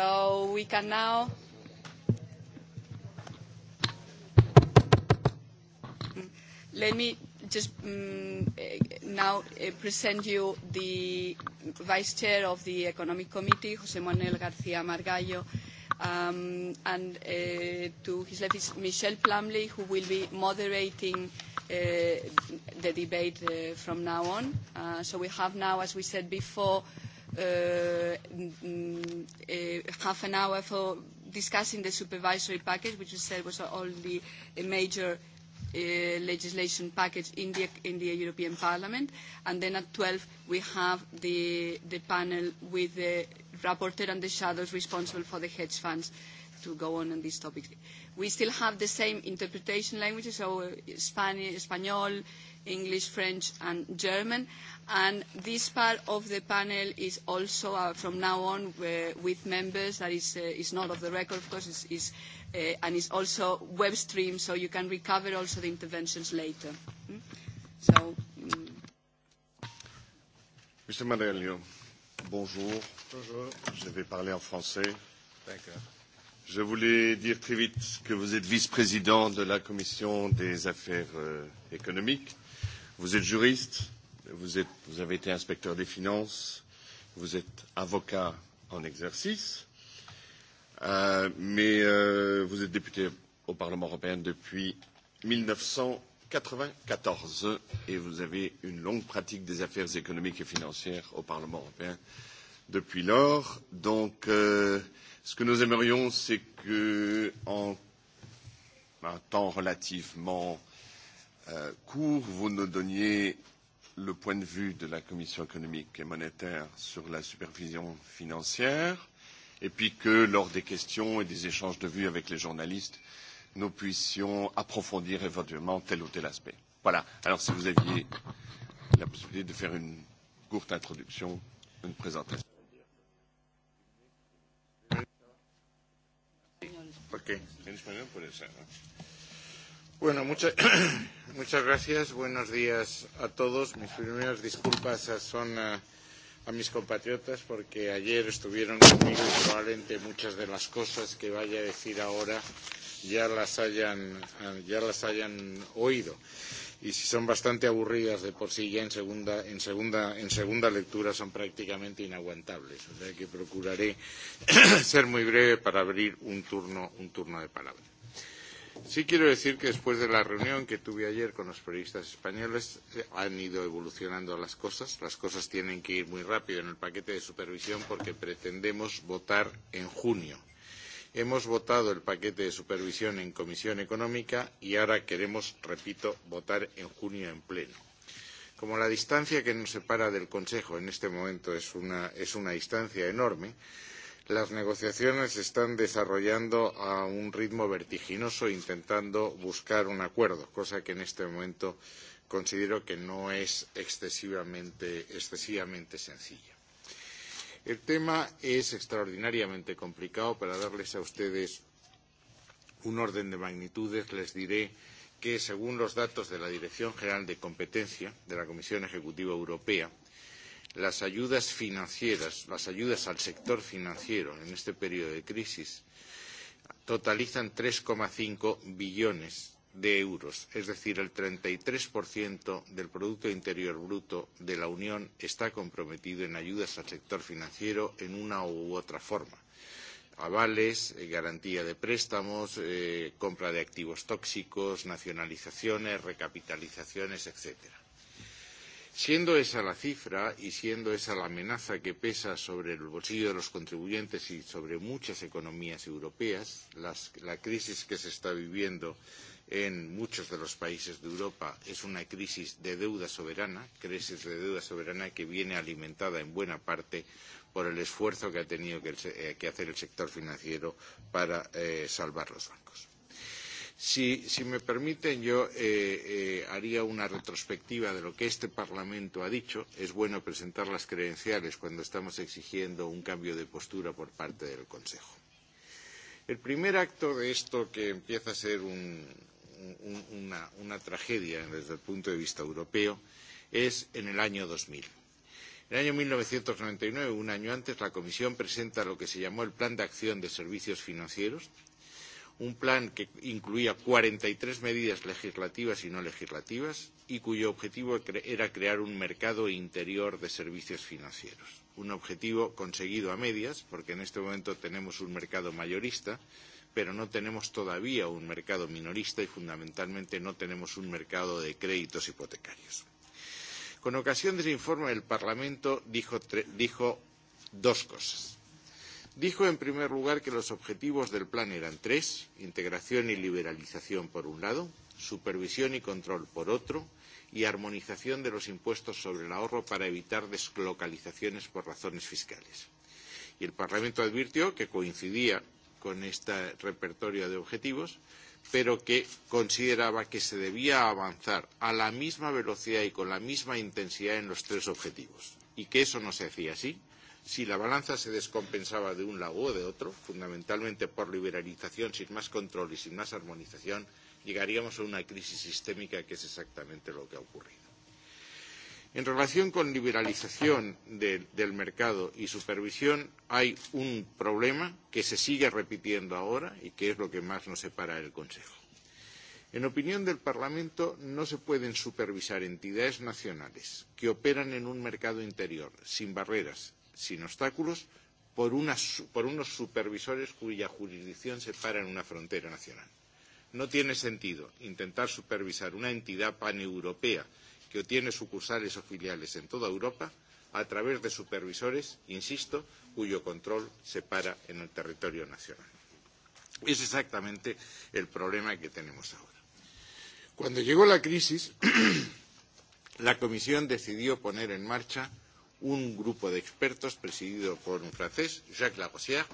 So we can now let me just now present you the Vice Chair of the Economic Committee, José Manuel García Margallo, and to his left is Michel Plumley, who will be moderating the debate from now on. So we have now, as we said before, half an hour for discussing the supervisory package, which you said was only a major legislation package in the in the European Parliament. And then at 12 we have the the panel with the rapporteur and the shadows responsible for the hedge funds to go on on this topic. We still have the same interpretation languages, so Spanish, Espanol, English, French and German. And this part of the panel is also from now on with members. That is is not of the record, of course, is and is also web streamed, so you can recover also the interventions later. So, Mr. bonjour. Bonjour. Je vais parler en français. D'accord. Je voulais dire très vite que vous êtes vice-président de la Commission des affaires économiques Vous êtes juriste, vous, êtes, vous avez été inspecteur des finances, vous êtes avocat en exercice, mais vous êtes député au Parlement européen depuis 1994 et vous avez une longue pratique des affaires économiques et financières au Parlement européen depuis lors. Donc, ce que nous aimerions, c'est que, en un temps relativement court, vous nous donniez le point de vue de la Commission économique et monétaire sur la supervision financière, et puis que, lors des questions et des échanges de vues avec les journalistes, nous puissions approfondir éventuellement tel ou tel aspect. Voilà. Alors, si vous aviez la possibilité de faire une courte introduction, une présentation. Bueno, muchas gracias. Buenos días a todos. Mis primeras disculpas son a mis compatriotas porque ayer estuvieron conmigo y probablemente muchas de las cosas que vaya a decir ahora ya las hayan, ya las hayan oído. Y si son bastante aburridas de por sí ya en segunda, en segunda, en segunda lectura son prácticamente inaguantables. O sea que procuraré ser muy breve para abrir un turno, un turno de palabra. Sí quiero decir que después de la reunión que tuve ayer con los periodistas españoles han ido evolucionando las cosas. Las cosas tienen que ir muy rápido en el paquete de supervisión porque pretendemos votar en junio. Hemos votado el paquete de supervisión en Comisión Económica y ahora queremos, repito, votar en junio en pleno. Como la distancia que nos separa del Consejo en este momento es una distancia enorme, las negociaciones se están desarrollando a un ritmo vertiginoso intentando buscar un acuerdo, cosa que en este momento considero que no es excesivamente, excesivamente sencilla. El tema es extraordinariamente complicado. Para darles a ustedes un orden de magnitudes, les diré que, según los datos de la Dirección General de Competencia de la Comisión Ejecutiva Europea, las ayudas financieras, las ayudas al sector financiero en este periodo de crisis totalizan 3,5 billones de euros, es decir, el 33% del Producto Interior Bruto de la Unión está comprometido en ayudas al sector financiero en una u otra forma. Avales, garantía de préstamos, compra de activos tóxicos, nacionalizaciones, recapitalizaciones, etcétera Siendo esa la cifra y siendo esa la amenaza que pesa sobre el bolsillo de los contribuyentes y sobre muchas economías europeas, la crisis que se está viviendo en muchos de los países de Europa es una crisis de deuda soberana, crisis de deuda soberana que viene alimentada en buena parte por el esfuerzo que ha tenido que hacer el sector financiero para salvar los bancos. Si, me permiten, yo haría una retrospectiva de lo que este Parlamento ha dicho. Es bueno presentar las credenciales cuando estamos exigiendo un cambio de postura por parte del Consejo. El primer acto de esto que empieza a ser una, una tragedia desde el punto de vista europeo es en el año 2000. En el año 1999, un año antes, la Comisión presenta lo que se llamó el Plan de Acción de Servicios Financieros, un plan que incluía 43 medidas legislativas y no legislativas y cuyo objetivo era crear un mercado interior de servicios financieros. Un objetivo conseguido a medias, porque en este momento tenemos un mercado mayorista, pero no tenemos todavía un mercado minorista y fundamentalmente no tenemos un mercado de créditos hipotecarios. Con ocasión de ese informe, el Parlamento dijo dos cosas. Dijo, en primer lugar, que los objetivos del plan eran tres integración y liberalización, por un lado, supervisión y control, por otro, y armonización de los impuestos sobre el ahorro para evitar deslocalizaciones por razones fiscales. Y el Parlamento advirtió que coincidía con este repertorio de objetivos, pero que consideraba que se debía avanzar a la misma velocidad y con la misma intensidad en los tres objetivos, y que eso no se hacía así si la balanza se descompensaba de un lado o de otro, fundamentalmente por liberalización sin más control y sin más armonización, llegaríamos a una crisis sistémica que es exactamente lo que ha ocurrido. En relación con la liberalización del mercado y supervisión hay un problema que se sigue repitiendo ahora y que es lo que más nos separa del Consejo. En opinión del Parlamento, no se pueden supervisar entidades nacionales que operan en un mercado interior sin barreras, sin obstáculos por, unos supervisores cuya jurisdicción se para en una frontera nacional. No tiene sentido intentar supervisar una entidad paneuropea que tiene sucursales o filiales en toda Europa a través de supervisores, insisto, cuyo control se para en el territorio nacional. Es exactamente el problema que tenemos ahora. Cuando llegó la crisis, la Comisión decidió poner en marcha un grupo de expertos presidido por un francés, Jacques Lagosière.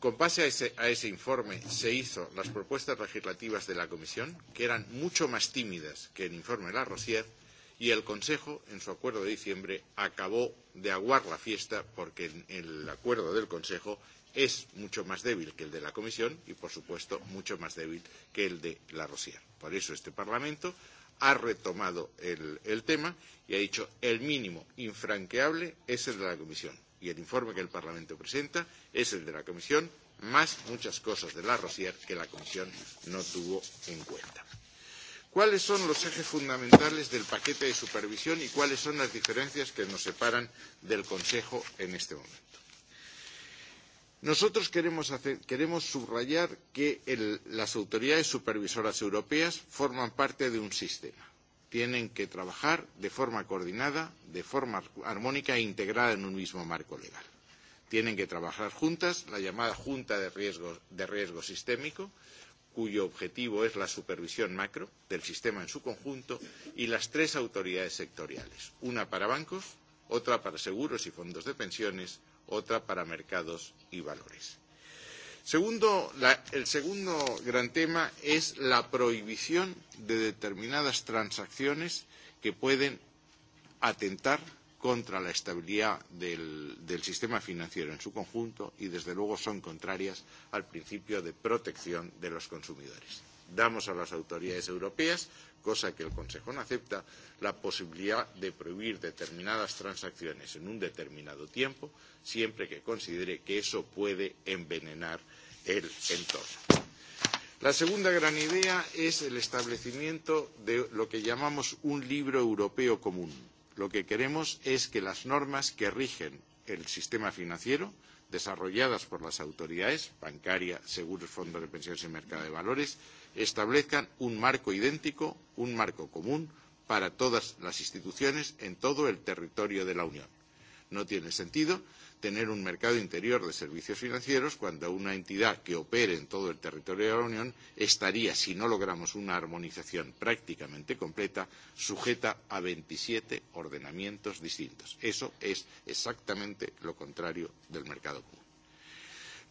Con base a ese informe se hizo las propuestas legislativas de la Comisión, que eran mucho más tímidas que el informe Larosière, y el Consejo, en su acuerdo de diciembre, acabó de aguar la fiesta porque el acuerdo del Consejo es mucho más débil que el de la Comisión y, por supuesto, mucho más débil que el de la Por eso este Parlamento ha retomado el, el tema y ha dicho el mínimo infranqueable es el de la Comisión. Y el informe que el Parlamento presenta es el de la Comisión, más muchas cosas de la Rosier que la Comisión no tuvo en cuenta. ¿Cuáles son los ejes fundamentales del paquete de supervisión y cuáles son las diferencias que nos separan del Consejo en este momento? Nosotros queremos, hacer, queremos subrayar que las autoridades supervisoras europeas forman parte de un sistema. Tienen que trabajar de forma coordinada, de forma armónica e integrada en un mismo marco legal. Tienen que trabajar juntas, la llamada Junta de Riesgo, de riesgo Sistémico, cuyo objetivo es la supervisión macro del sistema en su conjunto, y las tres autoridades sectoriales, una para bancos, otra para seguros y fondos de pensiones, otra para mercados y valores. Segundo, el segundo gran tema es la prohibición de determinadas transacciones que pueden atentar contra la estabilidad del, del sistema financiero en su conjunto y, desde luego, son contrarias al principio de protección de los consumidores damos a las autoridades europeas, cosa que el Consejo no acepta, la posibilidad de prohibir determinadas transacciones en un determinado tiempo, siempre que considere que eso puede envenenar el entorno. La segunda gran idea es el establecimiento de lo que llamamos un libro europeo común. Lo que queremos es que las normas que rigen el sistema financiero, desarrolladas por las autoridades, bancaria, seguros, fondos de pensiones y mercado de valores, establezcan un marco idéntico, un marco común para todas las instituciones en todo el territorio de la Unión. No tiene sentido tener un mercado interior de servicios financieros cuando una entidad que opere en todo el territorio de la Unión estaría, si no logramos una armonización prácticamente completa, sujeta a 27 ordenamientos distintos. Eso es exactamente lo contrario del mercado común.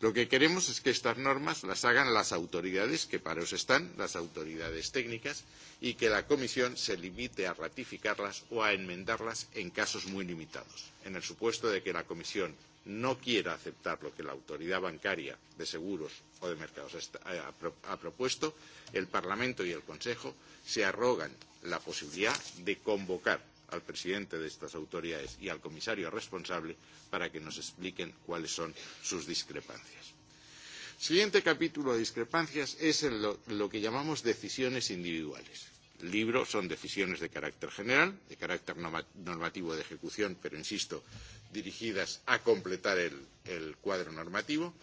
Lo que queremos es que estas normas las hagan las autoridades, que para ellos están, las autoridades técnicas, y que la Comisión se limite a ratificarlas o a enmendarlas en casos muy limitados. En el supuesto de que la Comisión no quiera aceptar lo que la autoridad bancaria de seguros o de mercados ha propuesto, el Parlamento y el Consejo se arrogan la posibilidad de convocar al presidente de estas autoridades y al comisario responsable para que nos expliquen cuáles son sus discrepancias. El siguiente capítulo de discrepancias es lo que llamamos decisiones individuales. El libro son decisiones de carácter general, de carácter normativo de ejecución, pero insisto, dirigidas a completar el cuadro normativo.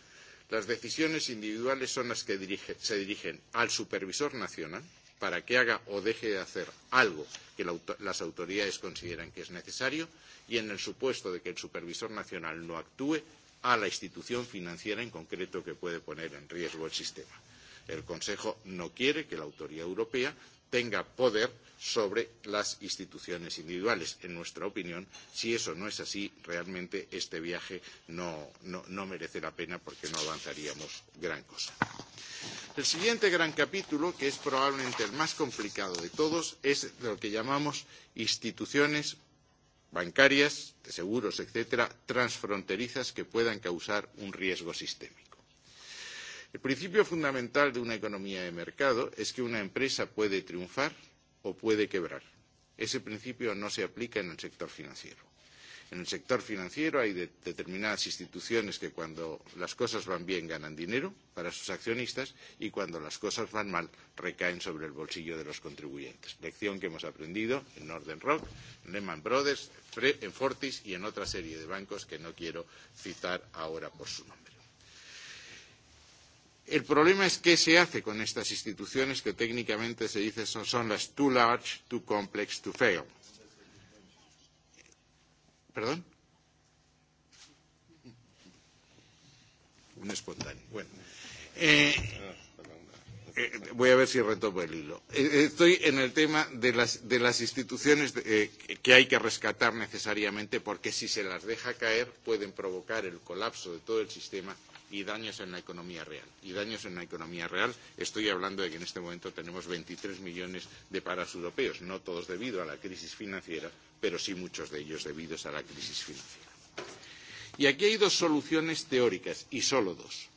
Las decisiones individuales son las que se dirigen al supervisor nacional para que haga o deje de hacer algo que las autoridades consideran que es necesario y en el supuesto de que el supervisor nacional no actúe a la institución financiera en concreto que puede poner en riesgo el sistema. El Consejo no quiere que la autoridad europea tenga poder sobre las instituciones individuales. En nuestra opinión, si eso no es así, realmente este viaje no merece la pena porque no avanzaríamos gran cosa. El siguiente gran capítulo, que es probablemente el más complicado de todos, es lo que llamamos instituciones bancarias, de seguros, etcétera, transfronterizas que puedan causar un riesgo sistémico. El principio fundamental de una economía de mercado es que una empresa puede triunfar o puede quebrar. Ese principio no se aplica en el sector financiero. En el sector financiero hay determinadas instituciones que cuando las cosas van bien ganan dinero para sus accionistas y cuando las cosas van mal recaen sobre el bolsillo de los contribuyentes. Lección que hemos aprendido en Northern Rock, en Lehman Brothers, en Fortis y en otra serie de bancos que no quiero citar ahora por su nombre. El problema es qué se hace con estas instituciones que técnicamente se dice son las too large, too complex, to fail. ¿Perdón? Un espontáneo. Bueno. Eh, voy a ver si retomo el hilo. Estoy en el tema de las, de las instituciones que hay que rescatar necesariamente porque si se las deja caer pueden provocar el colapso de todo el sistema y daños en la economía real. Y daños en la economía real, estoy hablando de que en este momento tenemos 23 millones de paros europeos, no todos debido a la crisis financiera, pero sí muchos de ellos debidos a la crisis financiera. Y aquí hay dos soluciones teóricas, y solo dos.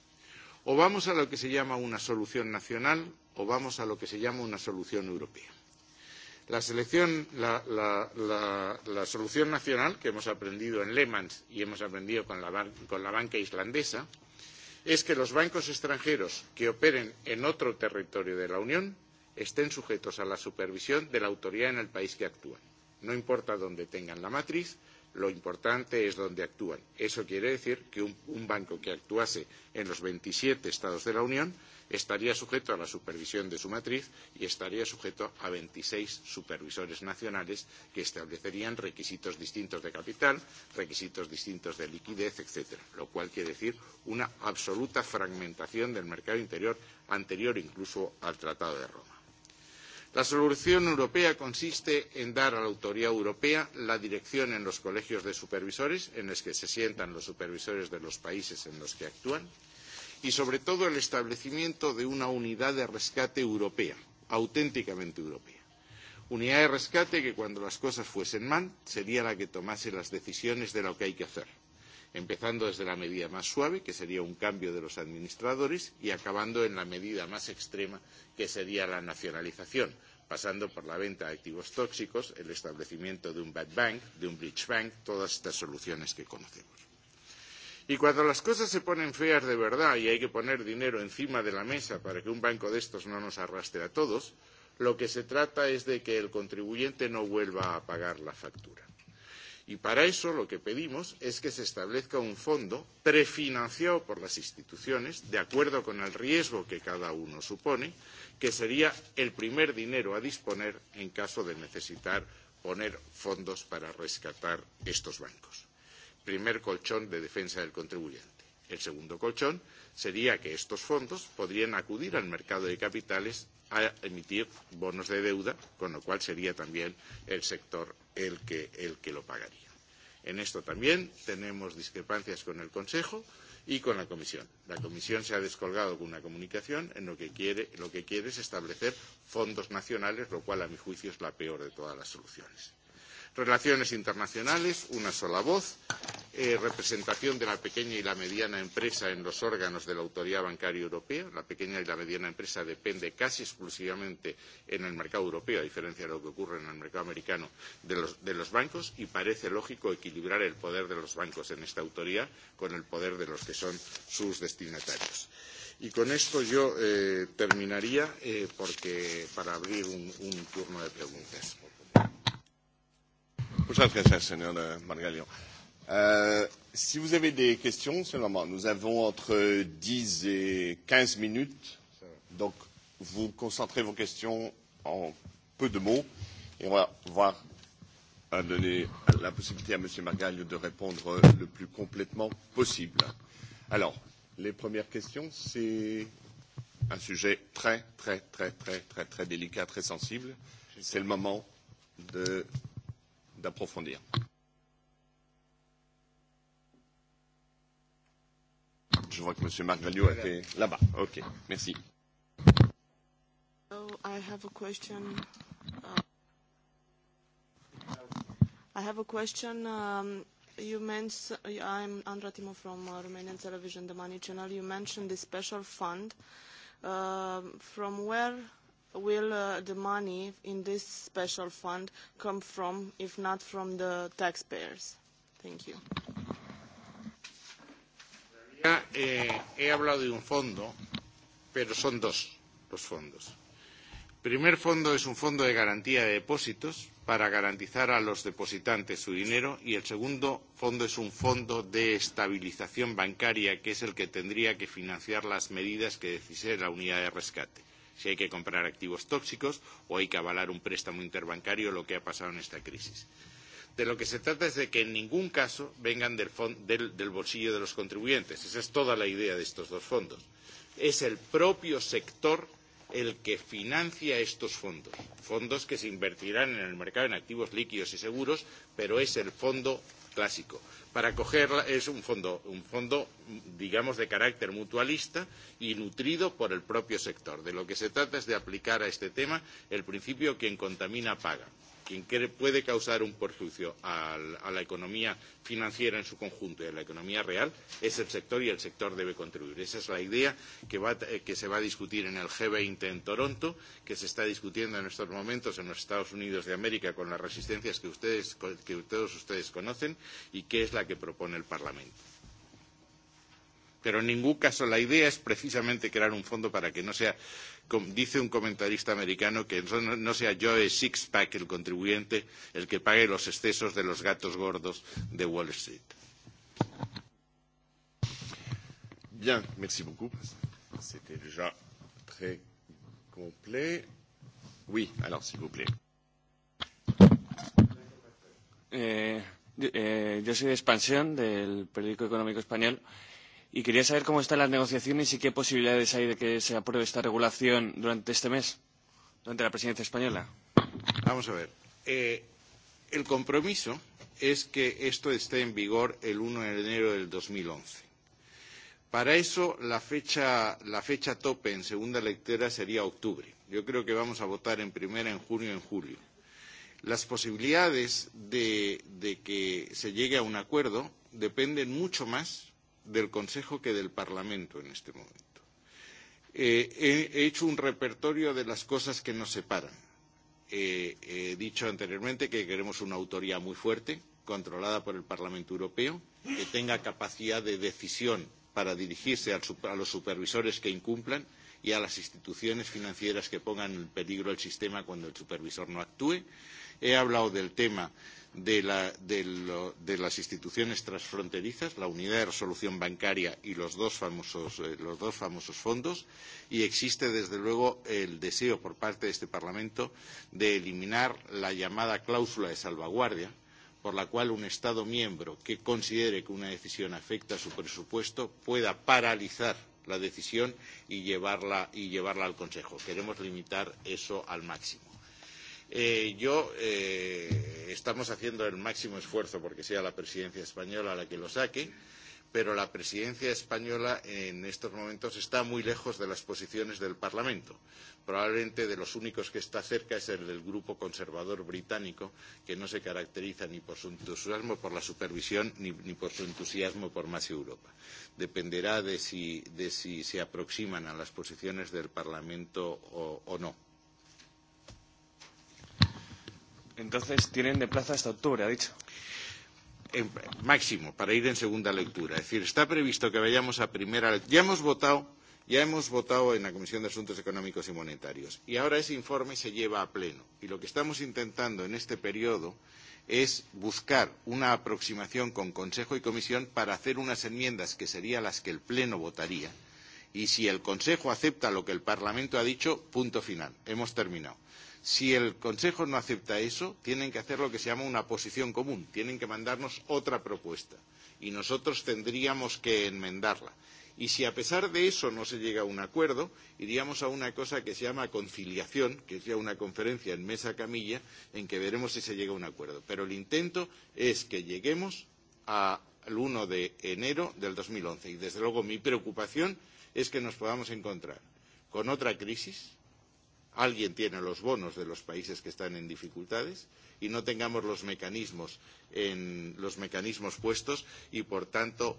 O vamos a lo que se llama una solución nacional, o vamos a lo que se llama una solución europea. La selección la solución nacional que hemos aprendido en Lehmann y hemos aprendido con la con la banca islandesa es que los bancos extranjeros que operen en otro territorio de la Unión estén sujetos a la supervisión de la autoridad en el país que actúan, no importa dónde tengan la matriz, lo importante es dónde actúan. Eso quiere decir que un banco que actuase en los 27 Estados de la Unión estaría sujeto a la supervisión de su matriz y estaría sujeto a 26 supervisores nacionales que establecerían requisitos distintos de capital, requisitos distintos de liquidez, etc. Lo cual quiere decir una absoluta fragmentación del mercado interior anterior incluso al Tratado de Roma. La solución europea consiste en dar a la autoridad europea la dirección en los colegios de supervisores en los que se sientan los supervisores de los países en los que actúan y sobre todo el establecimiento de una unidad de rescate europea, auténticamente europea. Unidad de rescate que cuando las cosas fuesen mal sería la que tomase las decisiones de lo que hay que hacer empezando desde la medida más suave, que sería un cambio de los administradores, y acabando en la medida más extrema, que sería la nacionalización, pasando por la venta de activos tóxicos, el establecimiento de un bad bank, de un bridge bank, todas estas soluciones que conocemos. Y cuando las cosas se ponen feas de verdad y hay que poner dinero encima de la mesa para que un banco de estos no nos arrastre a todos, lo que se trata es de que el contribuyente no vuelva a pagar la factura. Y para eso lo que pedimos es que se establezca un fondo prefinanciado por las instituciones, de acuerdo con el riesgo que cada uno supone, que sería el primer dinero a disponer en caso de necesitar poner fondos para rescatar estos bancos. Primer colchón de defensa del contribuyente. El segundo colchón sería que estos fondos podrían acudir al mercado de capitales a emitir bonos de deuda, con lo cual sería también el sector el que, el que lo pagaría. En esto también tenemos discrepancias con el Consejo y con la Comisión. La Comisión se ha descolgado con una comunicación en lo que quiere, lo que quiere es establecer fondos nacionales, lo cual a mi juicio es la peor de todas las soluciones. Relaciones internacionales, una sola voz representación de la pequeña y la mediana empresa en los órganos de la Autoridad Bancaria Europea. La pequeña y la mediana empresa depende casi exclusivamente en el mercado europeo, a diferencia de lo que ocurre en el mercado americano, de los bancos y parece lógico equilibrar el poder de los bancos en esta autoridad con el poder de los que son sus destinatarios. Y con esto yo terminaría porque para abrir un turno de preguntas. Muchas gracias, señor Margallo. Si vous avez des questions, moment, nous avons entre 10 et 15 minutes. Donc, vous concentrez vos questions en peu de mots. Et on va voir donner la possibilité à M. Margaglio de répondre le plus complètement possible. Alors, les premières questions, c'est un sujet très, très, très, très, très, très délicat, très sensible. C'est le moment d'approfondir. Je vois que M. Marc Valliot était là-bas. OK, merci. I have a question. I have a question. You mentioned, I'm Andra Timo from Romanian Television, the Money Channel. You mentioned the special fund. From where will the money in this special fund come from, if not from the taxpayers? Thank you he hablado de un fondo, pero son dos los fondos. El primer fondo es un fondo de garantía de depósitos para garantizar a los depositantes su dinero y el segundo fondo es un fondo de estabilización bancaria que es el que tendría que financiar las medidas que decise la unidad de rescate. Si hay que comprar activos tóxicos o hay que avalar un préstamo interbancario, lo que ha pasado en esta crisis de lo que se trata es de que en ningún caso vengan del bolsillo de los contribuyentes. Esa es toda la idea de estos dos fondos. Es el propio sector el que financia estos fondos, fondos que se invertirán en el mercado en activos líquidos y seguros, pero es el fondo clásico. Para cogerla es un fondo, un fondo, digamos, de carácter mutualista y nutrido por el propio sector. De lo que se trata es de aplicar a este tema el principio quien contamina paga quien puede causar un perjuicio a la economía financiera en su conjunto y a la economía real es el sector y el sector debe contribuir. Esa es la idea que se va a discutir en el G20 en Toronto, que se está discutiendo en estos momentos en los Estados Unidos de América con las resistencias que todos ustedes conocen y que es la que propone el Parlamento. Pero en ningún caso la idea es precisamente crear un fondo para que no sea dice un comentarista americano que no sea Joe Sixpack el contribuyente el que pague los excesos de los gatos gordos de Wall Street. Bien, merci beaucoup. C'était déjà très complet. Oui, alors s'il vous plaît. Yo soy de Expansión, del periódico económico español Y quería saber cómo están las negociaciones y qué posibilidades hay de que se apruebe esta regulación durante este mes, durante la presidencia española. Vamos a ver. El compromiso es que esto esté en vigor el 1 de enero del 2011. Para eso, la fecha tope en segunda lectura sería octubre. Yo creo que vamos a votar en primera, en junio, en julio. Las posibilidades de que se llegue a un acuerdo dependen mucho más del Consejo que del Parlamento en este momento. He hecho un repertorio de las cosas que nos separan. He dicho anteriormente que queremos una autoría muy fuerte, controlada por el Parlamento Europeo, que tenga capacidad de decisión para dirigirse a los supervisores que incumplan y a las instituciones financieras que pongan en peligro el sistema cuando el supervisor no actúe. He hablado del tema de, las instituciones transfronterizas, la unidad de resolución bancaria y los dos, famosos, fondos, y existe desde luego el deseo por parte de este Parlamento de eliminar la llamada cláusula de salvaguardia, por la cual un Estado miembro que considere que una decisión afecta a su presupuesto pueda paralizar la decisión y y llevarla al Consejo. Queremos limitar eso al máximo. Yo estamos haciendo el máximo esfuerzo porque sea la presidencia española la que lo saque, pero la presidencia española en estos momentos está muy lejos de las posiciones del Parlamento. Probablemente de los únicos que está cerca es el del grupo conservador británico, que no se caracteriza ni por su entusiasmo por la supervisión ni por su entusiasmo por más Europa. Dependerá de si se aproximan a las posiciones del Parlamento o no. Entonces tienen de plazo hasta octubre, ha dicho. En, máximo, para ir en segunda lectura. Es decir, está previsto que vayamos a primera lectura. Ya hemos votado, ya hemos votado en la Comisión de Asuntos Económicos y Monetarios. Y ahora ese informe se lleva a pleno. Y lo que estamos intentando en este periodo es buscar una aproximación con Consejo y Comisión para hacer unas enmiendas que serían las que el Pleno votaría. Y si el Consejo acepta lo que el Parlamento ha dicho, punto final. Hemos terminado Si el Consejo no acepta eso, tienen que hacer lo que se llama una posición común, tienen que mandarnos otra propuesta y nosotros tendríamos que enmendarla. Y si a pesar de eso no se llega a un acuerdo, iríamos a una cosa que se llama conciliación, que es ya una conferencia en mesa camilla, en que veremos si se llega a un acuerdo. Pero el intento es que lleguemos al 1 de enero del 2011. Y desde luego mi preocupación es que nos podamos encontrar con otra crisis alguien tiene los bonos de los países que están en dificultades y no tengamos los mecanismos en los mecanismos puestos y por tanto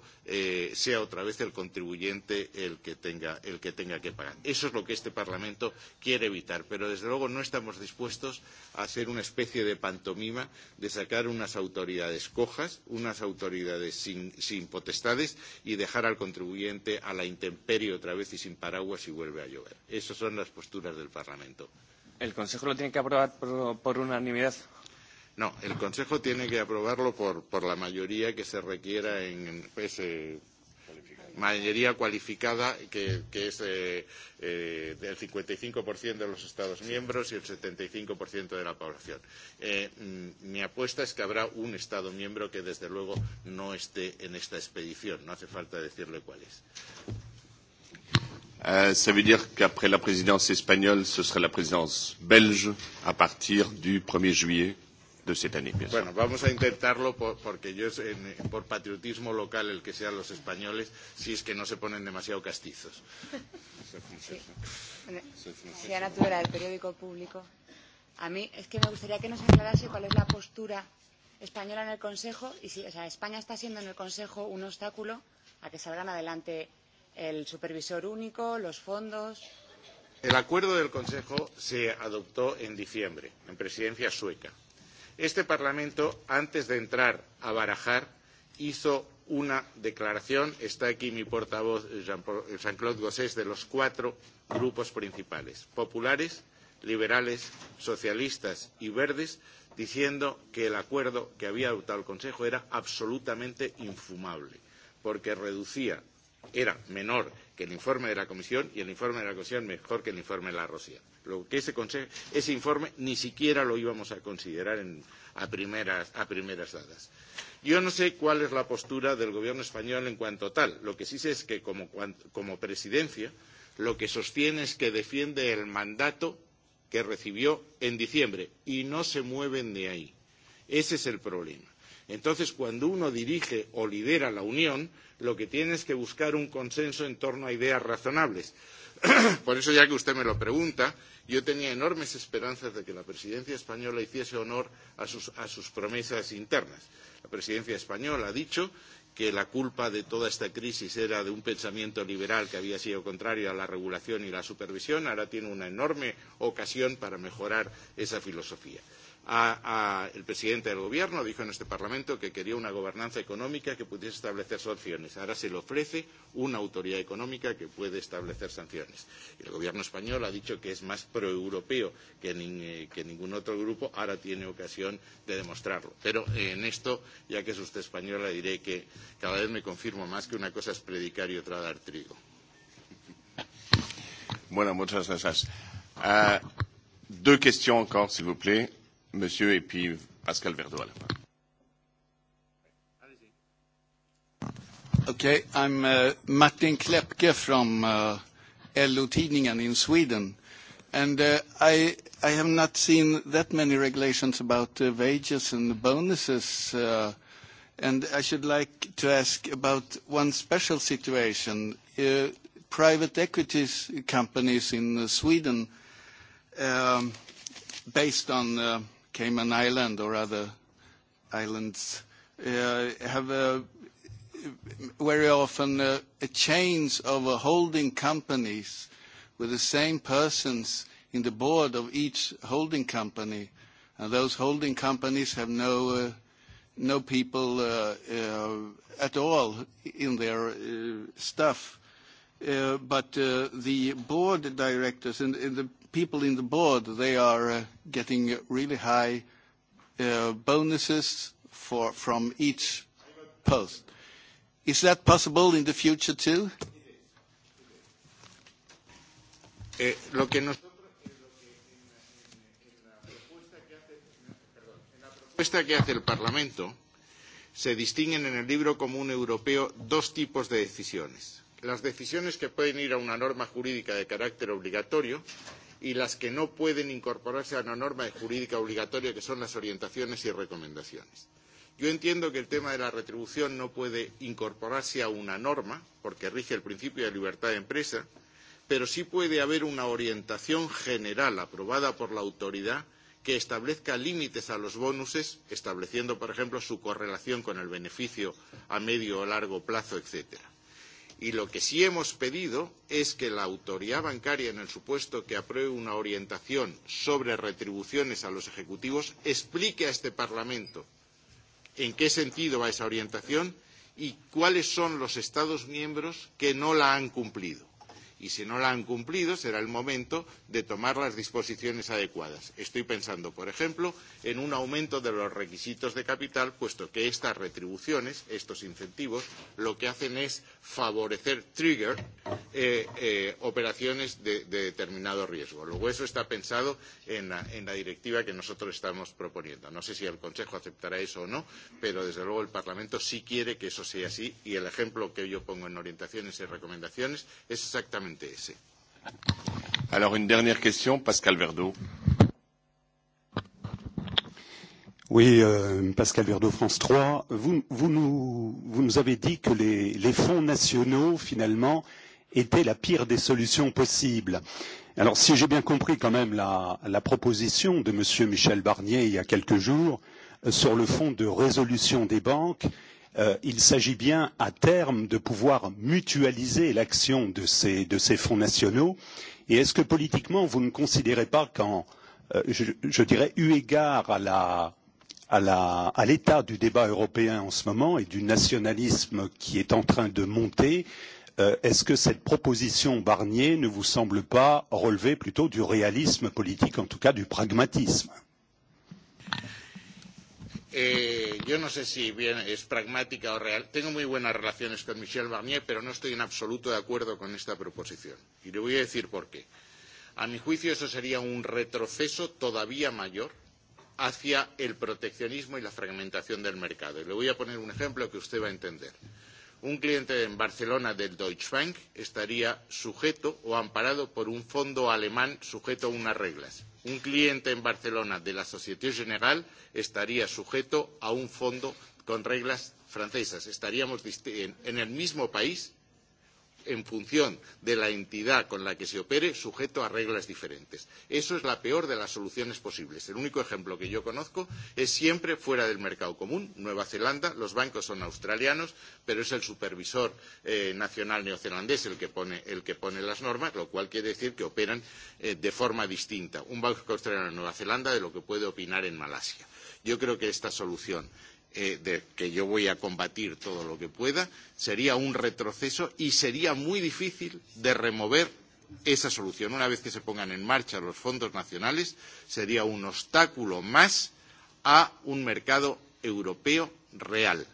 sea otra vez el contribuyente el que tenga el que tenga que pagar eso es lo que este parlamento quiere evitar pero desde luego no estamos dispuestos a hacer una especie de pantomima de sacar unas autoridades cojas unas autoridades sin sin potestades y dejar al contribuyente a la intemperie otra vez y sin paraguas y vuelve a llover esas son las posturas del parlamento el consejo lo tiene que aprobar por unanimidad No, el Consejo tiene que aprobarlo por, por la mayoría que se requiera en ese mayoría cualificada, que, es eh, del 55% de los Estados miembros y el 75% de la población. Eh, mi apuesta es que habrá un Estado miembro que, desde luego, no esté en esta expedición. No hace falta decirle cuál es. Ça veut dire qu'après la présidence espagnole, ce sera la présidence belge à partir du 1er juillet de Bueno, vamos a intentarlo porque yo, por patriotismo local, el que sean los españoles, si es que no se ponen demasiado castizos. Sea natural, el periódico público. A mí es que me gustaría que nos aclarase cuál es la postura española en el Consejo y si o sea, España está siendo en el Consejo un obstáculo a que salgan adelante el supervisor único, los fondos. El acuerdo del Consejo se adoptó en diciembre, en presidencia sueca Este Parlamento, antes de entrar a barajar, hizo una declaración. Está aquí mi portavoz, Jean-Claude Gosset de los cuatro grupos principales, populares, liberales, socialistas y verdes, diciendo que el acuerdo que había adoptado el Consejo era absolutamente infumable, porque reducía era menor que el informe de la Comisión y el informe de la Comisión mejor que el informe de la Rocía. Lo que ese, informe ni siquiera lo íbamos a considerar a, primeras, a dadas. Yo no sé cuál es la postura del Gobierno español en cuanto tal. Lo que sí sé es que como, como presidencia lo que sostiene es que defiende el mandato que recibió en diciembre y no se mueven de ahí. Ese es el problema Entonces, cuando uno dirige o lidera la Unión, lo que tiene es que buscar un consenso en torno a ideas razonables. Por eso, ya que usted me lo pregunta, yo tenía enormes esperanzas de que la presidencia española hiciese honor a sus promesas internas. La presidencia española ha dicho que la culpa de toda esta crisis era de un pensamiento liberal que había sido contrario a la regulación y la supervisión. Ahora tiene una enorme ocasión para mejorar esa filosofía el presidente del gobierno dijo en este parlamento que quería una gobernanza económica que pudiese establecer sanciones ahora se le ofrece una autoridad económica que puede establecer sanciones y el gobierno español ha dicho que es más proeuropeo que ningún otro grupo ahora tiene ocasión de demostrarlo pero en esto ya que es usted española diré que cada vez me confirmo más que una cosa es predicar y otra dar trigo bueno muchas questions encore, s'il monsieur et puis Pascal Verdeau à la Okay, I'm Martin Klepke from lo in Sweden. And I have not seen that many regulations about wages and bonuses. And I should like to ask about one special situation. Private equity companies in Sweden, based on Cayman Island or other islands have very often a change of holding companies with the same persons in the board of each holding company. And those holding companies have no no people at all in their stuff. But the board directors and the people in the board, they are getting really high bonuses for from each post. Is that possible in the future too? Lo que nos propuesta que hace el Parlamento se distinguen en el libro común europeo dos tipos de decisiones. Las decisiones que pueden ir a una norma jurídica de carácter obligatorio y las que no pueden incorporarse a una norma jurídica obligatoria, que son las orientaciones y recomendaciones. Yo entiendo que el tema de la retribución no puede incorporarse a una norma, porque rige el principio de libertad de empresa, pero sí puede haber una orientación general aprobada por la autoridad que establezca límites a los bonuses, estableciendo, por ejemplo, su correlación con el beneficio a medio o largo plazo, etcétera. Y lo que sí hemos pedido es que la autoridad bancaria, en el supuesto que apruebe una orientación sobre retribuciones a los ejecutivos, explique a este Parlamento en qué sentido va esa orientación y cuáles son los Estados miembros que no la han cumplido y si no la han cumplido será el momento de tomar las disposiciones adecuadas. Estoy pensando, por ejemplo, en un aumento de los requisitos de capital, puesto que estas retribuciones, estos incentivos, lo que hacen es favorecer trigger operaciones de determinado riesgo. Luego eso está pensado en la directiva que nosotros estamos proponiendo. No sé si el Consejo aceptará eso o no, pero desde luego el Parlamento sí quiere que eso sea así y el ejemplo que yo pongo en orientaciones y recomendaciones es exactamente Alors une dernière question, Pascal Verdeau. Oui, Pascal Verdeau, France 3. Vous, vous, nous, vous nous avez dit que les, les fonds nationaux, finalement, étaient la pire des solutions possibles. Alors, si j'ai bien compris quand même la, la proposition de M. Michel Barnier il y a quelques jours sur le fonds de résolution des banques, il s'agit bien à terme de pouvoir mutualiser l'action de ces fonds nationaux et est-ce que politiquement vous ne considérez pas qu'en je dirais eu égard à l'état du débat européen en ce moment et du nationalisme qui est en train de monter est-ce que cette proposition Barnier ne vous semble pas relever plutôt du réalisme politique en tout cas du pragmatisme Eh, yo no sé si es pragmática o real. Tengo muy buenas relaciones con Michel Barnier, pero no estoy en absoluto de acuerdo con esta proposición. Y le voy a decir por qué. A mi juicio eso sería un retroceso todavía mayor hacia el proteccionismo y la fragmentación del mercado. le voy a poner un ejemplo que usted va a entender. Un cliente en Barcelona del Deutsche Bank estaría sujeto o amparado por un fondo alemán sujeto a unas reglas un cliente en Barcelona de la Société Générale estaría sujeto a un fondo con reglas francesas. Estaríamos en el mismo país en función de la entidad con la que se opere, sujeto a reglas diferentes. Eso es la peor de las soluciones posibles. El único ejemplo que yo conozco es siempre fuera del mercado común, Nueva Zelanda, los bancos son australianos, pero es el supervisor nacional neozelandés el que pone las normas, lo cual quiere decir que operan de forma distinta un banco australiano en Nueva Zelanda de lo que puede opinar en Malasia. Yo creo que esta solución de que yo voy a combatir todo lo que pueda, sería un retroceso y sería muy difícil de remover esa solución. Una vez que se pongan en marcha los fondos nacionales, sería un obstáculo más a un mercado europeo real.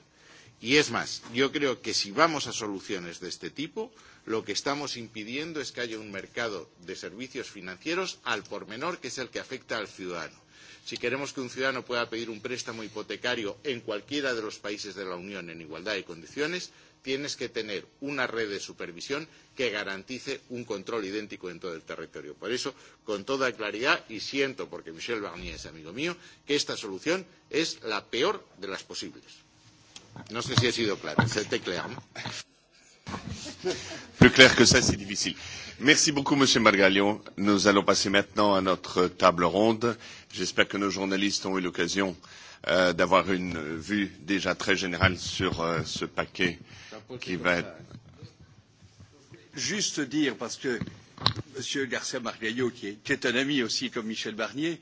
Y es más, yo creo que si vamos a soluciones de este tipo, lo que estamos impidiendo es que haya un mercado de servicios financieros al por menor, que es el que afecta al ciudadano Si queremos que un ciudadano pueda pedir un préstamo hipotecario en cualquiera de los países de la Unión en igualdad de condiciones, tienes que tener una red de supervisión que garantice un control idéntico en todo el territorio. Por eso, con toda claridad, y siento, porque Michel Barnier es amigo mío, que esta solución es la peor de las posibles. No sé si he sido claro. Se Plus clair que ça, c'est difficile. Merci beaucoup, Monsieur Margalion. Nous allons passer maintenant à notre table ronde. J'espère que nos journalistes ont eu l'occasion d'avoir une vue déjà très générale sur ce paquet qui va être. Juste dire, parce que M. Garcia Margallo, qui est un ami aussi comme Michel Barnier,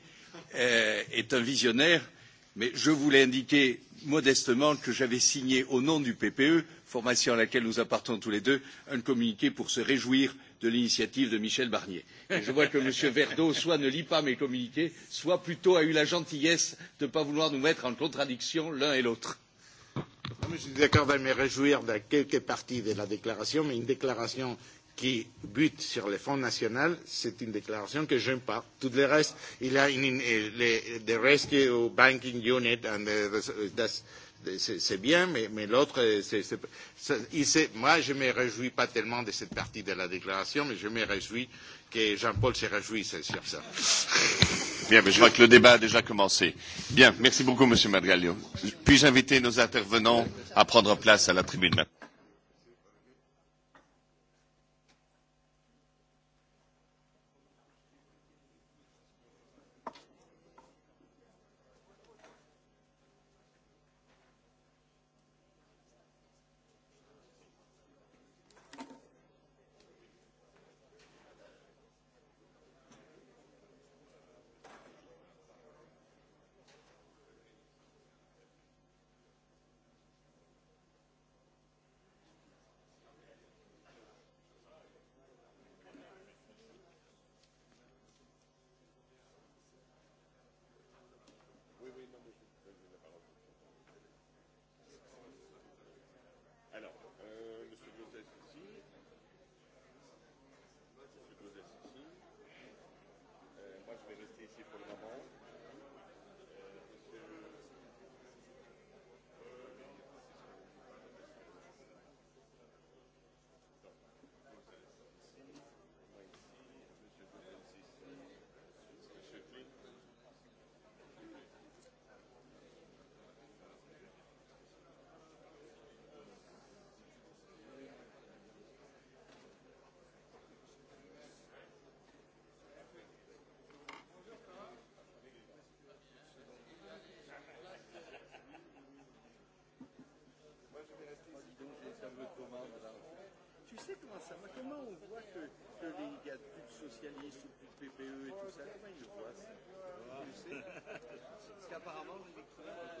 est un visionnaire, mais je voulais indiquer modestement que j'avais signé au nom du PPE formation à laquelle nous appartenons tous les deux un communiqué pour se réjouir de l'initiative de michel barnier. je vois que m. Verdeau soit ne lit pas mes communiqués soit plutôt a eu la gentillesse de ne pas vouloir nous mettre en contradiction l'un et l'autre. je suis d'accord de me réjouir de quelques parties de la déclaration mais une déclaration qui bute sur les Fonds national, c'est une déclaration que je n'aime pas. Tout le reste, il y a des risques aux banking unit and c'est bien, mais l'autre, moi je ne me réjouis pas tellement de cette partie de la déclaration, mais je me réjouis que Jean-Paul se réjouisse sur ça. Bien, mais je vois que le débat a déjà commencé. Bien, merci beaucoup Monsieur Margallio. Puis-je inviter nos intervenants à prendre place à la tribune sais comment ça va Comment on voit que, que les gars plus de socialistes ou plus de PPE et tout ça, comment ils le voient ça Tu sais Parce qu'apparemment, l'électorat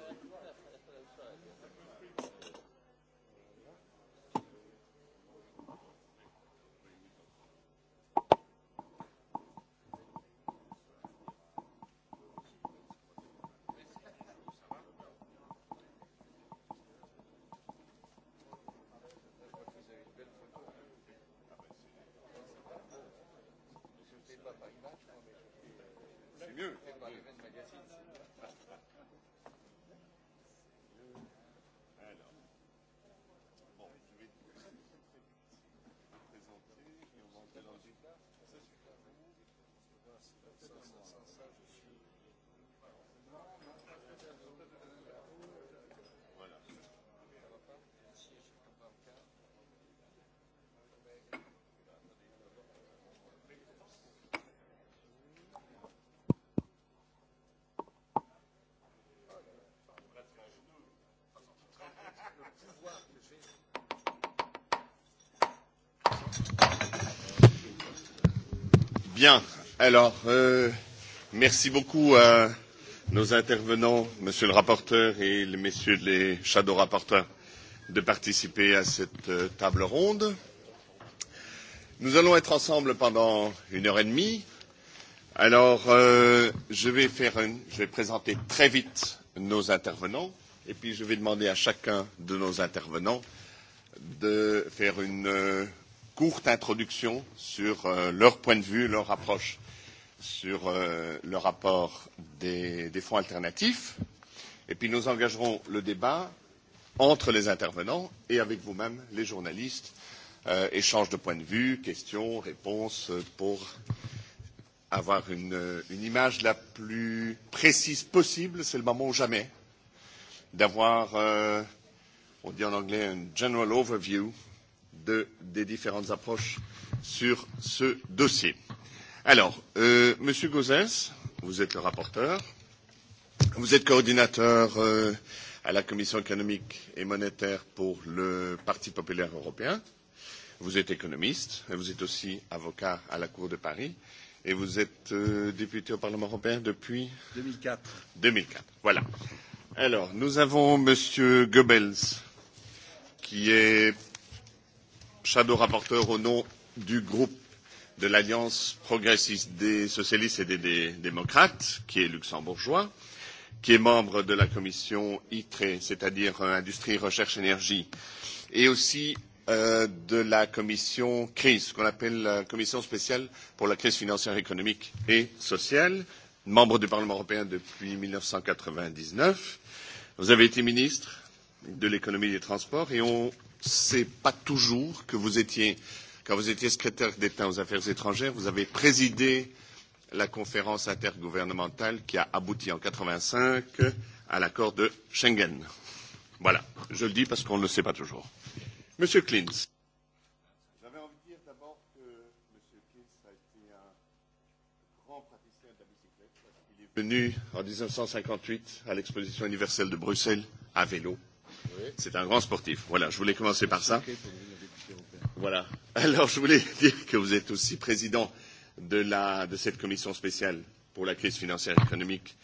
Bien, alors, merci beaucoup à nos intervenants, monsieur le rapporteur et les messieurs les shadow rapporteurs, de participer à cette table ronde. Nous allons être ensemble pendant une heure et demie. Alors, je vais présenter très vite nos intervenants et puis je vais demander à chacun de nos intervenants de faire une courte introduction sur leur point de vue, leur approche sur le rapport des fonds alternatifs. Et puis nous engagerons le débat entre les intervenants et avec vous-même, les journalistes. Échange de points de vue, questions, réponses pour avoir une image la plus précise possible. C'est le moment ou jamais d'avoir, on dit en anglais, un general overview des différentes approches sur ce dossier. Alors, Monsieur Gozens, vous êtes le rapporteur, vous êtes coordinateur à la Commission économique et monétaire pour le Parti populaire européen, vous êtes économiste, vous êtes aussi avocat à la Cour de Paris et vous êtes député au Parlement européen depuis 2004. 2004, voilà. Alors, nous avons Monsieur Goebbels, qui est shadow rapporteur au nom du groupe de l'Alliance progressiste des socialistes et des démocrates, qui est luxembourgeois, qui est membre de la commission ITRE, c'est-à-dire Industrie, Recherche, Énergie, et aussi de la commission crise, qu'on appelle la commission spéciale pour la crise financière, économique et sociale, membre du Parlement européen depuis 1999. Vous avez été ministre de l'économie et des transports et on c'est pas toujours que vous étiez, quand vous étiez secrétaire d'État aux Affaires étrangères, vous avez présidé la conférence intergouvernementale qui a abouti en 85 à l'accord de Schengen. Voilà, je le dis parce qu'on ne le sait pas toujours. Monsieur Klintz. J'avais envie de dire d'abord que Monsieur a été un grand praticien de la bicyclette. est venu en 1958 à l'exposition universelle de Bruxelles à vélo C'est un grand sportif. Voilà, je voulais commencer par ça. Voilà. Alors, je voulais dire que vous êtes aussi président de, la, de cette commission spéciale pour la crise financière, économique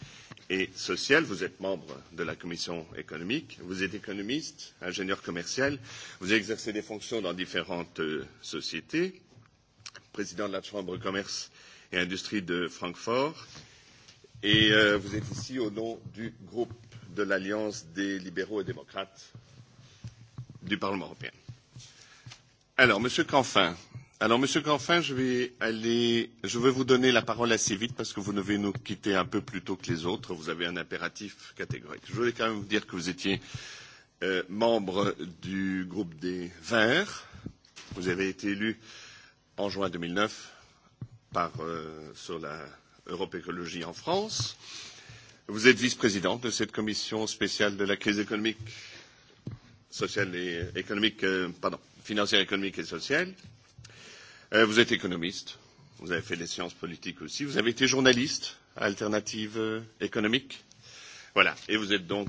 et sociale. Vous êtes membre de la commission économique. Vous êtes économiste, ingénieur commercial. Vous exercez des fonctions dans différentes sociétés. Président de la Chambre de commerce et industrie de Francfort. Et vous êtes ici au nom du groupe de l'Alliance des libéraux et démocrates du Parlement européen. Alors, Monsieur Canfin. Alors, Monsieur Canfin, je vais aller, je vais vous donner la parole assez vite parce que vous devez nous quitter un peu plus tôt que les autres. Vous avez un impératif catégorique. Je voulais quand même vous dire que vous étiez membre du groupe des Verts. Vous avez été élu en juin 2009 par, sur la Europe Écologie en France. Vous êtes vice-présidente de cette commission spéciale de la crise économique, sociale et économique, pardon, financière, économique et sociale. Vous êtes économiste. Vous avez fait des sciences politiques aussi. Vous avez été journaliste à Alternative économique. Voilà. Et vous êtes donc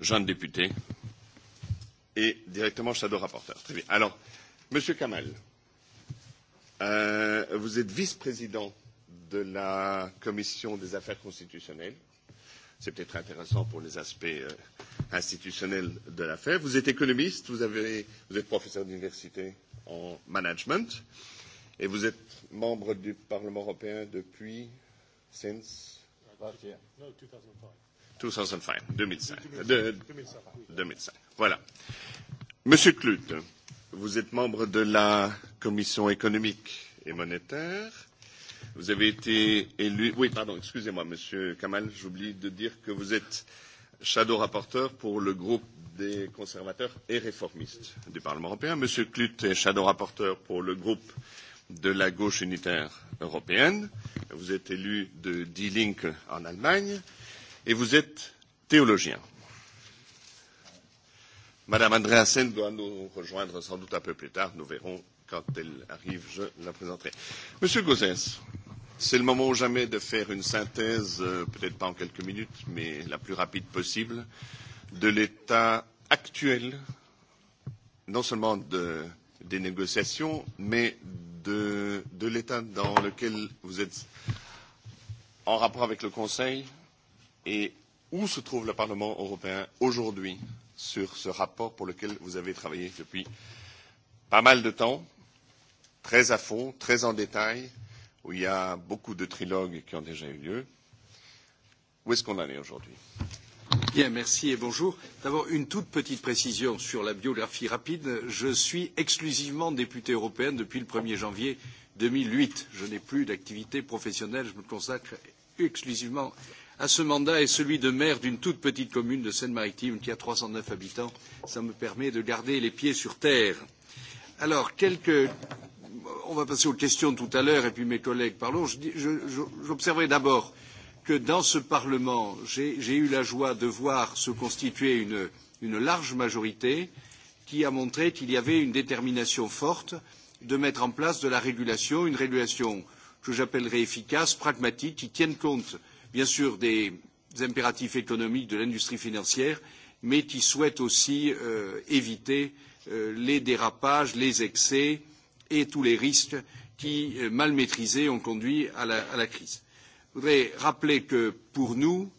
jeune député et directement shadow rapporteur. Très bien. Alors, Monsieur Kamal, vous êtes vice-président de la Commission des affaires constitutionnelles. C'est peut-être intéressant pour les aspects institutionnels de l'affaire. Vous êtes économiste, vous êtes professeur d'université en management et vous êtes membre du Parlement européen depuis. Since. 2005. 2005. Voilà. Monsieur Clute, vous êtes membre de la Commission économique et monétaire Vous avez été élu. Oui, pardon, excusez-moi, Monsieur Kamal, j'oublie de dire que vous êtes shadow rapporteur pour le groupe des conservateurs et réformistes du Parlement européen. Monsieur Clut est shadow rapporteur pour le groupe de la gauche unitaire européenne. Vous êtes élu de Die Link en Allemagne et vous êtes théologien. Madame Andreasen doit nous rejoindre sans doute un peu plus tard. Nous verrons quand elle arrive, je la présenterai. Monsieur Gauzès, c'est le moment ou jamais de faire une synthèse, peut-être pas en quelques minutes, mais la plus rapide possible, de l'état actuel, non seulement de, des négociations, mais de, de l'état dans lequel vous êtes en rapport avec le Conseil et où se trouve le Parlement européen aujourd'hui sur ce rapport pour lequel vous avez travaillé depuis pas mal de temps très à fond, très en détail, où il y a beaucoup de trilogues qui ont déjà eu lieu. Où est-ce qu'on en est aujourd'hui Bien, merci et bonjour. D'abord, une toute petite précision sur la biographie rapide. Je suis exclusivement député européen depuis le 1er janvier 2008. Je n'ai plus d'activité professionnelle. Je me consacre exclusivement à ce mandat et celui de maire d'une toute petite commune de Seine-Maritime qui a 309 habitants. Ça me permet de garder les pieds sur terre. Alors, quelques on va passer aux questions tout à l'heure et puis mes collègues parlons. J'observerai d'abord que dans ce Parlement, j'ai eu la joie de voir se constituer une large majorité qui a montré qu'il y avait une détermination forte de mettre en place de la régulation, une régulation que j'appellerais efficace, pragmatique, qui tienne compte, bien sûr, des impératifs économiques de l'industrie financière, mais qui souhaite aussi éviter les dérapages, les excès et tous les risques qui, mal maîtrisés, ont conduit à la crise. Je voudrais rappeler que, pour nous,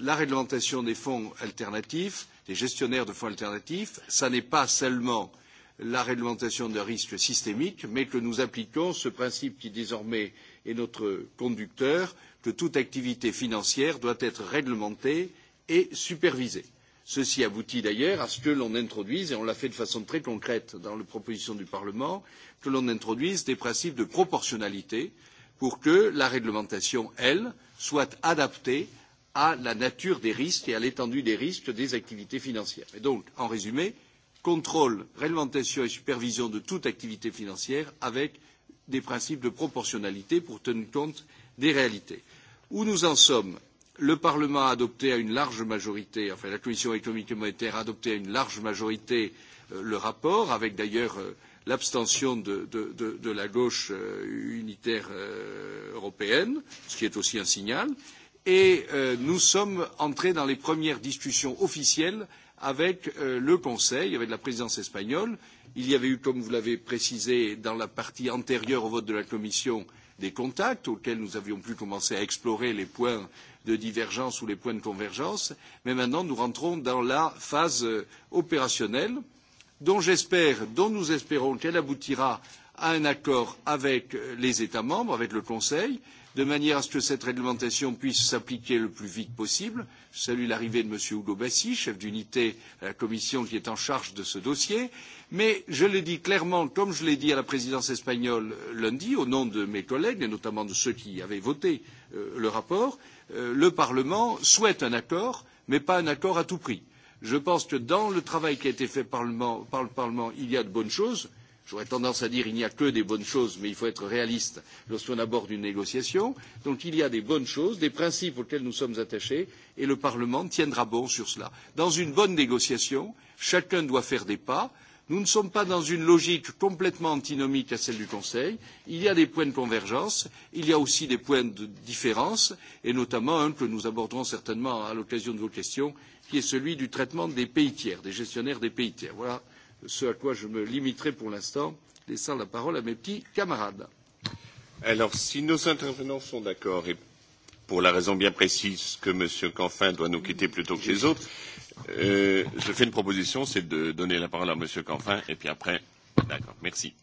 la réglementation des fonds alternatifs, des gestionnaires de fonds alternatifs, ce n'est pas seulement la réglementation d'un risque systémique, mais que nous appliquons ce principe qui, désormais, est notre conducteur, que toute activité financière doit être réglementée et supervisée. Ceci aboutit d'ailleurs à ce que l'on introduise, et on l'a fait de façon très concrète dans la proposition du Parlement, que l'on introduise des principes de proportionnalité pour que la réglementation, elle, soit adaptée à la nature des risques et à l'étendue des risques des activités financières. Et donc, en résumé, contrôle, réglementation et supervision de toute activité financière avec des principes de proportionnalité pour tenir compte des réalités. Où nous en sommes le Parlement a adopté à une large majorité, enfin la Commission économique et monétaire a adopté à une large majorité le rapport, avec d'ailleurs l'abstention de la gauche unitaire européenne, ce qui est aussi un signal, et nous sommes entrés dans les premières discussions officielles avec le Conseil, avec la présidence espagnole. Il y avait eu, comme vous l'avez précisé, dans la partie antérieure au vote de la Commission, des contacts auxquels nous avions pu commencer à explorer les points de divergence ou les points de convergence, mais maintenant nous rentrons dans la phase opérationnelle, dont j'espère, dont nous espérons qu'elle aboutira à un accord avec les États membres, avec le Conseil, de manière à ce que cette réglementation puisse s'appliquer le plus vite possible. Je salue l'arrivée de M. Hugo Bassi, chef d'unité à la Commission qui est en charge de ce dossier. Mais je le dis clairement, comme je l'ai dit à la présidence espagnole lundi, au nom de mes collègues, et notamment de ceux qui avaient voté le rapport, le Parlement souhaite un accord, mais pas un accord à tout prix. Je pense que dans le travail qui a été fait par le Parlement, il y a de bonnes choses. J'aurais tendance à dire qu'il n'y a que des bonnes choses, mais il faut être réaliste lorsqu'on aborde une négociation. Donc il y a des bonnes choses, des principes auxquels nous sommes attachés, et le Parlement tiendra bon sur cela. Dans une bonne négociation, chacun doit faire des pas. Nous ne sommes pas dans une logique complètement antinomique à celle du Conseil. Il y a des points de convergence, il y a aussi des points de différence, et notamment un que nous aborderons certainement à l'occasion de vos questions, qui est celui du traitement des pays tiers, des gestionnaires des pays tiers. Voilà ce à quoi je me limiterai pour l'instant, laissant la parole à mes petits camarades. Alors, si nos intervenants sont d'accord, et pour la raison bien précise que M. Canfin doit nous quitter plutôt que les autres, je fais une proposition, c'est de donner la parole à Monsieur Canfin, et puis après. D'accord, merci.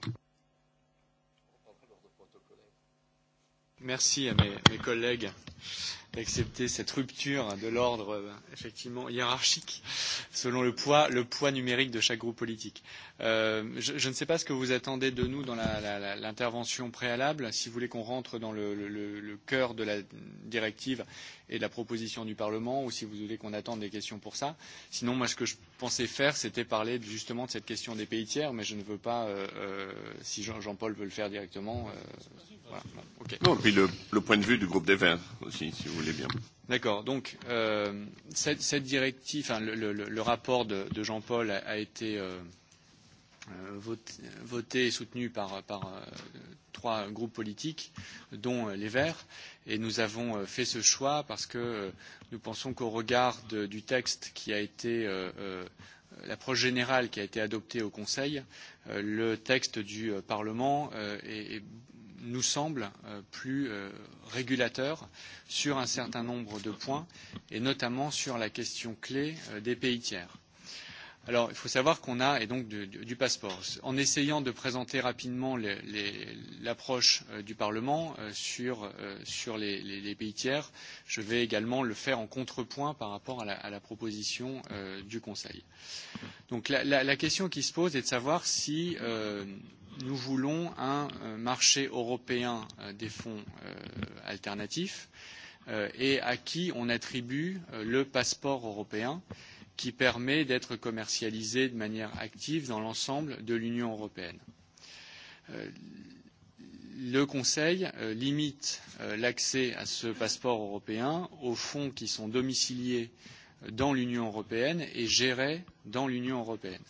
Merci à mes collègues d'accepter cette rupture de l'ordre effectivement hiérarchique selon le poids, le poids numérique de chaque groupe politique. Je ne sais pas ce que vous attendez de nous dans l'intervention préalable. Si vous voulez qu'on rentre dans le cœur de la directive et de la proposition du Parlement, ou si vous voulez qu'on attende des questions pour ça. Sinon, moi, ce que je pensais faire, c'était parler justement de cette question des pays tiers, mais je ne veux pas, si Jean-Paul veut le faire directement. Voilà. Non, puis le point de vue du groupe des Verts aussi, si vous voulez bien. D'accord. Donc, cette directive, le rapport de Jean-Paul a été voté et soutenu par trois groupes politiques, dont les Verts. Et nous avons fait ce choix parce que nous pensons qu'au regard du texte qui a été l'approche générale qui a été adoptée au Conseil, le texte du Parlement nous semble plus régulateur sur un certain nombre de points, et notamment sur la question clé des pays tiers Alors, il faut savoir qu'on a, et donc du passeport, en essayant de présenter rapidement l'approche du Parlement sur les pays tiers, je vais également le faire en contrepoint par rapport à la proposition du Conseil. Donc, la question qui se pose est de savoir si nous voulons un marché européen des fonds alternatifs et à qui on attribue le passeport européen qui permet d'être commercialisé de manière active dans l'ensemble de l'Union européenne. Le Conseil limite l'accès à ce passeport européen aux fonds qui sont domiciliés dans l'Union européenne et gérés dans l'Union européenne.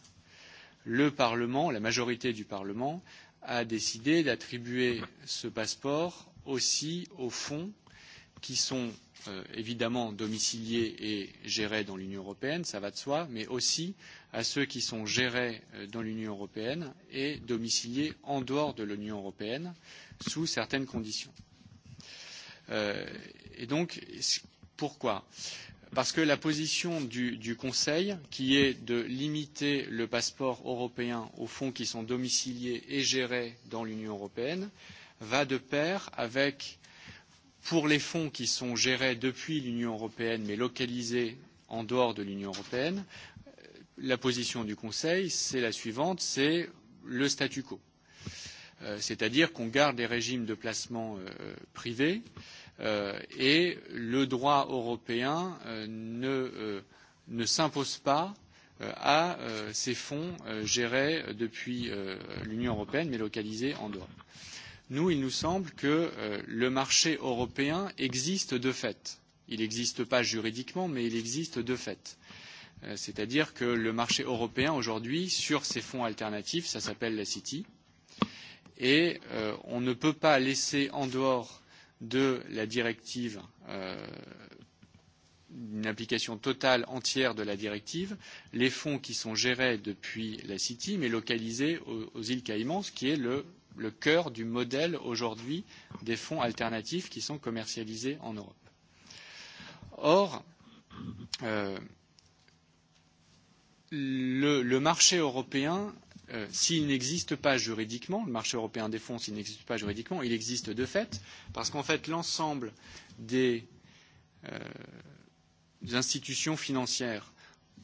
Le Parlement, la majorité du Parlement, a décidé d'attribuer ce passeport aussi aux fonds qui sont évidemment domiciliés et gérés dans l'Union européenne, ça va de soi, mais aussi à ceux qui sont gérés dans l'Union européenne et domiciliés en dehors de l'Union européenne, sous certaines conditions. Et donc, pourquoi Parce que la position du Conseil, qui est de limiter le passeport européen aux fonds qui sont domiciliés et gérés dans l'Union européenne, va de pair avec pour les fonds qui sont gérés depuis l'Union européenne mais localisés en dehors de l'Union européenne, la position du Conseil, c'est la suivante, c'est le statu quo. C'est-à-dire qu'on garde les régimes de placement privés et le droit européen ne s'impose pas à ces fonds gérés depuis l'Union européenne mais localisés en dehors nous, il nous semble que le marché européen existe de fait. Il n'existe pas juridiquement, mais il existe de fait. C'est-à-dire que le marché européen, aujourd'hui, sur ces fonds alternatifs, ça s'appelle la City, et on ne peut pas laisser en dehors de la directive une application totale entière de la directive, les fonds qui sont gérés depuis la City, mais localisés aux îles Caïmans, qui est le le cœur du modèle aujourd'hui des fonds alternatifs qui sont commercialisés en Europe. Or, le marché européen, s'il n'existe pas juridiquement, le marché européen des fonds, s'il n'existe pas juridiquement, il existe de fait, parce qu'en fait, l'ensemble des institutions financières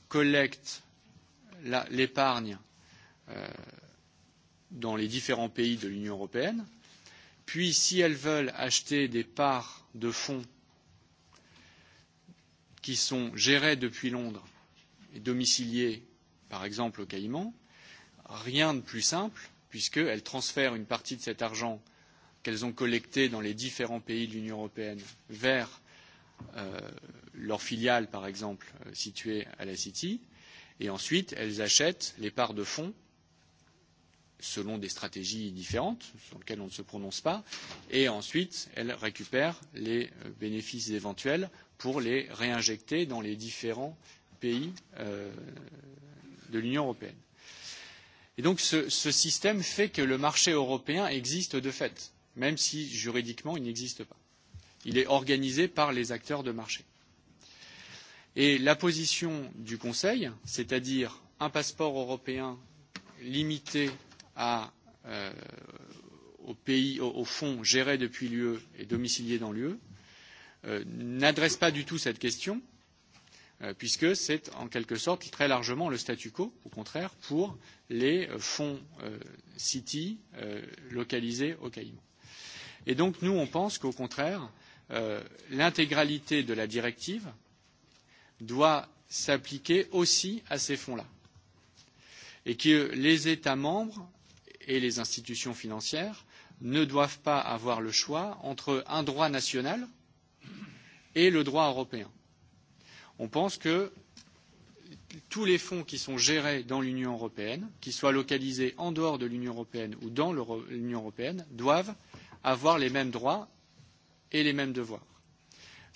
collectent l'épargne dans les différents pays de l'Union européenne, puis si elles veulent acheter des parts de fonds qui sont gérés depuis Londres et domiciliés, par exemple, au Caïmans, rien de plus simple, puisqu'elles transfèrent une partie de cet argent qu'elles ont collecté dans les différents pays de l'Union européenne vers leur filiale, par exemple, située à la City, et ensuite elles achètent les parts de fonds selon des stratégies différentes sur lesquelles on ne se prononce pas et ensuite elle récupère les bénéfices éventuels pour les réinjecter dans les différents pays de l'Union européenne. Et donc ce système fait que le marché européen existe de fait, même si juridiquement il n'existe pas. Il est organisé par les acteurs de marché. Et la position du Conseil, c'est-à-dire un passeport européen limité aux pays, aux fonds gérés depuis l'UE et domiciliés dans l'UE, n'adresse pas du tout cette question, puisque c'est en quelque sorte très largement le statu quo, au contraire, pour les fonds City localisés au Caïman. Et donc, nous, on pense qu'au contraire, l'intégralité de la directive doit s'appliquer aussi à ces fonds-là. Et que les États membres et les institutions financières ne doivent pas avoir le choix entre un droit national et le droit européen. On pense que tous les fonds qui sont gérés dans l'Union européenne, qu'ils soient localisés en dehors de l'Union européenne ou dans l'Union européenne, doivent avoir les mêmes droits et les mêmes devoirs.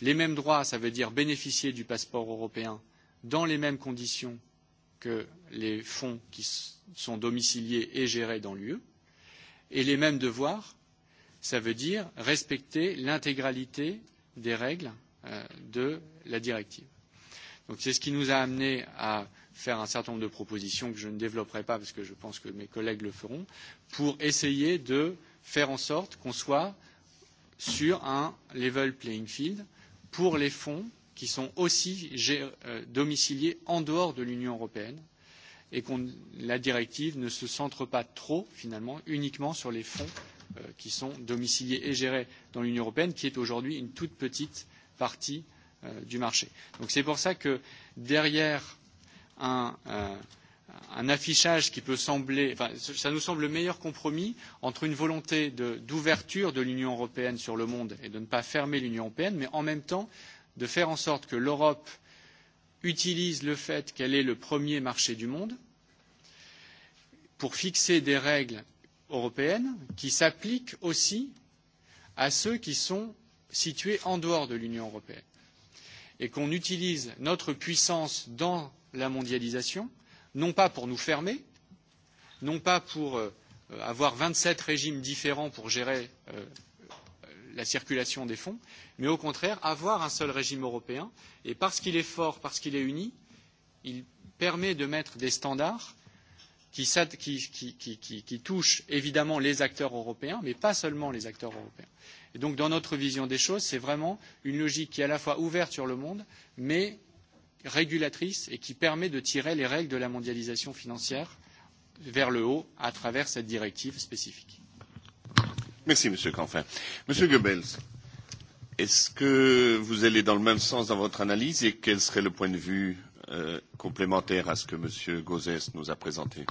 Les mêmes droits, ça veut dire bénéficier du passeport européen dans les mêmes conditions que les fonds qui sont domiciliés et gérés dans l'UE. Et les mêmes devoirs, ça veut dire respecter l'intégralité des règles de la directive. Donc c'est ce qui nous a amené à faire un certain nombre de propositions que je ne développerai pas parce que je pense que mes collègues le feront, pour essayer de faire en sorte qu'on soit sur un level playing field pour les fonds qui sont aussi domiciliés en dehors de l'Union européenne et que la directive ne se centre pas trop, finalement, uniquement sur les fonds qui sont domiciliés et gérés dans l'Union européenne, qui est aujourd'hui une toute petite partie du marché. Donc c'est pour ça que derrière un affichage qui peut sembler, enfin ça nous semble le meilleur compromis entre une volonté d'ouverture de l'Union européenne sur le monde et de ne pas fermer l'Union européenne, mais en même temps de faire en sorte que l'Europe utilise le fait qu'elle est le premier marché du monde pour fixer des règles européennes qui s'appliquent aussi à ceux qui sont situés en dehors de l'Union européenne et qu'on utilise notre puissance dans la mondialisation, non pas pour nous fermer, non pas pour avoir vingt sept régimes différents pour gérer la circulation des fonds, mais au contraire avoir un seul régime européen. Et parce qu'il est fort, parce qu'il est uni, il permet de mettre des standards qui touchent évidemment les acteurs européens, mais pas seulement les acteurs européens. Et donc, dans notre vision des choses, c'est vraiment une logique qui est à la fois ouverte sur le monde, mais régulatrice et qui permet de tirer les règles de la mondialisation financière vers le haut à travers cette directive spécifique. Merci, Monsieur Canfin. Monsieur Goebbels, est-ce que vous allez dans le même sens dans votre analyse et quel serait le point de vue complémentaire à ce que M. Gauzès nous a présenté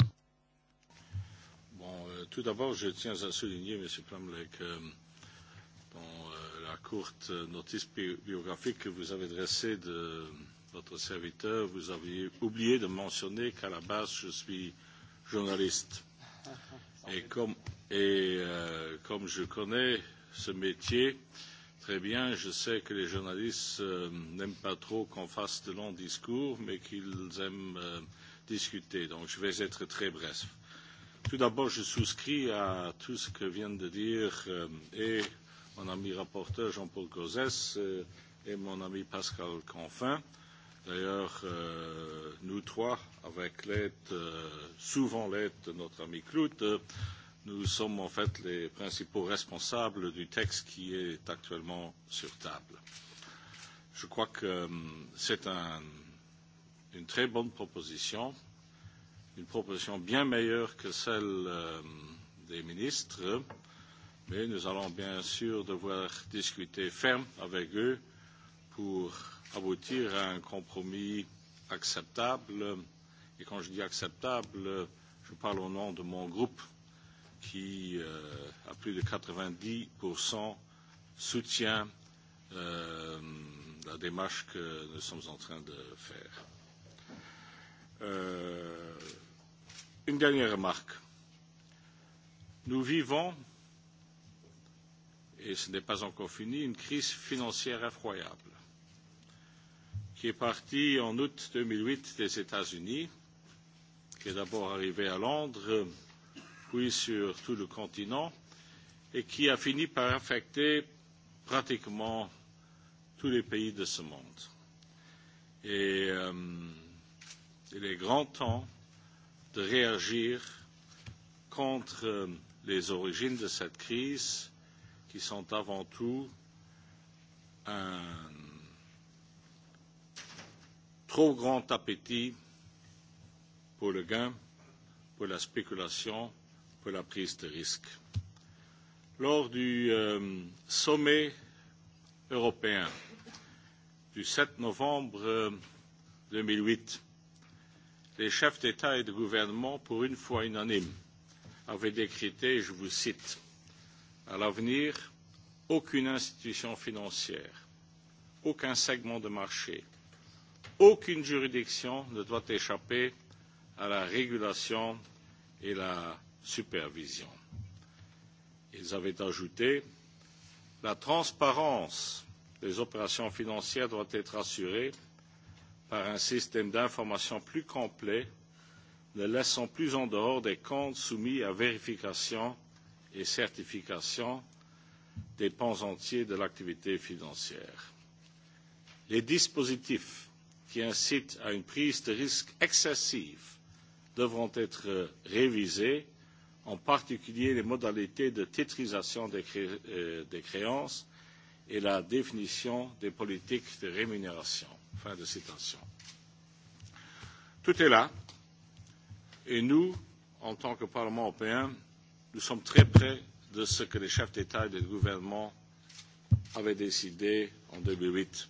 Tout d'abord, je tiens à souligner, M. Plamley, que dans la courte notice biographique que vous avez dressée de votre serviteur, vous aviez oublié de mentionner qu'à la base, je suis journaliste. Et comme je connais ce métier très bien, je sais que les journalistes n'aiment pas trop qu'on fasse de longs discours, mais qu'ils aiment discuter. Donc je vais être très bref. Tout d'abord, je souscris à tout ce que viennent de dire mon ami rapporteur Jean-Paul Gauzès et mon ami Pascal Canfin D'ailleurs, nous trois, avec l'aide, souvent l'aide de notre ami Clout, nous sommes en fait les principaux responsables du texte qui est actuellement sur table. Je crois que c'est une très bonne proposition, une proposition bien meilleure que celle des ministres, mais nous allons bien sûr devoir discuter ferme avec eux pour aboutir à un compromis acceptable. Et quand je dis acceptable, je parle au nom de mon groupe qui, à plus de 90%, soutient la démarche que nous sommes en train de faire. Une dernière remarque. Nous vivons, et ce n'est pas encore fini, une crise financière effroyable qui est parti en août 2008 des États-Unis, qui est d'abord arrivé à Londres, puis sur tout le continent, et qui a fini par affecter pratiquement tous les pays de ce monde. Et il est grand temps de réagir contre les origines de cette crise, qui sont avant tout un trop grand appétit pour le gain, pour la spéculation, pour la prise de risque. Lors du sommet européen du 7 novembre 2008, les chefs d'État et de gouvernement, pour une fois unanimes, avaient décrété, je vous cite, à l'avenir, aucune institution financière, aucun segment de marché, aucune juridiction ne doit échapper à la régulation et la supervision. Ils avaient ajouté La transparence des opérations financières doit être assurée par un système d'information plus complet, ne laissant plus en dehors des comptes soumis à vérification et certification des pans entiers de l'activité financière. Les dispositifs qui incitent à une prise de risque excessive devront être révisées, en particulier les modalités de titrisation des créances et la définition des politiques de rémunération. Fin de citation. Tout est là et nous, en tant que Parlement européen, nous sommes très près de ce que les chefs d'État et de gouvernement avaient décidé en 2008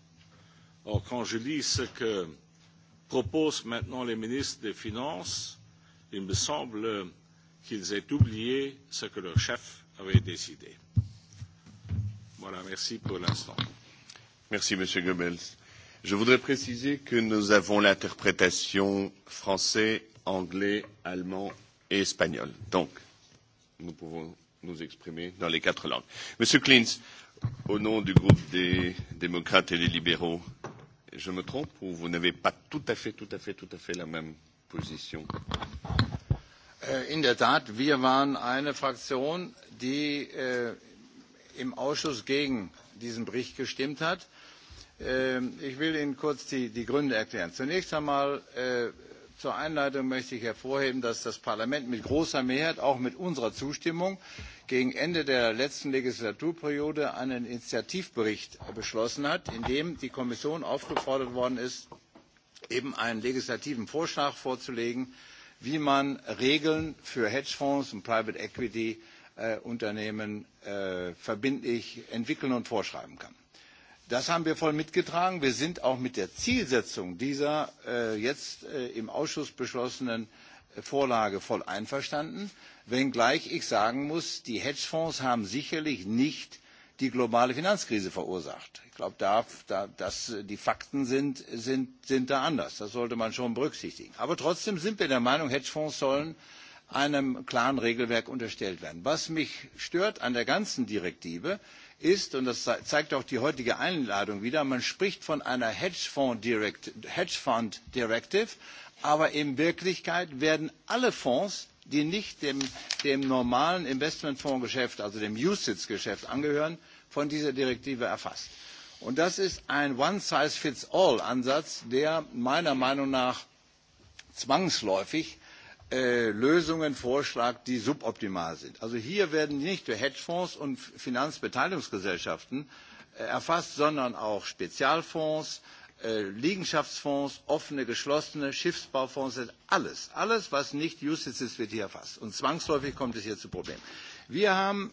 Or, quand je lis ce que proposent maintenant les ministres des Finances, il me semble qu'ils aient oublié ce que leur chef avait décidé. Voilà, merci pour l'instant. Merci, Monsieur Goebbels. Je voudrais préciser que nous avons l'interprétation français, anglais, allemand et espagnol. Donc, nous pouvons nous exprimer dans les quatre langues. Monsieur Klintz, au nom du groupe des démocrates et des libéraux, Je me trompe ou vous n'avez pas tout à fait, tout à fait, tout à fait la même Position? In der Tat, wir waren eine Fraktion, die im Ausschuss gegen diesen Bericht gestimmt hat. Ich will Ihnen kurz die Gründe erklären. Zunächst einmal zur Einleitung möchte ich hervorheben, dass das Parlament mit großer Mehrheit, auch mit unserer Zustimmung, gegen Ende der letzten Legislaturperiode einen Initiativbericht beschlossen hat, in dem die Kommission aufgefordert worden ist, eben einen legislativen Vorschlag vorzulegen, wie man Regeln für Hedgefonds und Private Equity Unternehmen verbindlich entwickeln und vorschreiben kann. Das haben wir voll mitgetragen. Wir sind auch mit der Zielsetzung dieser jetzt im Ausschuss beschlossenen Vorlage voll einverstanden, wenngleich ich sagen muss, die Hedgefonds haben sicherlich nicht die globale Finanzkrise verursacht. Ich glaube, dass die Fakten sind da anders. Das sollte man schon berücksichtigen. Aber trotzdem sind wir der Meinung, Hedgefonds sollen einem klaren Regelwerk unterstellt werden. Was mich stört an der ganzen Direktive ist, und das zeigt auch die heutige Einladung wieder, man spricht von einer Hedgefonds Directive, aber in Wirklichkeit werden alle Fonds, die nicht dem normalen Investmentfondsgeschäft, also dem UCITS-Geschäft angehören, von dieser Direktive erfasst. Und das ist ein One-Size-Fits-All-Ansatz, der meiner Meinung nach zwangsläufig Lösungen vorschlägt, die suboptimal sind. Also hier werden nicht nur Hedgefonds und Finanzbeteiligungsgesellschaften erfasst, sondern auch Spezialfonds, Liegenschaftsfonds, offene, geschlossene, Schiffsbaufonds, alles. Alles, was nicht Justiz ist, wird hier erfasst. Und zwangsläufig kommt es hier zu Problemen. Wir haben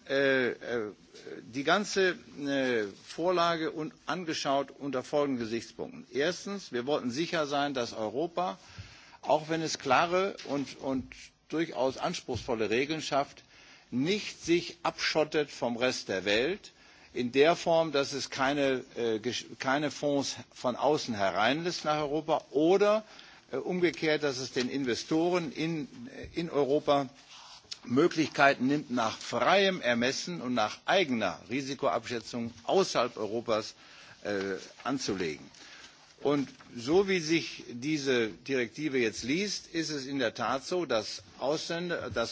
die ganze Vorlage angeschaut unter folgenden Gesichtspunkten. Erstens, wir wollten sicher sein, dass Europa auch wenn es klare und durchaus anspruchsvolle regeln schafft nicht sich abschottet vom rest der welt in der form dass es keine fonds von außen hereinlässt nach europa oder umgekehrt dass es den investoren in europa möglichkeiten nimmt nach freiem ermessen und nach eigener risikoabschätzung außerhalb europas anzulegen. Und so wie sich diese Direktive jetzt liest, ist es in der Tat so, dass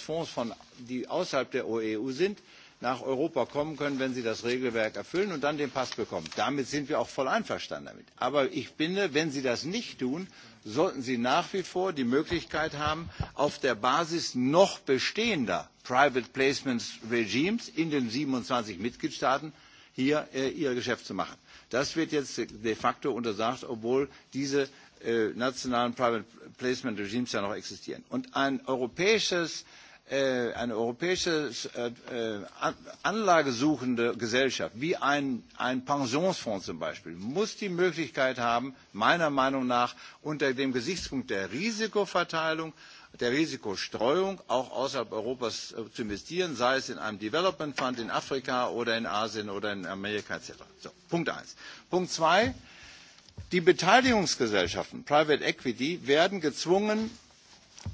Fonds, die außerhalb der EU sind, nach Europa kommen können, wenn sie das Regelwerk erfüllen und dann den Pass bekommen. Damit sind wir auch voll einverstanden damit. Aber ich finde, wenn sie das nicht tun, sollten sie nach wie vor die Möglichkeit haben, auf der Basis noch bestehender Private placement Regimes in den 27 Mitgliedstaaten hier ihr Geschäft zu machen. Das wird jetzt de facto untersagt, obwohl diese nationalen Private Placement Regimes ja noch existieren. Und ein eine europäische anlagesuchende Gesellschaft, wie ein Pensionsfonds zum Beispiel, muss die Möglichkeit haben, meiner Meinung nach unter dem Gesichtspunkt der Risikoverteilung der Risikostreuung auch außerhalb Europas zu investieren, sei es in einem Development Fund in Afrika oder in Asien oder in Amerika etc. Punkt eins. Punkt zwei Die Beteiligungsgesellschaften, Private Equity, werden gezwungen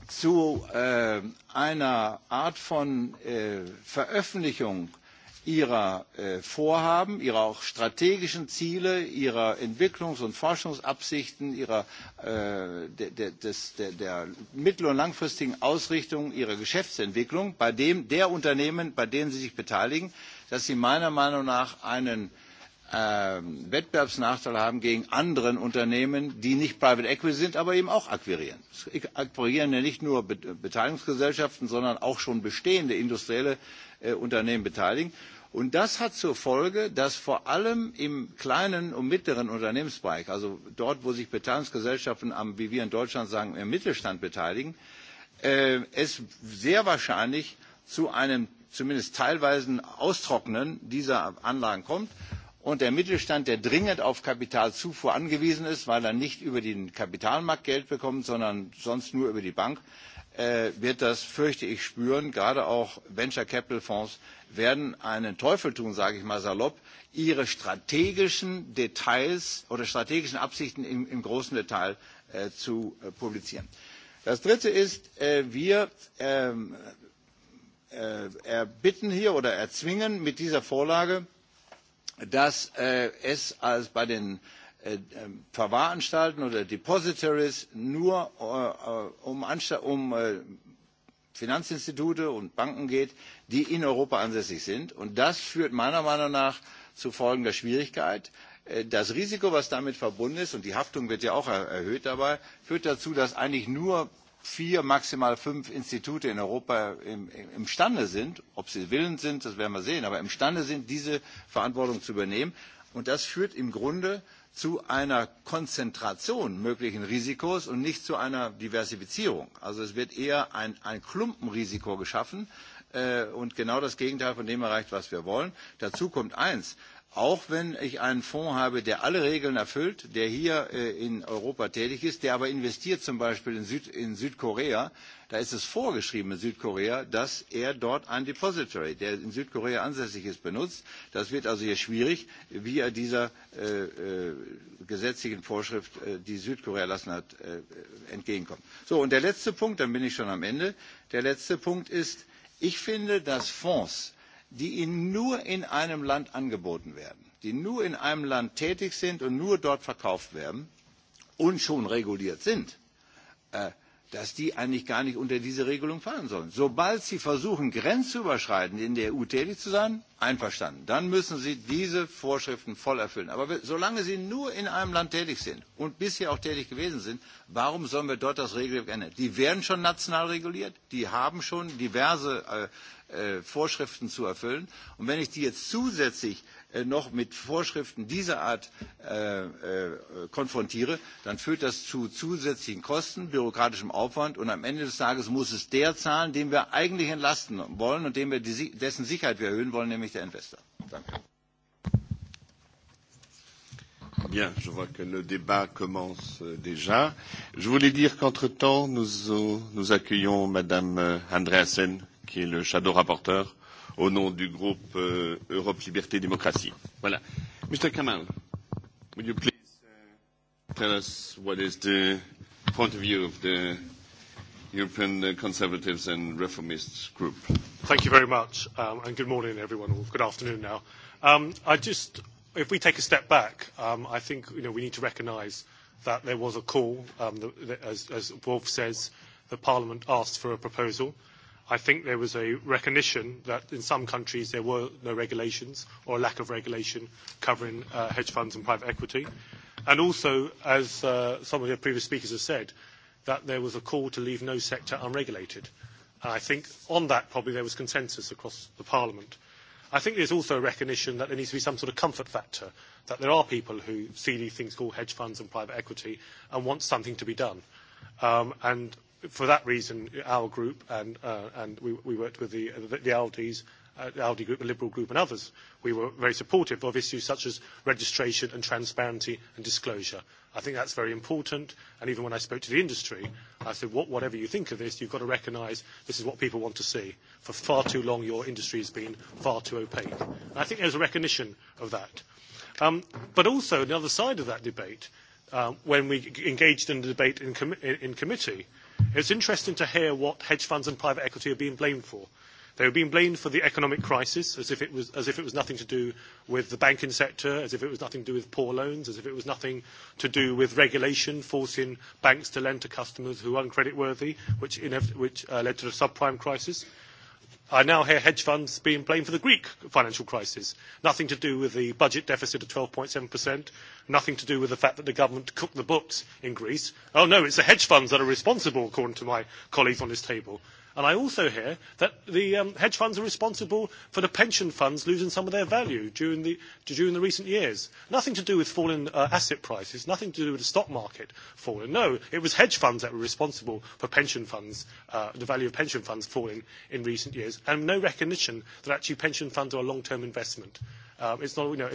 zu einer Art von Veröffentlichung ihrer Vorhaben, ihrer strategischen Ziele, ihrer Entwicklungs- und Forschungsabsichten, ihrer der mittel- und langfristigen Ausrichtung ihrer Geschäftsentwicklung bei der Unternehmen, bei denen sie sich beteiligen, dass sie meiner Meinung nach einen Wettbewerbsnachteil haben gegen anderen Unternehmen, die nicht Private Equity sind, aber eben auch akquirieren. Es akquirieren ja nicht nur Beteiligungsgesellschaften, sondern auch schon bestehende industrielle Unternehmen beteiligen. Und das hat zur Folge, dass vor allem im kleinen und mittleren Unternehmensbereich, also dort, wo sich Beteiligungsgesellschaften am, wie wir in Deutschland sagen, im Mittelstand beteiligen, es sehr wahrscheinlich zu einem zumindest teilweisen Austrocknen dieser Anlagen kommt und der mittelstand der dringend auf kapitalzufuhr angewiesen ist weil er nicht über den kapitalmarkt geld bekommt sondern sonst nur über die bank wird das fürchte ich spüren. gerade auch venture capital fonds werden einen teufel tun sage ich mal salopp ihre strategischen details oder strategischen absichten im großen detail zu publizieren. das dritte ist wir erbitten hier oder erzwingen mit dieser vorlage dass es als bei den Verwahranstalten oder Depositories nur um Finanzinstitute und Banken geht, die in Europa ansässig sind. Und das führt meiner Meinung nach zu folgender Schwierigkeit. Das Risiko, was damit verbunden ist, und die Haftung wird ja auch erhöht dabei, führt dazu, dass eigentlich nur vier, maximal fünf Institute in Europa imstande sind, ob sie willens sind, das werden wir sehen, aber imstande sind, diese Verantwortung zu übernehmen. Und das führt im Grunde zu einer Konzentration möglichen Risikos und nicht zu einer Diversifizierung. Also es wird eher ein Klumpenrisiko geschaffen und genau das Gegenteil von dem erreicht, was wir wollen. Dazu kommt eins auch wenn ich einen Fonds habe, der alle Regeln erfüllt, der hier in Europa tätig ist, der aber investiert zum Beispiel in Südkorea, da ist es vorgeschrieben in Südkorea, dass er dort ein Depository, der in Südkorea ansässig ist, benutzt. Das wird also hier schwierig, wie er dieser gesetzlichen Vorschrift, die Südkorea erlassen hat, entgegenkommt. So, und der letzte Punkt, dann bin ich schon am Ende. Der letzte Punkt ist, ich finde, dass Fonds, die ihnen nur in einem Land angeboten werden, die nur in einem Land tätig sind und nur dort verkauft werden und schon reguliert sind, dass die eigentlich gar nicht unter diese Regelung fallen sollen. Sobald sie versuchen, grenzüberschreitend in der EU tätig zu sein, einverstanden, dann müssen sie diese Vorschriften voll erfüllen. Aber solange sie nur in einem Land tätig sind und bisher auch tätig gewesen sind, warum sollen wir dort das Regelwerk ändern? Die werden schon national reguliert, die haben schon diverse Vorschriften zu erfüllen. Und wenn ich die jetzt zusätzlich noch mit Vorschriften dieser Art konfrontiere, dann führt das zu zusätzlichen Kosten, bürokratischem Aufwand und am Ende des Tages muss es der zahlen, den wir eigentlich entlasten wollen und wir dessen Sicherheit wir erhöhen wollen, nämlich der Investor. Danke. Bien, je vois que le débat commence déjà. Je voulais dire qu'entre-temps, nous accueillons Madame Andreasen, qui est le shadow rapporteur au nom du groupe Europe Liberté Démocratie. Voilà. Mr. Kamal, would you please tell us what is the point of view of the European Conservatives and Reformists group? Thank you very much, and good morning, everyone, or good afternoon now. I just, if we take a step back, I think you know we need to recognise that there was a call, as as Wolf says, the Parliament asked for a proposal I think there was a recognition that in some countries there were no regulations or a lack of regulation covering hedge funds and private equity. And also, as some of the previous speakers have said, that there was a call to leave no sector unregulated. And I think on that probably there was consensus across the Parliament. I think there's also a recognition that there needs to be some sort of comfort factor, that there are people who see these things called hedge funds and private equity and want something to be done. And for that reason, our group and and we we worked with the the ALDEs, the ALDE group, the Liberal group and others. We were very supportive of issues such as registration and transparency and disclosure. I think that's very important. And even when I spoke to the industry, I said, whatever you think of this, you've got to recognise this is what people want to see. For far too long, your industry has been far too opaque. And I think there's a recognition of that. But also, the other side of that debate when we engaged in the debate in committee, it was interesting to hear what hedge funds and private equity are being blamed for. They were being blamed for the economic crisis, as if it was as if it was nothing to do with the banking sector, as if it was nothing to do with poor loans, as if it was nothing to do with regulation forcing banks to lend to customers who are uncreditworthy, which which led to the subprime crisis. I now hear hedge funds being blamed for the Greek financial crisis. Nothing to do with the budget deficit of 12.7%, nothing to do with the fact that the government cooked the books in Greece. Oh no, it's the hedge funds that are responsible, according to my colleagues on this table. And I also hear that the hedge funds are responsible for the pension funds losing some of their value during the recent years. Nothing to do with falling asset prices, nothing to do with the stock market falling. No, it was hedge funds that were responsible for pension funds, the value of pension funds falling in recent years, and no recognition that actually pension funds are a long-term investment. you know,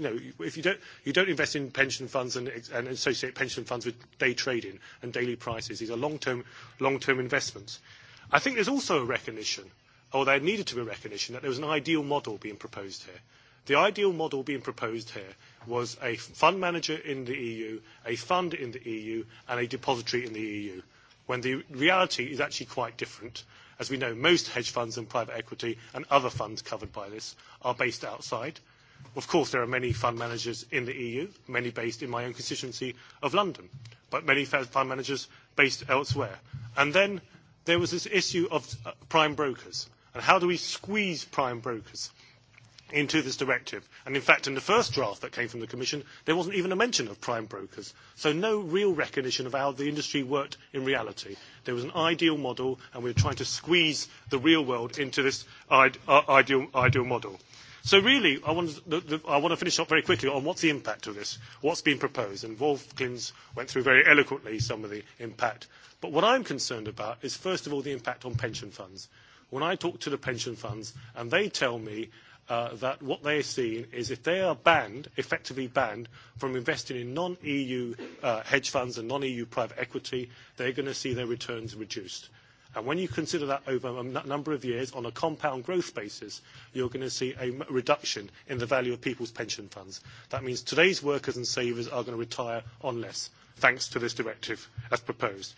not, you don't invest in pension funds and associate pension funds with day trading and daily prices. These are long-term investments. I think there's also a recognition, or there needed to be a recognition, that there was an ideal model being proposed here. The ideal model being proposed here was a fund manager in the EU, a fund in the EU, and a depository in the EU, when the reality is actually quite different. As we know, most hedge funds and private equity and other funds covered by this are based outside. Of course, there are many fund managers in the EU, many based in my own constituency of London, but many fund managers based elsewhere. And then there was this issue of prime brokers and how do we squeeze prime brokers into this directive. And in fact, in the first draft that came from the Commission, there wasn't even a mention of prime brokers. So no real recognition of how the industry worked in reality. There was an ideal model, and we were trying to squeeze the real world into this ideal model. So really, I want to finish up very quickly on what's the impact of this, what's been proposed. And Wolf went through very eloquently some of the impact. But what I'm concerned about is, first of all, the impact on pension funds. When I talk to the pension funds, and they tell me that what they are seeing is if they are banned, effectively banned, from investing in non-EU hedge funds and non-EU private equity, they're going to see their returns reduced. And when you consider that over a number of years on a compound growth basis, you're going to see a reduction in the value of people's pension funds. That means today's workers and savers are going to retire on less, thanks to this directive as proposed.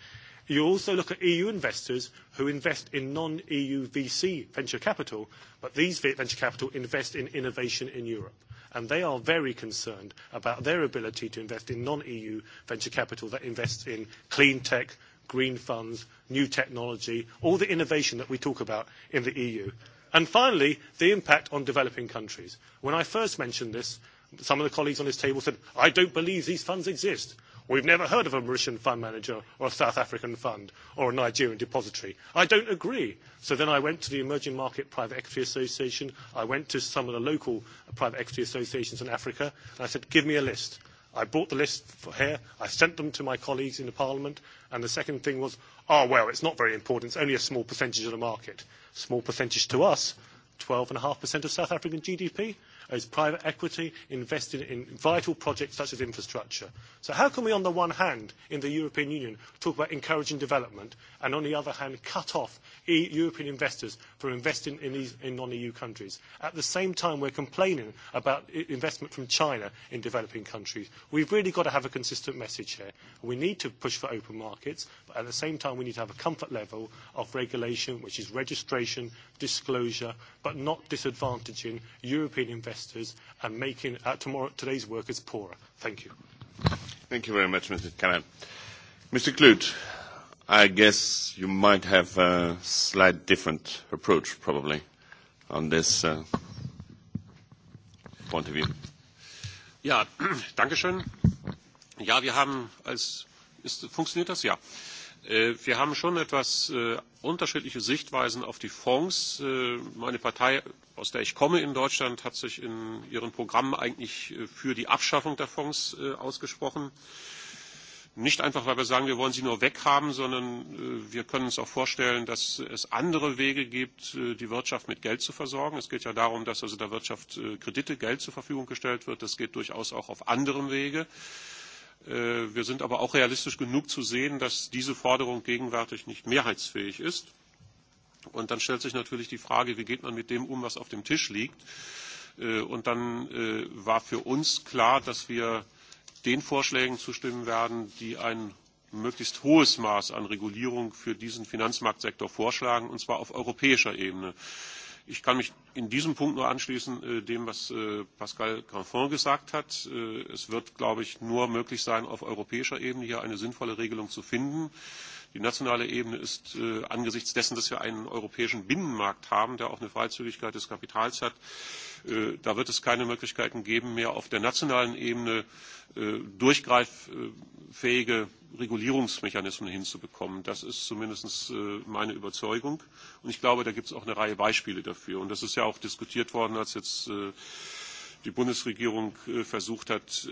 You also look at EU investors who invest in non-EU VC venture capital, but these venture capital invest in innovation in Europe. And they are very concerned about their ability to invest in non-EU venture capital that invests in clean tech, green funds, new technology, all the innovation that we talk about in the EU. And finally, the impact on developing countries. When I first mentioned this, some of the colleagues on this table said, I don't believe these funds exist. We've never heard of a Mauritian fund manager or a South African fund or a Nigerian depository. I don't agree. So then I went to the Emerging Market Private Equity Association. I went to some of the local private equity associations in Africa. And I said, give me a list. I brought the list for here, I sent them to my colleagues in the Parliament, and the second thing was, oh, well, it's not very important, it's only a small percentage of the market. Small percentage to us, 12.5% of South African GDP, is private equity invested in vital projects such as infrastructure. So how can we, on the one hand, in the European Union, talk about encouraging development, and on the other hand, cut off European investors for investing in non-EU countries. At the same time, we're complaining about investment from China in developing countries. We've really got to have a consistent message here. We need to push for open markets, but at the same time, we need to have a comfort level of regulation, which is registration, disclosure, but not disadvantaging European investors and making today's workers poorer. Thank you. Thank you very much, Mr. Cameron. Mr. Klute. I guess you might have a slight different approach, probably, on this point of view. Ja, danke schön. Ja, wir haben als funktioniert das ja. Wir haben schon etwas unterschiedliche Sichtweisen auf die Fonds. Meine Partei, aus der ich komme in Deutschland, hat sich in ihren Programmen eigentlich für die Abschaffung der Fonds ausgesprochen. Nicht einfach, weil wir sagen, wir wollen sie nur weghaben, sondern wir können uns auch vorstellen, dass es andere Wege gibt, die Wirtschaft mit Geld zu versorgen. Es geht ja darum, dass also der Wirtschaft Kredite, Geld zur Verfügung gestellt wird. Das geht durchaus auch auf anderem Wege. Wir sind aber auch realistisch genug zu sehen, dass diese Forderung gegenwärtig nicht mehrheitsfähig ist. Und dann stellt sich natürlich die Frage, wie geht man mit dem um, was auf dem Tisch liegt. Und dann war für uns klar, dass wir den Vorschlägen zustimmen werden, die ein möglichst hohes Maß an Regulierung für diesen Finanzmarktsektor vorschlagen, und zwar auf europäischer Ebene. Ich kann mich in diesem Punkt nur anschließen dem, was Pascal grandfond gesagt hat. Es wird, glaube ich, nur möglich sein, auf europäischer Ebene hier eine sinnvolle Regelung zu finden. Die nationale Ebene ist angesichts dessen, dass wir einen europäischen Binnenmarkt haben, der auch eine Freizügigkeit des Kapitals hat, da wird es keine Möglichkeiten geben, mehr auf der nationalen Ebene durchgreiffähige Regulierungsmechanismen hinzubekommen. Das ist zumindest meine Überzeugung. Und ich glaube, da gibt es auch eine Reihe Beispiele dafür. Und das ist ja auch diskutiert worden, als jetzt die Bundesregierung versucht hat,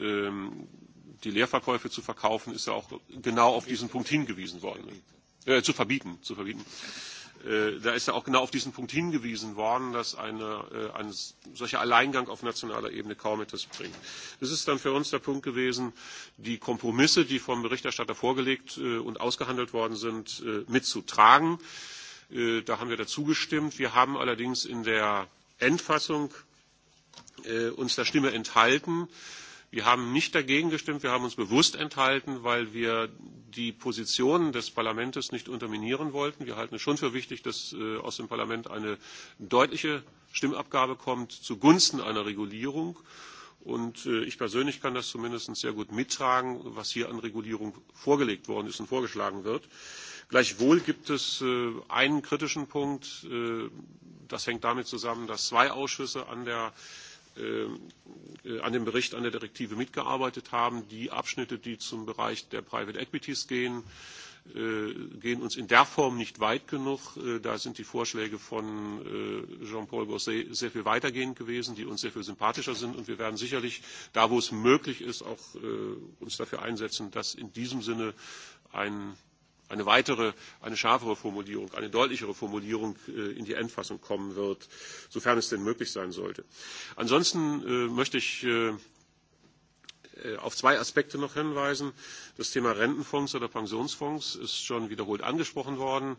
die Leerverkäufe zu verkaufen, ist ja auch genau auf diesen Punkt hingewiesen worden. Zu verbieten. Zu verbieten. Da ist ja auch genau auf diesen Punkt hingewiesen worden, dass ein solcher Alleingang auf nationaler Ebene kaum etwas bringt. Es ist dann für uns der Punkt gewesen, die Kompromisse, die vom Berichterstatter vorgelegt und ausgehandelt worden sind, mitzutragen. Da haben wir dazu gestimmt. Wir haben allerdings in der Endfassung uns der Stimme enthalten Wir haben nicht dagegen gestimmt, wir haben uns bewusst enthalten, weil wir die Position des Parlaments nicht unterminieren wollten. Wir halten es schon für wichtig, dass aus dem Parlament eine deutliche Stimmabgabe kommt zugunsten einer Regulierung. Und ich persönlich kann das zumindest sehr gut mittragen, was hier an Regulierung vorgelegt worden ist und vorgeschlagen wird. Gleichwohl gibt es einen kritischen Punkt. Das hängt damit zusammen, dass zwei Ausschüsse an der an dem Bericht, an der Direktive mitgearbeitet haben. Die Abschnitte, die zum Bereich der Private Equities gehen, gehen uns in der Form nicht weit genug. Da sind die Vorschläge von Jean-Paul Gauzet sehr viel weitergehend gewesen, die uns sehr viel sympathischer sind. Und wir werden sicherlich da, wo es möglich ist, auch uns dafür einsetzen, dass in diesem Sinne ein eine weitere, eine schärfere Formulierung, eine deutlichere Formulierung in die Endfassung kommen wird, sofern es denn möglich sein sollte. Ansonsten möchte ich auf zwei Aspekte noch hinweisen. Das Thema Rentenfonds oder Pensionsfonds ist schon wiederholt angesprochen worden.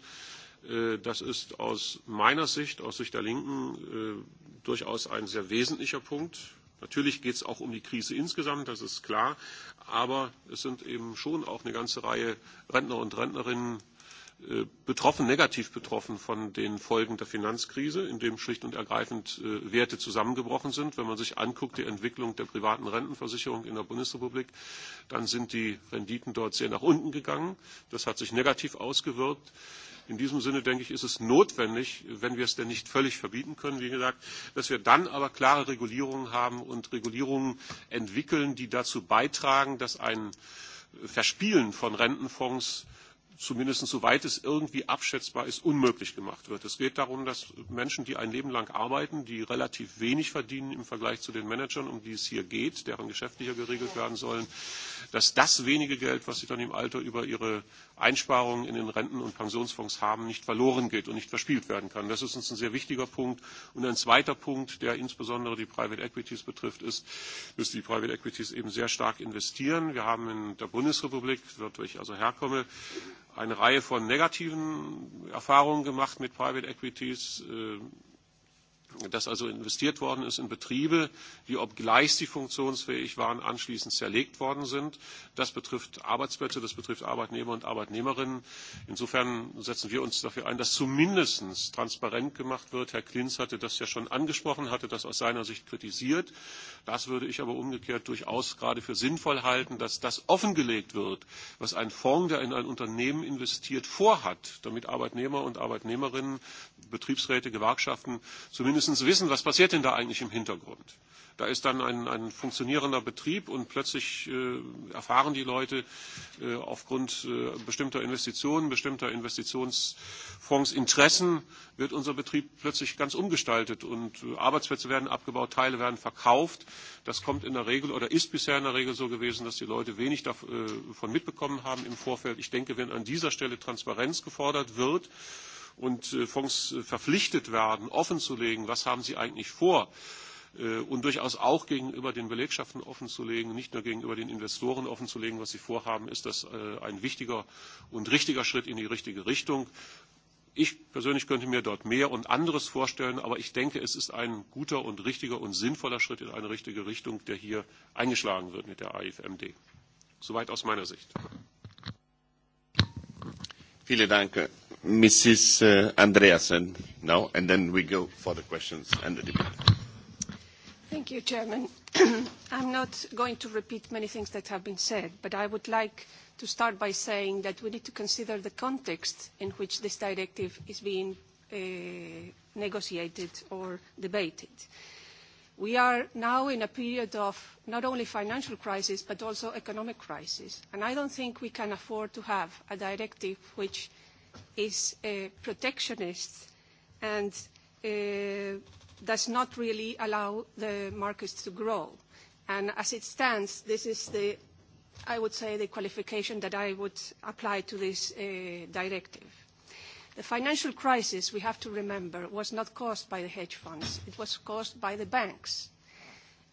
Das ist aus meiner Sicht, aus Sicht der Linken, durchaus ein sehr wesentlicher Punkt Natürlich geht es auch um die Krise insgesamt, das ist klar, aber es sind eben schon auch eine ganze Reihe Rentner und Rentnerinnen betroffen, negativ betroffen von den Folgen der Finanzkrise, in dem schlicht und ergreifend Werte zusammengebrochen sind. Wenn man sich anguckt, die Entwicklung der privaten Rentenversicherung in der Bundesrepublik, dann sind die Renditen dort sehr nach unten gegangen. Das hat sich negativ ausgewirkt. In diesem Sinne, denke ich, ist es notwendig, wenn wir es denn nicht völlig verbieten können, wie gesagt, dass wir dann aber klare Regulierungen haben und Regulierungen entwickeln, die dazu beitragen, dass ein Verspielen von Rentenfonds zumindest soweit es irgendwie abschätzbar ist, unmöglich gemacht wird. Es geht darum, dass Menschen, die ein Leben lang arbeiten, die relativ wenig verdienen im Vergleich zu den Managern, um die es hier geht, deren geschäftlicher geregelt werden sollen, dass das wenige Geld, was sie dann im Alter über ihre Einsparungen in den Renten- und Pensionsfonds haben, nicht verloren geht und nicht verspielt werden kann. Das ist uns ein sehr wichtiger Punkt. Und ein zweiter Punkt, der insbesondere die Private Equities betrifft, ist, dass die Private Equities eben sehr stark investieren. Wir haben in der Bundesrepublik, dort wo ich also herkomme, eine Reihe von negativen Erfahrungen gemacht mit Private Equities dass also investiert worden ist in Betriebe, die, obgleich sie funktionsfähig waren, anschließend zerlegt worden sind. Das betrifft Arbeitsplätze, das betrifft Arbeitnehmer und Arbeitnehmerinnen. Insofern setzen wir uns dafür ein, dass zumindest transparent gemacht wird. Herr Klinz hatte das ja schon angesprochen, hatte das aus seiner Sicht kritisiert. Das würde ich aber umgekehrt durchaus gerade für sinnvoll halten, dass das offengelegt wird, was ein Fonds, der in ein Unternehmen investiert, vorhat, damit Arbeitnehmer und Arbeitnehmerinnen, Betriebsräte, Gewerkschaften es wissen, was passiert denn da eigentlich im Hintergrund. Da ist dann ein funktionierender Betrieb und plötzlich erfahren die Leute aufgrund bestimmter Investitionen, bestimmter Investitionsfonds Interessen, wird unser Betrieb plötzlich ganz umgestaltet und Arbeitsplätze werden abgebaut, Teile werden verkauft. Das kommt in der Regel oder ist bisher in der Regel so gewesen, dass die Leute wenig davon mitbekommen haben im Vorfeld. Ich denke, wenn an dieser Stelle Transparenz gefordert wird, und Fonds verpflichtet werden, offenzulegen, was haben sie eigentlich vor und durchaus auch gegenüber den Belegschaften offenzulegen, nicht nur gegenüber den Investoren offenzulegen, was sie vorhaben, ist das ein wichtiger und richtiger Schritt in die richtige Richtung. Ich persönlich könnte mir dort mehr und anderes vorstellen, aber ich denke, es ist ein guter und richtiger und sinnvoller Schritt in eine richtige Richtung, der hier eingeschlagen wird mit der ifmd. Soweit aus meiner Sicht. Vielen Dank, Mrs. Andreasen now, and then we go for the questions and the debate. Thank you, Chairman. I'm not going to repeat many things that have been said, but I would like to start by saying that we need to consider the context in which this directive is being negotiated or debated. We are now in a period of not only financial crisis, but also economic crisis, and I don't think we can afford to have a directive which is protectionist and does not really allow the markets to grow. And as it stands, this is the, I would say, the qualification that I would apply to this directive. The financial crisis, we have to remember, was not caused by the hedge funds. It was caused by the banks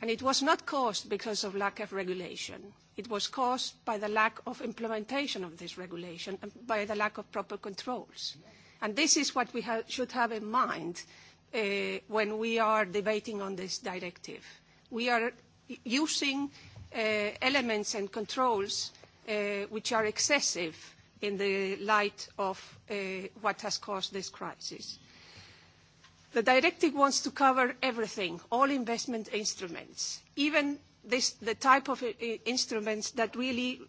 And it was not caused because of lack of regulation. It was caused by the lack of implementation of this regulation and by the lack of proper controls. And this is what we should have in mind when we are debating on this directive. We are using elements and controls which are excessive in the light of what has caused this crisis. The directive wants to cover everything, all investment instruments, even the type of instruments that really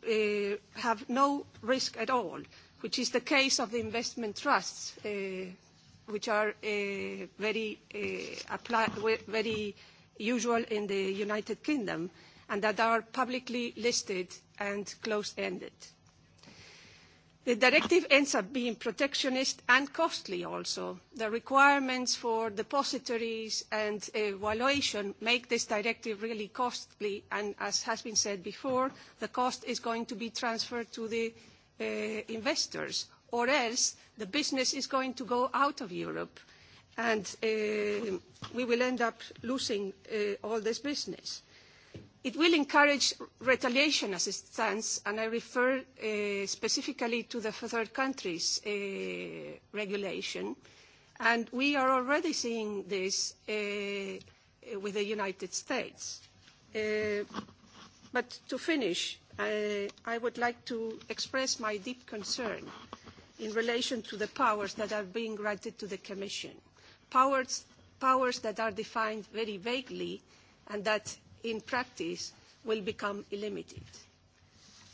have no risk at all, which is the case of the investment trusts, which are very usual in the United Kingdom and that are publicly listed and closed-ended. The directive ends up being protectionist and costly also. The requirements for depositories and valuation make this directive really costly and, as has been said before, the cost is going to be transferred to the investors or else the business is going to go out of Europe and we will end up losing all this business. It will encourage retaliation assistance, and I refer specifically to the third countries regulation. And we are already seeing this with the United States. But to finish, I would like to express my deep concern in relation to the powers that are being granted to the Commission, powers that are defined very vaguely and that in practice will become limited.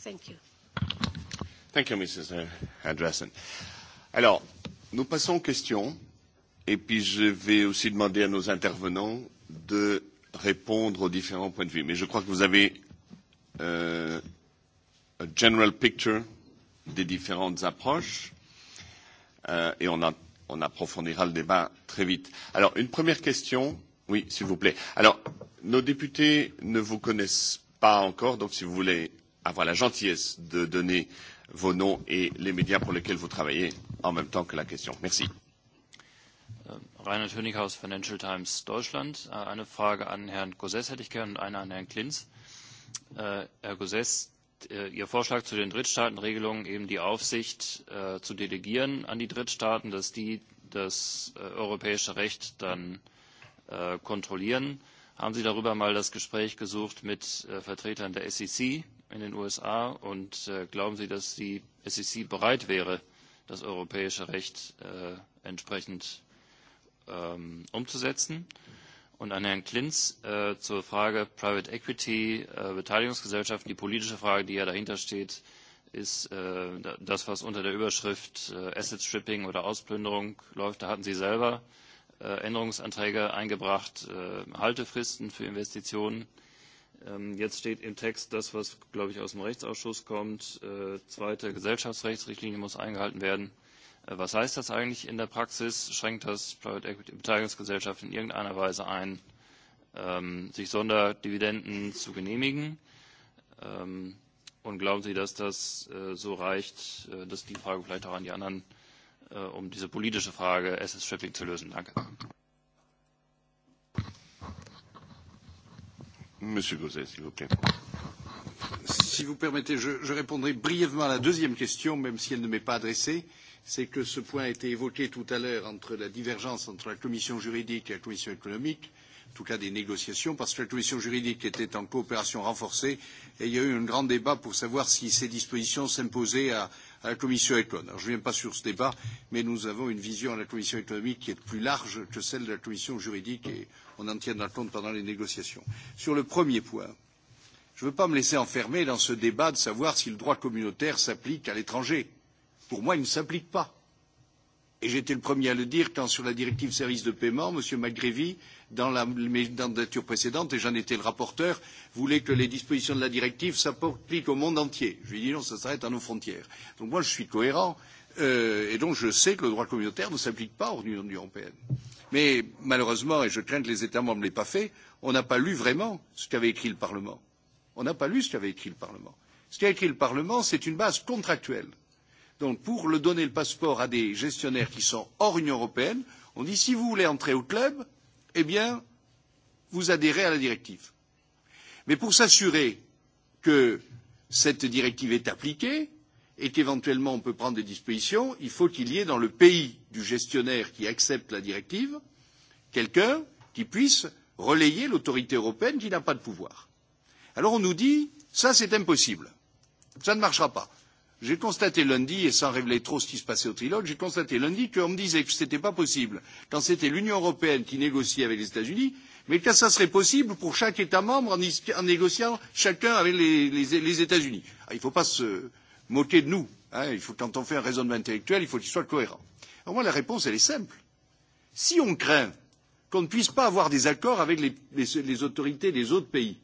Thank you. Thank you, Mrs. Andressen. Alors, nous passons aux questions et puis je vais aussi demander à nos intervenants de répondre aux différents points de vue. Mais je crois que vous avez euh, a general picture des différentes approches et on, on approfondira le débat très vite. Alors, une première question. Oui, s'il vous plaît. Alors, Nos députés ne vous connaissent pas encore, donc si vous voulez avoir la gentillesse de donner vos noms et les médias pour lesquels vous travaillez en même temps que la question. Merci. Rainer Tönighaus, Financial Times Deutschland. Eine Frage an Herrn Gosses hätte ich gerne und eine an Herrn Klinz. Herr Gauzès, Ihr Vorschlag zu den Drittstaatenregelungen, eben die Aufsicht zu delegieren an die Drittstaaten, dass die das europäische Recht dann kontrollieren haben Sie darüber mal das Gespräch gesucht mit Vertretern der SEC in den USA? Und glauben Sie, dass die SEC bereit wäre, das europäische Recht entsprechend umzusetzen? Und an Herrn Klinz zur Frage Private Equity, Beteiligungsgesellschaften. Die politische Frage, die ja dahinter steht, ist das, was unter der Überschrift Asset Stripping oder Ausplünderung läuft. Da hatten Sie selber Änderungsanträge eingebracht, Haltefristen für Investitionen. Jetzt steht im Text das, was, glaube ich, aus dem Rechtsausschuss kommt. Zweite Gesellschaftsrechtsrichtlinie muss eingehalten werden. Was heißt das eigentlich in der Praxis? Schränkt das Private Equity Beteiligungsgesellschaften in irgendeiner Weise ein, sich Sonderdividenden zu genehmigen? Und glauben Sie, dass das so reicht? dass die Frage vielleicht auch an die anderen um diese politische Frage Asset Stripping zu lösen. Danke. Monsieur Gauzet, s'il vous plaît. Si vous permettez, je répondrai brièvement à la deuxième question, même si elle ne m'est pas adressée. C'est que ce point a été évoqué tout à l'heure entre la divergence entre la commission juridique et la commission économique, en tout cas des négociations, parce que la commission juridique était en coopération renforcée et il y a eu un grand débat pour savoir si ces dispositions s'imposaient à à la commission Econ. Alors, je ne viens pas sur ce débat, mais nous avons une vision à la commission économique qui est plus large que celle de la commission juridique et on en tiendra compte pendant les négociations. Sur le premier point, je ne veux pas me laisser enfermer dans ce débat de savoir si le droit communautaire s'applique à l'étranger. Pour moi, il ne s'applique pas. Et j'étais le premier à le dire quand, sur la directive services de paiement, M. McGrevy, dans la mandature précédente, et j'en étais le rapporteur, voulait que les dispositions de la directive s'appliquent au monde entier. Je lui ai dit non, ça s'arrête à nos frontières. Donc moi, je suis cohérent, et donc je sais que le droit communautaire ne s'applique pas hors de l'Union européenne. Mais malheureusement, et je crains que les États membres ne l'aient pas fait, on n'a pas lu vraiment ce qu'avait écrit le Parlement. On n'a pas lu ce qu'avait écrit le Parlement. Ce qu'a écrit le Parlement, c'est une base contractuelle Donc, pour le donner le passeport à des gestionnaires qui sont hors Union européenne, on dit si vous voulez entrer au club, eh bien, vous adhérez à la directive. Mais pour s'assurer que cette directive est appliquée et qu'éventuellement on peut prendre des dispositions, il faut qu'il y ait dans le pays du gestionnaire qui accepte la directive quelqu'un qui puisse relayer l'autorité européenne qui n'a pas de pouvoir. Alors on nous dit ça c'est impossible, ça ne marchera pas. J'ai constaté lundi, et sans révéler trop ce qui se passait au trilogue, j'ai constaté lundi qu'on me disait que ce n'était pas possible quand c'était l'Union européenne qui négociait avec les États-Unis, mais que ça serait possible pour chaque État membre en négociant chacun avec les États-Unis. Il ne faut pas se moquer de nous. Il faut, quand on fait un raisonnement intellectuel, il faut qu'il soit cohérent. Alors moi, la réponse, elle est simple. Si on craint qu'on ne puisse pas avoir des accords avec les autorités des autres pays,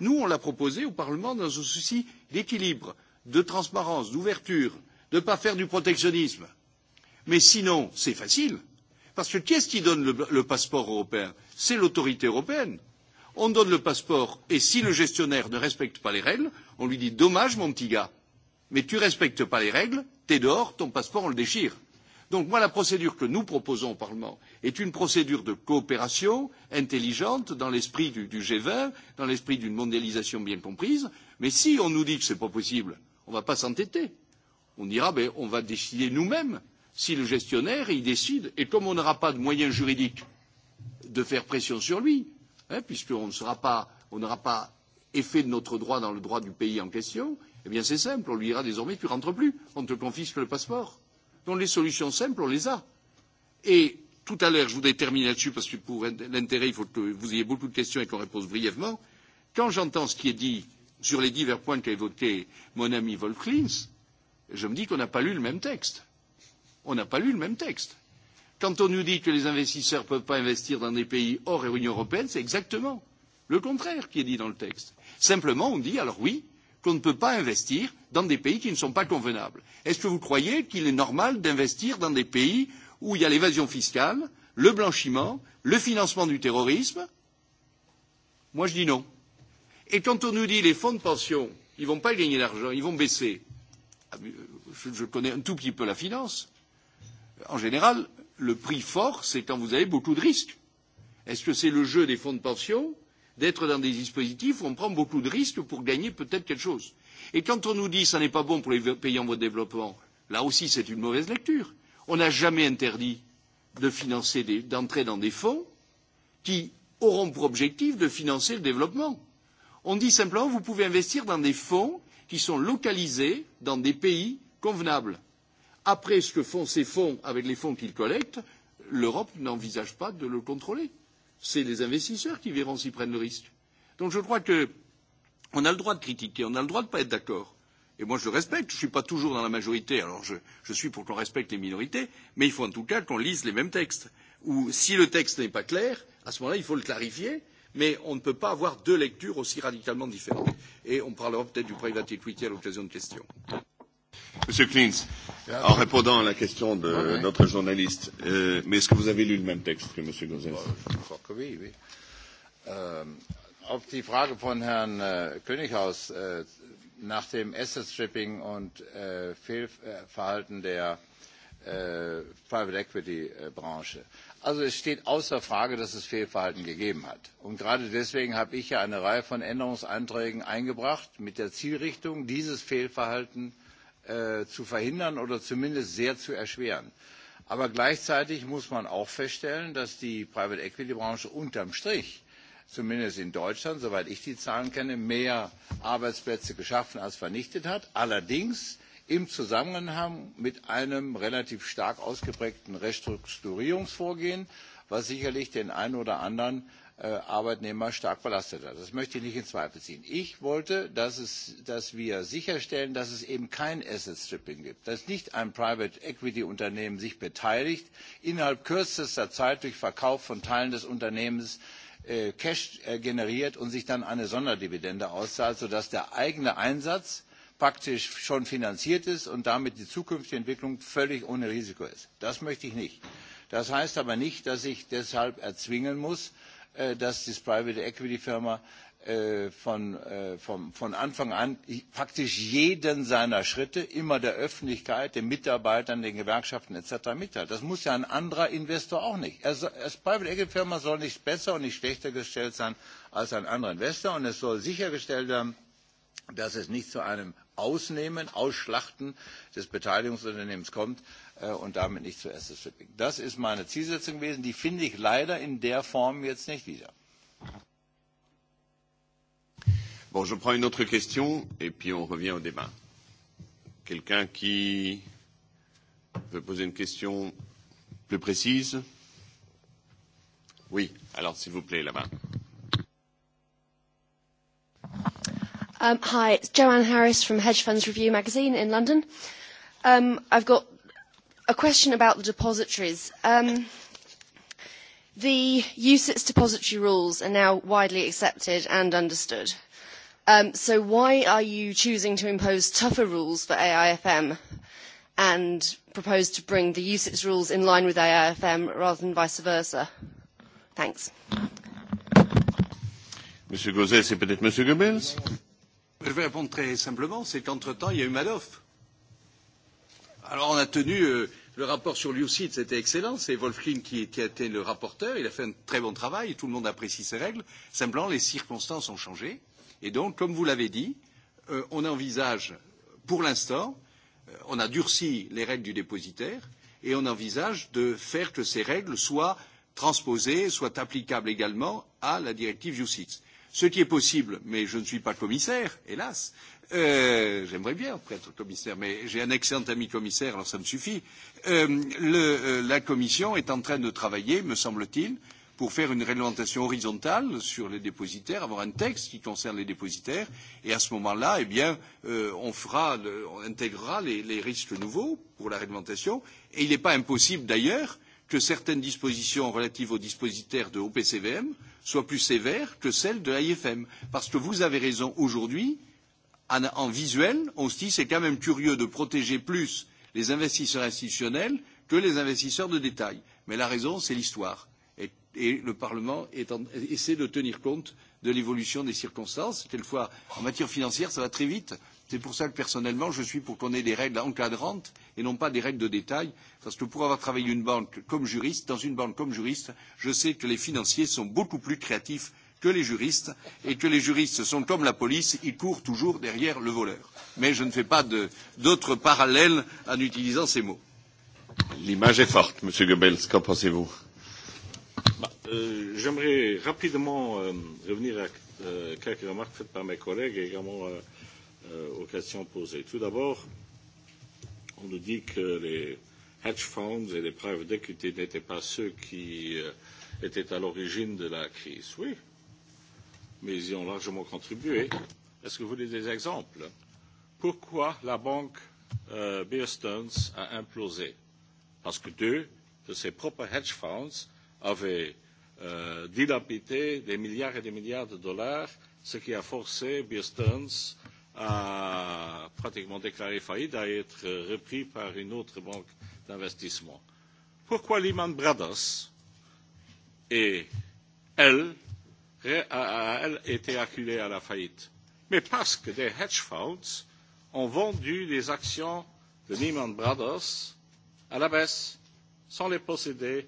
nous, on l'a proposé au Parlement dans un souci d'équilibre de transparence, d'ouverture, de ne pas faire du protectionnisme. Mais sinon, c'est facile. Parce que qui est-ce qui donne le passeport européen C'est l'autorité européenne. On donne le passeport et si le gestionnaire ne respecte pas les règles, on lui dit dommage mon petit gars, mais tu ne respectes pas les règles, tu es dehors, ton passeport on le déchire. Donc moi la procédure que nous proposons au Parlement est une procédure de coopération intelligente dans l'esprit du G20, dans l'esprit d'une mondialisation bien comprise, mais si on nous dit que ce n'est pas possible, on ne va pas s'entêter. On dira, ben, on va décider nous-mêmes si le gestionnaire, y décide. Et comme on n'aura pas de moyens juridiques de faire pression sur lui, hein, puisqu'on n'aura pas effet de notre droit dans le droit du pays en question, eh bien c'est simple, on lui dira désormais tu ne rentres plus, on te confisque le passeport. Donc les solutions simples, on les a. Et tout à l'heure, je voudrais terminer là-dessus parce que pour l'intérêt, il faut que vous ayez beaucoup de questions et qu'on réponde brièvement. Quand j'entends ce qui est dit sur les divers points qu'a évoqué mon ami Wolf klinz je me dis qu'on n'a pas lu le même texte. On n'a pas lu le même texte. Quand on nous dit que les investisseurs ne peuvent pas investir dans des pays hors Union européenne, c'est exactement le contraire qui est dit dans le texte. Simplement, on dit alors oui, qu'on ne peut pas investir dans des pays qui ne sont pas convenables. Est-ce que vous croyez qu'il est normal d'investir dans des pays où il y a l'évasion fiscale, le blanchiment, le financement du terrorisme Moi, je dis non. Et quand on nous dit les fonds de pension, ils ne vont pas gagner d'argent, ils vont baisser. Je connais un tout petit peu la finance. En général, le prix fort, c'est quand vous avez beaucoup de risques. Est-ce que c'est le jeu des fonds de pension d'être dans des dispositifs où on prend beaucoup de risques pour gagner peut-être quelque chose Et quand on nous dit que ce n'est pas bon pour les pays en voie de développement, là aussi c'est une mauvaise lecture. On n'a jamais interdit de financer, d'entrer dans des fonds qui auront pour objectif de financer le développement. On dit simplement vous pouvez investir dans des fonds qui sont localisés dans des pays convenables. Après ce que font ces fonds avec les fonds qu'ils collectent, l'Europe n'envisage pas de le contrôler. C'est les investisseurs qui verront s'ils prennent le risque. Donc je crois qu'on a le droit de critiquer, on a le droit de ne pas être d'accord. Et moi je le respecte, je ne suis pas toujours dans la majorité, alors je suis pour qu'on respecte les minorités, mais il faut en tout cas qu'on lise les mêmes textes. Ou si le texte n'est pas clair, à ce moment-là il faut le clarifier mais on ne peut pas avoir deux lectures aussi radicalement différentes. Et on parlera peut-être du private equity à l'occasion de questions. Monsieur Klintz, en répondant à la question de notre journaliste, mais est-ce que vous avez lu le même texte que Monsieur Gauzès Oui, oui. Auf die Frage von Herrn Könighaus nach dem Asset Stripping und Fehlverhalten der Private Equity Branche. Also es steht außer Frage, dass es Fehlverhalten gegeben hat. Und gerade deswegen habe ich eine Reihe von Änderungsanträgen eingebracht mit der Zielrichtung, dieses Fehlverhalten zu verhindern oder zumindest sehr zu erschweren. Aber gleichzeitig muss man auch feststellen, dass die Private Equity Branche unterm Strich zumindest in Deutschland, soweit ich die Zahlen kenne, mehr Arbeitsplätze geschaffen als vernichtet hat. Allerdings im Zusammenhang mit einem relativ stark ausgeprägten Restrukturierungsvorgehen, was sicherlich den einen oder anderen Arbeitnehmer stark belastet hat. Das möchte ich nicht in Zweifel ziehen. Ich wollte, dass wir sicherstellen, dass es eben kein Asset Stripping gibt, dass nicht ein Private Equity Unternehmen sich beteiligt, innerhalb kürzester Zeit durch Verkauf von Teilen des Unternehmens Cash generiert und sich dann eine Sonderdividende auszahlt, sodass der eigene Einsatz praktisch schon finanziert ist und damit die zukünftige Entwicklung völlig ohne Risiko ist. Das möchte ich nicht. Das heißt aber nicht, dass ich deshalb erzwingen muss, dass die Private Equity Firma von Anfang an praktisch jeden seiner Schritte immer der Öffentlichkeit, den Mitarbeitern, den Gewerkschaften etc. mitteilt. Das muss ja ein anderer Investor auch nicht. Als Private Equity Firma soll nicht besser und nicht schlechter gestellt sein als ein anderer Investor und es soll sichergestellt werden, dass es nicht zu einem Ausnehmen, Ausschlachten des Beteiligungsunternehmens kommt und damit nicht zu Asset Das ist meine Zielsetzung gewesen. Die finde ich leider in der Form jetzt nicht wieder. Bon, je prends une autre question et puis on revient au débat. Quelqu'un qui veut poser une question plus précise Oui, alors s'il vous plaît, Hi, it's Joanne Harris from Hedge Funds Review magazine in London. I've got a question about the depositories. The UCITS depository rules are now widely accepted and understood. So why are you choosing to impose tougher rules for AIFM and propose to bring the UCITS rules in line with AIFM rather than vice versa? Thanks. Monsieur Gauzet, c'est peut-être Monsieur Goebbels Je vais répondre très simplement, c'est qu'entre-temps, il y a eu Madoff. Alors on a tenu le rapport sur Lucid, c'était excellent, c'est Wolfkin qui a été le rapporteur, il a fait un très bon travail, tout le monde apprécie ses règles, simplement les circonstances ont changé, et donc, comme vous l'avez dit, on envisage, pour l'instant, on a durci les règles du dépositaire, et on envisage de faire que ces règles soient transposées, soient applicables également à la directive UCITS ce qui est possible, mais je ne suis pas commissaire, hélas, j'aimerais bien être commissaire, mais j'ai un excellent ami commissaire, alors ça me suffit, la Commission est en train de travailler, me semble-t-il, pour faire une réglementation horizontale sur les dépositaires, avoir un texte qui concerne les dépositaires, et à ce moment-là, eh bien, on fera, on intégrera les risques nouveaux pour la réglementation, et il n'est pas impossible d'ailleurs, que certaines dispositions relatives aux dispositaires de OPCVM soient plus sévères que celles de l'IFM Parce que vous avez raison, aujourd'hui, en visuel, on se dit c'est quand même curieux de protéger plus les investisseurs institutionnels que les investisseurs de détail. Mais la raison, c'est l'histoire. Et le Parlement essaie de tenir compte de l'évolution des circonstances. Quelquefois, en matière financière, ça va très vite. C'est pour ça que personnellement, je suis pour qu'on ait des règles encadrantes et non pas des règles de détail, parce que pour avoir travaillé une banque comme juriste, dans une banque comme juriste, je sais que les financiers sont beaucoup plus créatifs que les juristes et que les juristes sont comme la police, ils courent toujours derrière le voleur. Mais je ne fais pas d'autres parallèles en utilisant ces mots. L'image est forte, Monsieur Goebbels, qu'en pensez-vous J'aimerais rapidement revenir à quelques remarques faites par mes collègues et également aux questions posées. Tout d'abord, on nous dit que les hedge funds et les private equity n'étaient pas ceux qui étaient à l'origine de la crise. Oui, mais ils y ont largement contribué. Est-ce que vous voulez des exemples Pourquoi la banque Bear Stearns a implosé Parce que deux de ses propres hedge funds avaient dilapidé des milliards et des milliards de dollars, ce qui a forcé Bear Stearns a pratiquement déclaré faillite, à être repris par une autre banque d'investissement. Pourquoi Lehman Brothers et elle a été acculée à la faillite Mais parce que des hedge funds ont vendu les actions de Lehman Brothers à la baisse, sans les posséder,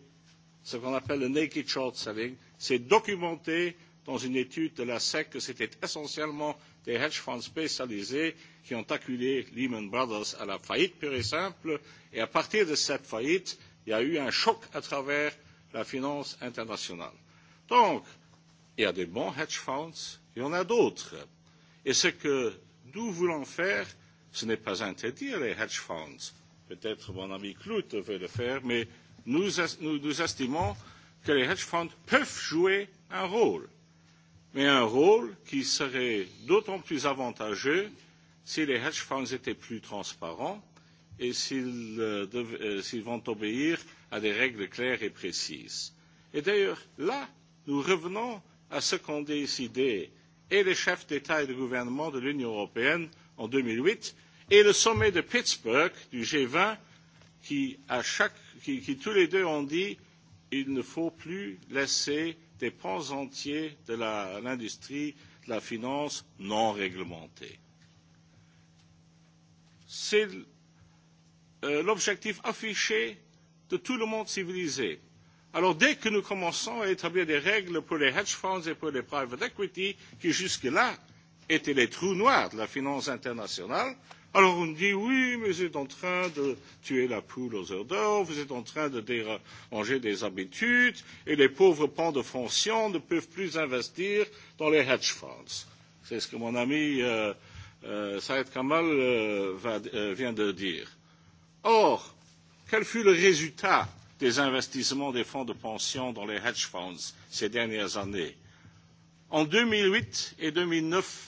ce qu'on appelle le naked short selling. C'est documenté dans une étude de la SEC que c'était essentiellement des hedge funds spécialisés qui ont acculé Lehman Brothers à la faillite pure et simple. Et à partir de cette faillite, il y a eu un choc à travers la finance internationale. Donc, il y a des bons hedge funds, il y en a d'autres. Et ce que nous voulons faire, ce n'est pas interdire les hedge funds. Peut-être mon ami Clout veut le faire, mais nous estimons que les hedge funds peuvent jouer un rôle mais un rôle qui serait d'autant plus avantageux si les hedge funds étaient plus transparents et s'ils vont obéir à des règles claires et précises. Et d'ailleurs, là, nous revenons à ce qu'ont décidé et les chefs d'État et de gouvernement de l'Union européenne en 2008 et le sommet de Pittsburgh du G20 qui, tous les deux, ont dit il ne faut plus laisser des pans entiers de l'industrie de la finance non réglementée. C'est l'objectif affiché de tout le monde civilisé. Alors dès que nous commençons à établir des règles pour les hedge funds et pour les private equity, qui jusque-là étaient les trous noirs de la finance internationale, Alors on dit oui, mais vous êtes en train de tuer la poule aux heures d'or, vous êtes en train de déranger des habitudes, et les pauvres pans de fonction ne peuvent plus investir dans les hedge funds. C'est ce que mon ami Saïd Kamal vient de dire. Or, quel fut le résultat des investissements des fonds de pension dans les hedge funds ces dernières années En 2008 et 2009,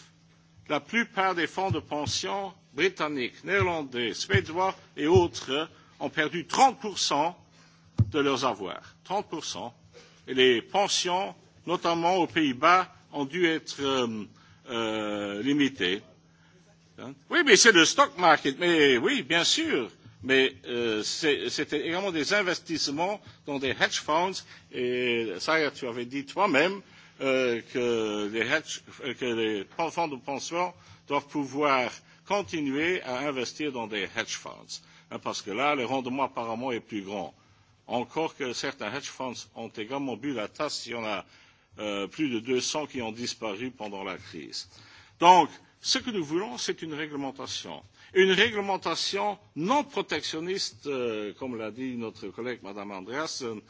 la plupart des fonds de pension britanniques, néerlandais, suédois et autres ont perdu 30% de leurs avoirs. 30%. Et les pensions, notamment aux Pays-Bas, ont dû être limitées. Oui, mais c'est le stock market. Mais oui, bien sûr. Mais c'était également des investissements dans des hedge funds. Et ça, tu avais dit toi-même que les fonds de pension doivent pouvoir continuer à investir dans des hedge funds, parce que là, le rendement apparemment est plus grand. Encore que certains hedge funds ont également bu la tasse, il y en a plus de 200 qui ont disparu pendant la crise. Donc, ce que nous voulons, c'est une réglementation. Une réglementation non protectionniste, comme l'a dit notre collègue Mme Andreasen.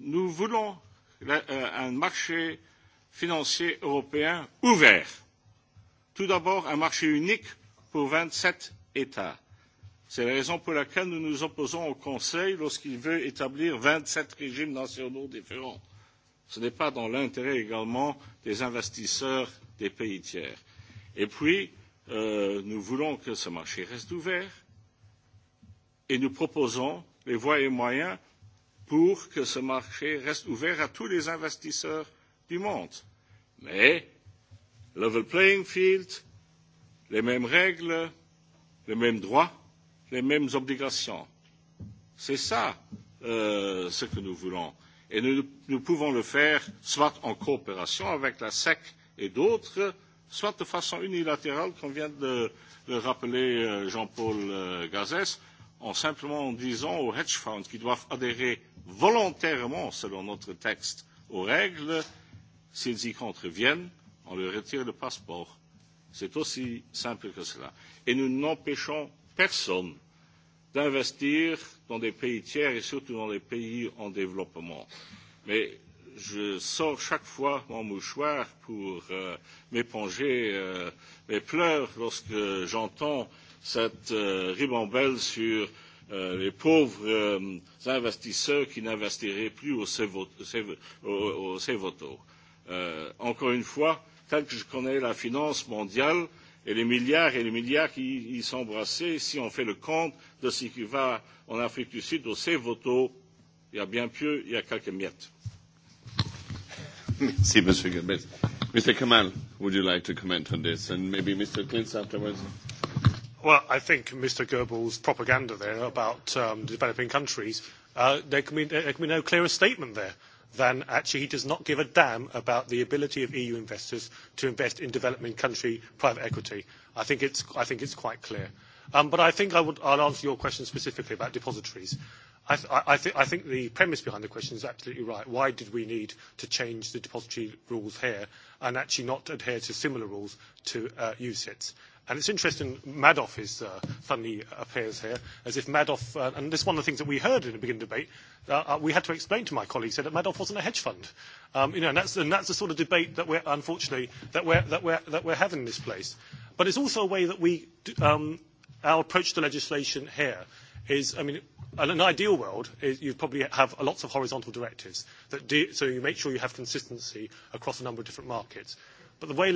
Nous voulons un marché financier européen ouvert Tout d'abord, un marché unique pour 27 États. C'est la raison pour laquelle nous nous opposons au Conseil lorsqu'il veut établir 27 régimes nationaux différents. Ce n'est pas dans l'intérêt également des investisseurs des pays tiers. Et puis, nous voulons que ce marché reste ouvert et nous proposons les voies et moyens pour que ce marché reste ouvert à tous les investisseurs du monde. Mais level playing field, les mêmes règles, les mêmes droits, les mêmes obligations. C'est ça ce que nous voulons. Et nous pouvons le faire soit en coopération avec la SEC et d'autres, soit de façon unilatérale, comme vient de le rappeler Jean-Paul Gazès, en simplement disant aux hedge funds qui doivent adhérer volontairement, selon notre texte, aux règles, s'ils y contreviennent, on leur retire le passeport. C'est aussi simple que cela. Et nous n'empêchons personne d'investir dans des pays tiers et surtout dans les pays en développement. Mais je sors chaque fois mon mouchoir pour m'éponger mes pleurs lorsque j'entends cette ribambelle sur les pauvres investisseurs qui n'investiraient plus au Cevoto. Encore une fois, tel que je connais la finance mondiale et les milliards et les milliards qui y sont brassés, si on fait le compte de ce qui va en Afrique du Sud, au Cvoto, il y a bien peu, il y a quelques miettes. Merci, M. Goebbels. Mr. Kamal, would you like to comment on this? And maybe Mr. Klintz afterwards. Well, I think Mr. Goebbels' propaganda there about developing countries, uh there can be there can be no clearer statement there than actually he does not give a damn about the ability of EU investors to invest in developing country private equity. I think it's, I think it's quite clear. Um, but I think I would, I'll answer your question specifically about depositories. I, I, I think the premise behind the question is absolutely right. Why did we need to change the depository rules here and actually not adhere to similar rules to uh, UCITS? And it's interesting, Madoff is suddenly appears here, as if Madoff, and this is one of the things that we heard in the beginning debate, we had to explain to my colleagues that Madoff wasn't a hedge fund. You know, and that's the sort of debate that we're, unfortunately, that we're that we're that we're having in this place. But it's also a way that we, our approach to legislation here is, I mean, in an ideal world, you probably have lots of horizontal directives that so you make sure you have consistency across a number of different markets. But the way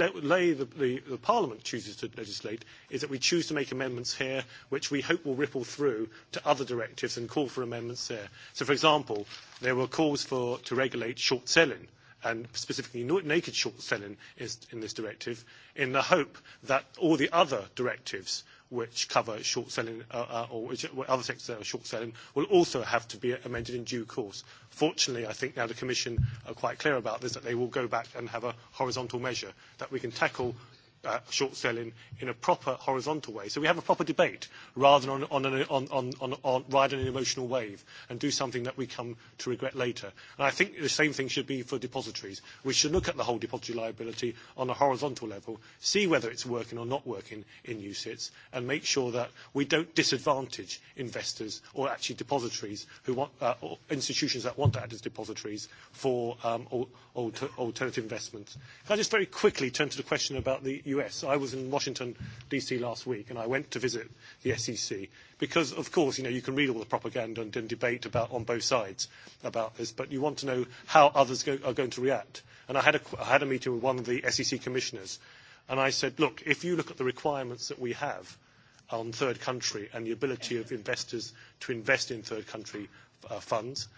the Parliament chooses to legislate is that we choose to make amendments here, which we hope will ripple through to other directives and call for amendments there. So, for example, there were calls for to regulate short selling, and specifically naked short selling is in this directive, in the hope that all the other directives which cover short selling or which other sectors that are short selling will also have to be amended in due course. Fortunately, I think now the Commission are quite clear about this, that they will go back and have a horizontal measure that we can tackle short selling in a proper horizontal way. So we have a proper debate rather than on ride on an emotional wave and do something that we come to regret later. And I think the same thing should be for depositories. We should look at the whole depository liability on a horizontal level, see whether it's working or not working in UCITS, and make sure that we don't disadvantage investors or actually depositories who want or institutions that want to act as depositories for alternative investments. Can I just very quickly turn to the question about the US. I was in Washington, D.C. last week, and I went to visit the SEC because, of course, you know, you can read all the propaganda and debate about on both sides about this, but you want to know how others are going to react. And I had a meeting with one of the SEC commissioners, and I said, look, if you look at the requirements that we have on third country and the ability of investors to invest in third country funds,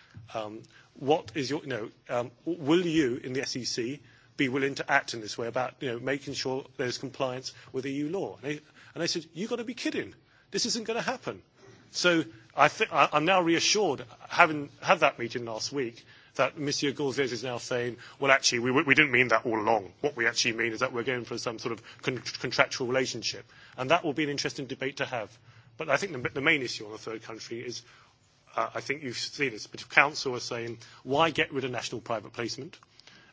what is your, you know, will you in the SEC be willing to act in this way about you know, making sure there's compliance with EU law. And they, and they said, you've got to be kidding. This isn't going to happen. So I think I'm now reassured, having had that meeting last week, that Monsieur Gauzès is now saying, well, actually, we, we didn't mean that all along. What we actually mean is that we're going for some sort of contractual relationship. And that will be an interesting debate to have. But I think the, the main issue on a third country is, I think you've seen this, but if Council are saying, why get rid of national private placement?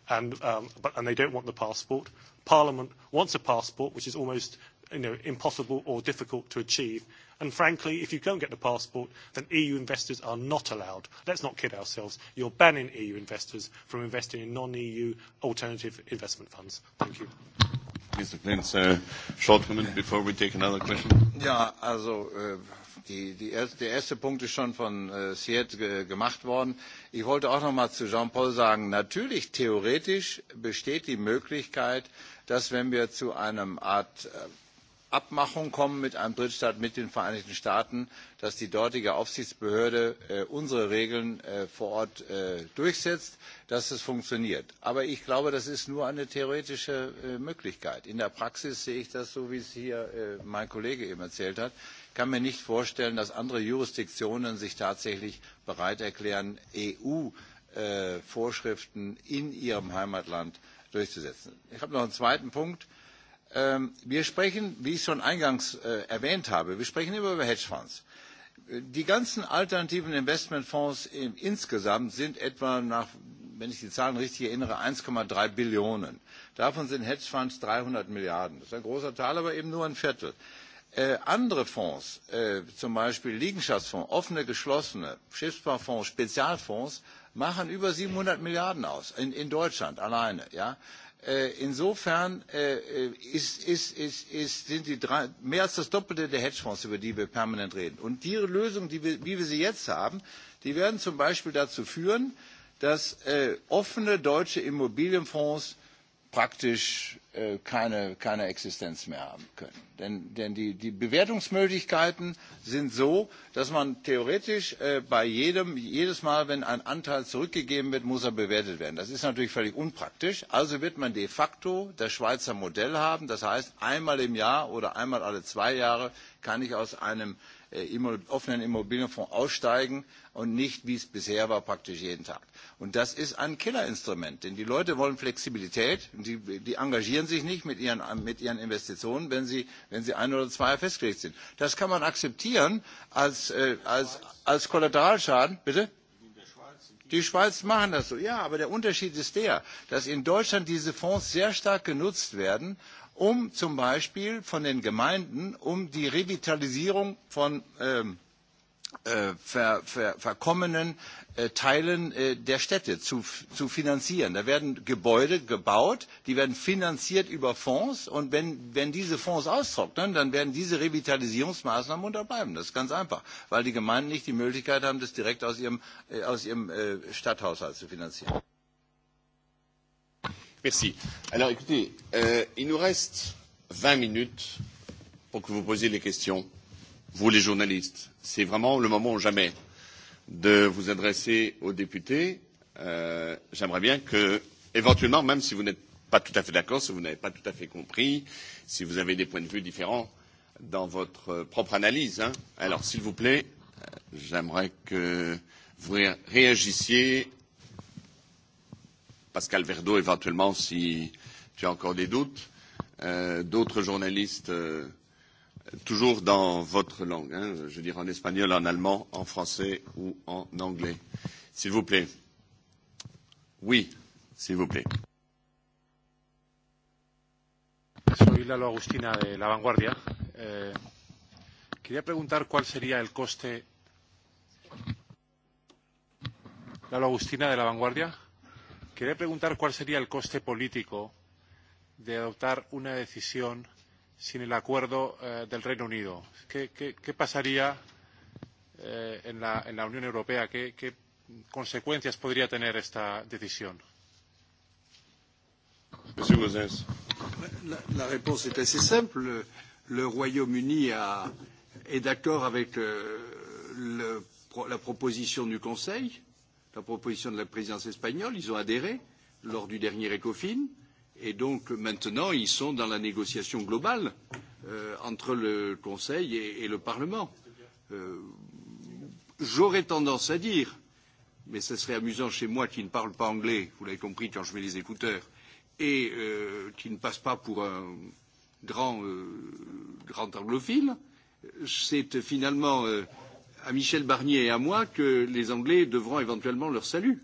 and they don't want the passport. Parliament wants a passport, which is almost impossible or difficult to achieve. And frankly, if you don't get the passport, then EU investors are not allowed. Let's not kid ourselves. You're banning EU investors from investing in non-EU alternative investment funds. Thank you. Mr. Clint, short comment before we take another question. also Der erste Punkt ist schon von Siet gemacht worden. Ich wollte auch noch mal zu Jean Paul sagen Natürlich, theoretisch besteht die Möglichkeit, dass, wenn wir zu einer Art Abmachung kommen mit einem Drittstaat, mit den Vereinigten Staaten, dass die dortige Aufsichtsbehörde unsere Regeln vor Ort durchsetzt, dass es funktioniert. Aber ich glaube, das ist nur eine theoretische Möglichkeit. In der Praxis sehe ich das so, wie es hier mein Kollege eben erzählt hat Ich kann mir nicht vorstellen, dass andere Jurisdiktionen sich tatsächlich bereit erklären, EU-Vorschriften in ihrem Heimatland durchzusetzen. Ich habe noch einen zweiten Punkt. Wir sprechen, wie ich schon eingangs erwähnt habe, wir sprechen immer über Hedgefonds. Die ganzen alternativen Investmentfonds insgesamt sind etwa nach, wenn ich die Zahlen richtig erinnere, 1,3 Billionen. Davon sind Hedgefonds 300 Milliarden. Das ist ein großer Teil, aber eben nur ein Viertel andere Fonds, zum Beispiel Liegenschaftsfonds, offene, geschlossene, Schiffsbaufonds, Spezialfonds, machen über 700 Milliarden aus, in Deutschland alleine. Insofern sind die mehr als das Doppelte der Hedgefonds, über die wir permanent reden. Und die Lösung, wie wir sie jetzt haben, die werden zum Beispiel dazu führen, dass offene deutsche Immobilienfonds praktisch keine Existenz mehr haben können. Denn denn die Bewertungsmöglichkeiten sind so, dass man theoretisch bei jedem, jedes Mal, wenn ein Anteil zurückgegeben wird, muss er bewertet werden. Das ist natürlich völlig unpraktisch. Also wird man de facto das Schweizer Modell haben. Das heißt, einmal im Jahr oder einmal alle zwei Jahre kann ich aus einem offenen Immobilienfonds aussteigen und nicht, wie es bisher war, praktisch jeden Tag. Und das ist ein Killerinstrument, denn die Leute wollen Flexibilität, und die engagieren sich nicht mit ihren Investitionen, wenn sie ein oder zwei festgelegt sind. Das kann man akzeptieren als Kollateralschaden. Bitte? Die Schweiz machen das so. Ja, aber der Unterschied ist der, dass in Deutschland diese Fonds sehr stark genutzt werden, um zum Beispiel von den Gemeinden, um die Revitalisierung von verkommenen Teilen der Städte zu finanzieren. Da werden Gebäude gebaut, die werden finanziert über Fonds und wenn diese Fonds austrocknen, dann werden diese Revitalisierungsmaßnahmen unterbleiben. Das ist ganz einfach, weil die Gemeinden nicht die Möglichkeit haben, das direkt aus ihrem Stadthaushalt zu finanzieren. Merci. Alors écoutez, il nous reste 20 minutes pour que vous posiez les questions, vous les journalistes. C'est vraiment le moment ou jamais de vous adresser aux députés. J'aimerais bien que, éventuellement, même si vous n'êtes pas tout à fait d'accord, si vous n'avez pas tout à fait compris, si vous avez des points de vue différents dans votre propre analyse, alors s'il vous plaît, j'aimerais que vous réagissiez Pascal Verdeau éventuellement si tu as encore des doutes, d'autres journalistes toujours dans votre langue, je veux dire en espagnol, en allemand, en français ou en anglais. S'il vous plaît. Oui, s'il vous plaît. Soy Lalo Agustina de La Vanguardia. Quería preguntar cuál sería el coste. Lalo Agustina de La Vanguardia. Quería preguntar cuál sería el coste político de adoptar una decisión sin el acuerdo del Reino Unido. ¿Qué pasaría en la Unión Europea? ¿Qué consecuencias podría tener esta decisión? La réponse es assez simple. Le Royaume-Uni est d'accord avec la proposition du Conseil la proposition de la présidence espagnole. Ils ont adhéré lors du dernier ECOFIN. Et donc maintenant, ils sont dans la négociation globale entre le Conseil et le Parlement. J'aurais tendance à dire, mais ce serait amusant chez moi qui ne parle pas anglais, vous l'avez compris quand je mets les écouteurs, et qui ne passe pas pour un grand anglophile, c'est finalement à Michel Barnier et à moi que les Anglais devront éventuellement leur salut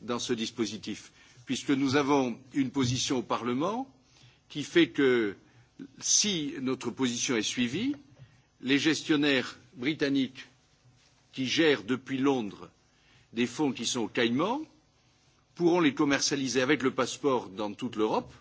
dans ce dispositif, puisque nous avons une position au Parlement qui fait que, si notre position est suivie, les gestionnaires britanniques qui gèrent depuis Londres des fonds qui sont au Caïmans pourront les commercialiser avec le passeport dans toute l'Europe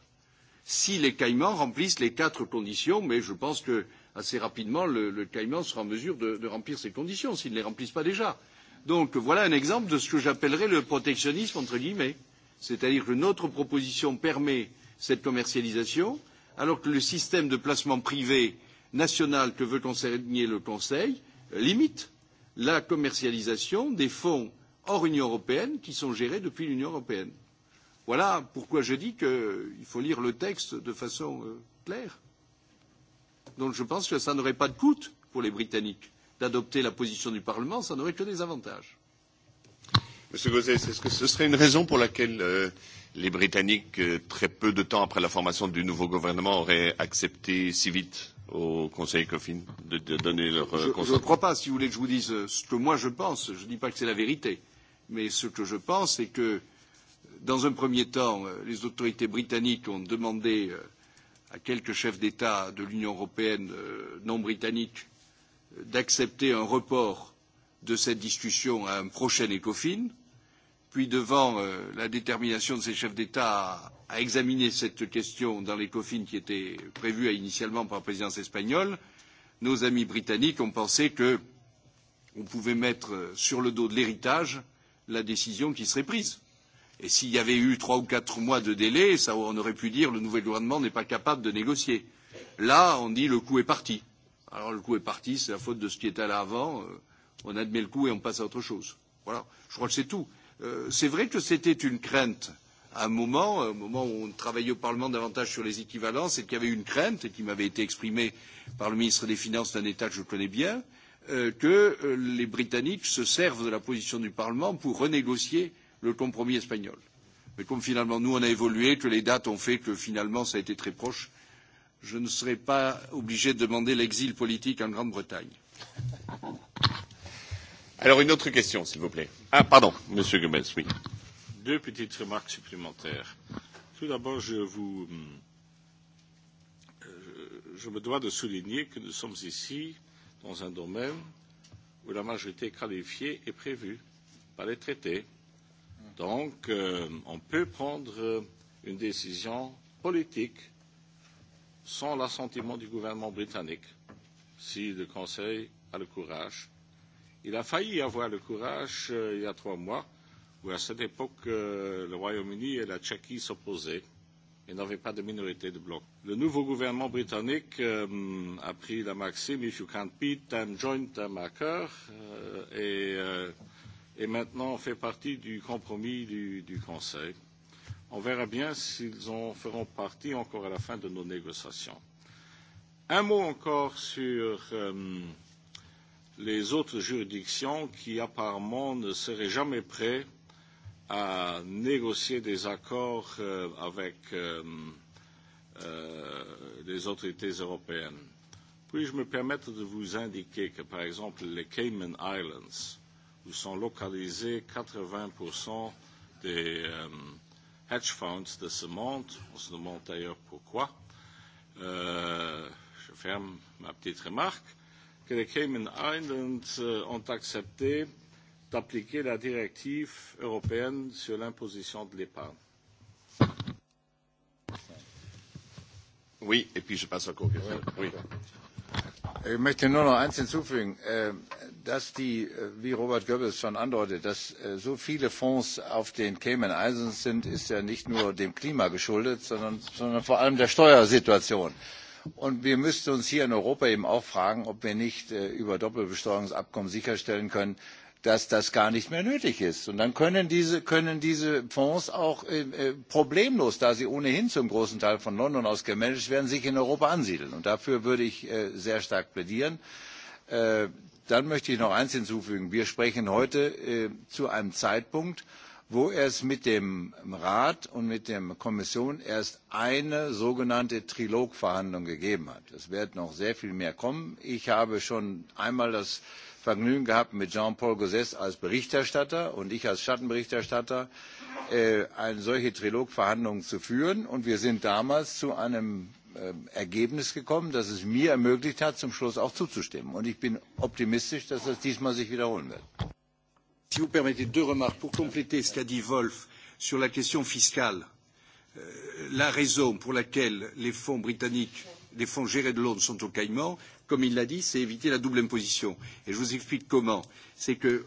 si les Caïmans remplissent les quatre conditions, mais je pense que assez rapidement, le Caïman sera en mesure de remplir ces conditions, s'il ne les remplissent pas déjà. Donc voilà un exemple de ce que j'appellerais le protectionnisme entre guillemets, c'est-à-dire que notre proposition permet cette commercialisation, alors que le système de placement privé national que veut concerner le Conseil limite la commercialisation des fonds hors Union européenne qui sont gérés depuis l'Union européenne. Voilà pourquoi je dis qu'il faut lire le texte de façon claire. Donc je pense que ça n'aurait pas de coût pour les Britanniques d'adopter la position du Parlement, ça n'aurait que des avantages. Monsieur Gauzès, est-ce que ce serait une raison pour laquelle les Britanniques, très peu de temps après la formation du nouveau gouvernement, auraient accepté si vite au Conseil COFIN de donner leur consentement Je ne crois pas, si vous voulez que je vous dise ce que moi je pense. Je ne dis pas que c'est la vérité. Mais ce que je pense, c'est que, dans un premier temps, les autorités britanniques ont demandé à quelques chefs d'État de l'Union européenne non britannique d'accepter un report de cette discussion à un prochain ECOFIN, puis devant la détermination de ces chefs d'État à examiner cette question dans l'ECOFIN qui était prévue initialement par la présidence espagnole, nos amis britanniques ont pensé qu'on pouvait mettre sur le dos de l'héritage la décision qui serait prise. Et s'il y avait eu trois ou quatre mois de délai, on aurait pu dire le nouvel gouvernement n'est pas capable de négocier. Là, on dit le coup est parti. Alors le coup est parti, c'est la faute de ce qui était là avant. On admet le coup et on passe à autre chose. Voilà. Je crois que c'est tout. C'est vrai que c'était une crainte à un moment, au moment où on travaillait au Parlement davantage sur les équivalences, et qu'il y avait une crainte, et qui m'avait été exprimée par le ministre des Finances d'un État que je connais bien, que les Britanniques se servent de la position du Parlement pour renégocier le compromis espagnol. Mais comme finalement nous on a évolué, que les dates ont fait que finalement ça a été très proche, je ne serai pas obligé de demander l'exil politique en Grande-Bretagne. Alors une autre question, s'il vous plaît. Ah, pardon, Monsieur Goebbels, Deux petites remarques supplémentaires. Tout d'abord, je vous. Je me dois de souligner que nous sommes ici dans un domaine où la majorité qualifiée est prévue par les traités Donc, on peut prendre une décision politique sans l'assentiment du gouvernement britannique, si le Conseil a le courage. Il a failli avoir le courage il y a trois mois, où à cette époque, le Royaume-Uni et la Tchéquie s'opposaient et n'avaient pas de minorité de bloc. Le nouveau gouvernement britannique a pris la maxime If you can't beat them, join them à Et et maintenant fait partie du compromis du Conseil. On verra bien s'ils en feront partie encore à la fin de nos négociations. Un mot encore sur les autres juridictions qui apparemment ne seraient jamais prêts à négocier des accords avec les autorités européennes. Puis-je me permettre de vous indiquer que, par exemple, les Cayman Islands, où sont localisés 80% des hedge funds de ce monde. On se demande d'ailleurs pourquoi. Je ferme ma petite remarque. Que les Cayman Islands ont accepté d'appliquer la directive européenne sur l'imposition de l'épargne. Oui, et puis je passe au nur noch eins hinzufügen dass die, wie Robert Goebbels schon andeutet, dass so viele Fonds auf den Cayman Islands sind, ist ja nicht nur dem Klima geschuldet, sondern, sondern vor allem der Steuersituation. Und wir müssten uns hier in Europa eben auch fragen, ob wir nicht über Doppelbesteuerungsabkommen sicherstellen können, dass das gar nicht mehr nötig ist. Und dann können diese Fonds auch problemlos, da sie ohnehin zum großen Teil von London aus gemanagt werden, sich in Europa ansiedeln. Und dafür würde ich sehr stark plädieren dann möchte ich noch eins hinzufügen wir sprechen heute zu einem zeitpunkt wo es mit dem rat und mit der kommission erst eine sogenannte trilogverhandlung gegeben hat. es wird noch sehr viel mehr kommen. ich habe schon einmal das vergnügen gehabt mit jean paul Gauzès als berichterstatter und ich als schattenberichterstatter eine solche trilogverhandlung zu führen und wir sind damals zu einem Ergebnis gekommen, das es mir ermöglicht hat, zum Schluss auch zuzustimmen. Und ich bin optimistisch, dass das diesmal sich wiederholen wird. Si vous permettez deux remarques pour compléter ce qu'a dit Wolf sur la question fiscale, la raison pour laquelle les fonds britanniques, les fonds gérés de Londres sont au Caïmans, comme il l'a dit, c'est éviter la double imposition. Et je vous explique comment. C'est que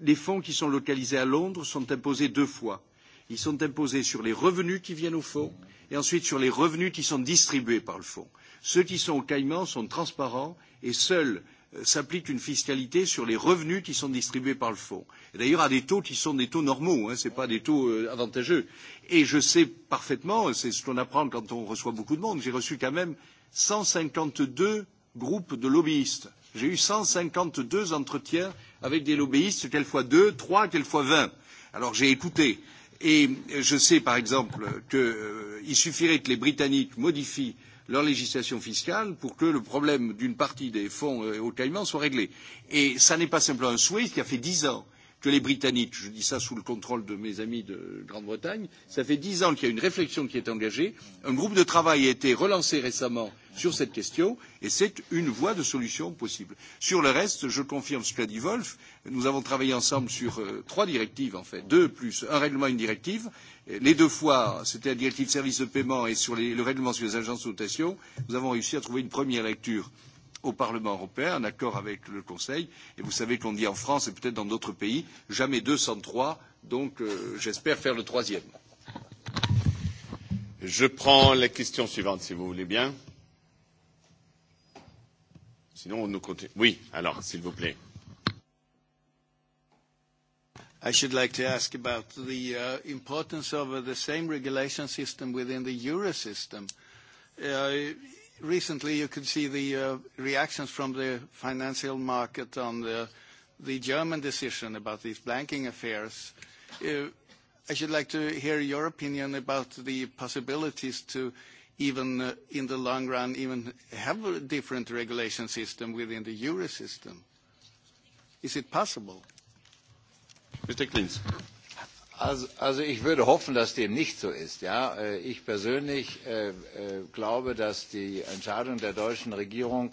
les fonds qui sont localisés à Londres sont imposés deux fois. Ils sont imposés sur les revenus qui viennent aux fonds et ensuite sur les revenus qui sont distribués par le fonds. Ceux qui sont au Caïmans sont transparents et seuls s'applique une fiscalité sur les revenus qui sont distribués par le fonds. D'ailleurs, à des taux qui sont des taux normaux, ce n'est pas des taux avantageux. Et je sais parfaitement, c'est ce qu'on apprend quand on reçoit beaucoup de monde, j'ai reçu quand même 152 groupes de lobbyistes. J'ai eu 152 entretiens avec des lobbyistes, quelquefois 2, 3, fois 20. Alors j'ai écouté. Et je sais, par exemple, qu'il suffirait que les Britanniques modifient leur législation fiscale pour que le problème d'une partie des fonds au Caïman soit réglé. Et ce n'est pas simplement un souhait qui a fait dix ans que les Britanniques. Je dis ça sous le contrôle de mes amis de Grande-Bretagne. Ça fait dix ans qu'il y a une réflexion qui est engagée. Un groupe de travail a été relancé récemment sur cette question et c'est une voie de solution possible. Sur le reste, je confirme ce qu'a dit Wolf. Nous avons travaillé ensemble sur trois directives, en fait. Deux plus un règlement et une directive. Les deux fois, c'était la directive service de paiement et sur le règlement sur les agences de notation. Nous avons réussi à trouver une première lecture au Parlement européen, en accord avec le Conseil. Et vous savez qu'on dit en France et peut-être dans d'autres pays, jamais 203, donc j'espère faire le troisième. Je prends la question suivante, si vous voulez bien. Sinon, on nous continue. Oui, alors, s'il vous plaît. I should like to ask about the importance of the same regulation system within the Euro system recently you could see the reactions from the financial market on the German decision about these banking affairs. I should like to hear your opinion about the possibilities to even in the long run even have a different regulation system within the euro system. Is it possible? Mr. Klinz. Also ich würde hoffen, dass dem nicht so ist. Ich persönlich glaube, dass die Entscheidung der deutschen Regierung,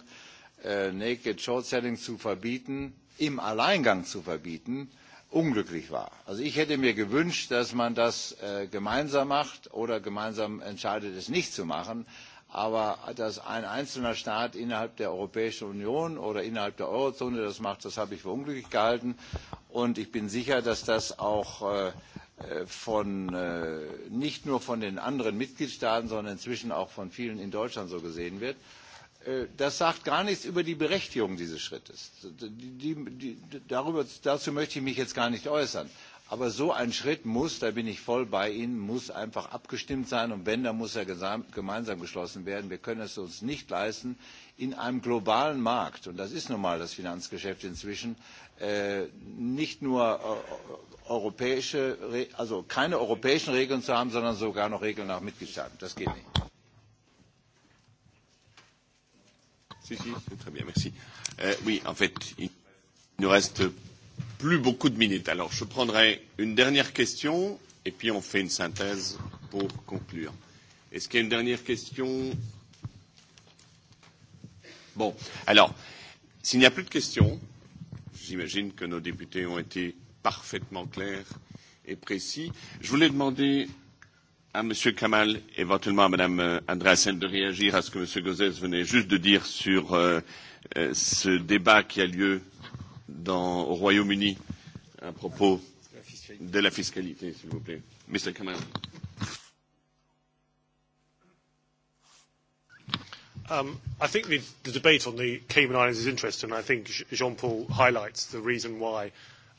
Naked Short Selling zu verbieten, im Alleingang zu verbieten, unglücklich war. Also ich hätte mir gewünscht, dass man das gemeinsam macht oder gemeinsam entscheidet, es nicht zu machen. Aber dass ein einzelner Staat innerhalb der Europäischen Union oder innerhalb der Eurozone das macht, das habe ich für unglücklich gehalten. Und ich bin sicher, dass das auch nicht nur von den anderen Mitgliedstaaten, sondern inzwischen auch von vielen in Deutschland so gesehen wird. Das sagt gar nichts über die Berechtigung dieses Schrittes. Dazu möchte ich mich jetzt gar nicht äußern. Aber so ein Schritt muss, da bin ich voll bei Ihnen, muss einfach abgestimmt sein. Und wenn, dann muss er gemeinsam geschlossen werden. Wir können es uns nicht leisten, in einem globalen Markt, und das ist nun mal das Finanzgeschäft inzwischen, nicht nur europäische, also keine europäischen Regeln zu haben, sondern sogar noch Regeln nach Mitgliedstaaten. Das geht nicht. Oui, en fait, il ne reste plus beaucoup de minutes. Alors, je prendrai une dernière question et puis on fait une synthèse pour conclure. Est-ce qu'il y a une dernière question Bon, alors, s'il n'y a plus de questions, j'imagine que nos députés ont été parfaitement clairs et précis. Je voulais demander à M. Kamal, éventuellement à Mme Andreassen, de réagir à ce que M. Gauzès venait juste de dire sur ce débat qui a lieu dans, au Royaume-Uni à propos de la fiscalité, s'il vous plaît. Monsieur Kamal. I think the debate on the Cayman Islands is interesting. I think Jean-Paul highlights the reason why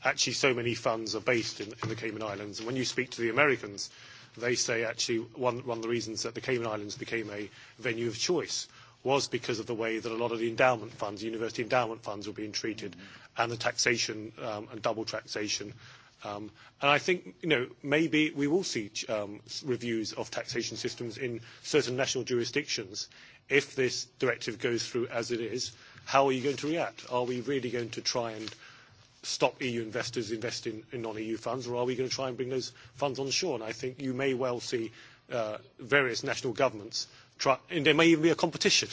actually so many funds are based in the Cayman Islands. And when you speak to the Americans, they say actually one of the reasons that the Cayman Islands became a venue of choice was because of the way that a lot of the endowment funds, university endowment funds, were being treated, and the taxation and double taxation. And I think, you know, maybe we will see reviews of taxation systems in certain national jurisdictions if this directive goes through as it is, how are you going to react? Are we really going to try and stop EU investors investing in non-EU funds, or are we going to try and bring those funds on shore? And I think you may well see various national governments try, and there may even be a competition.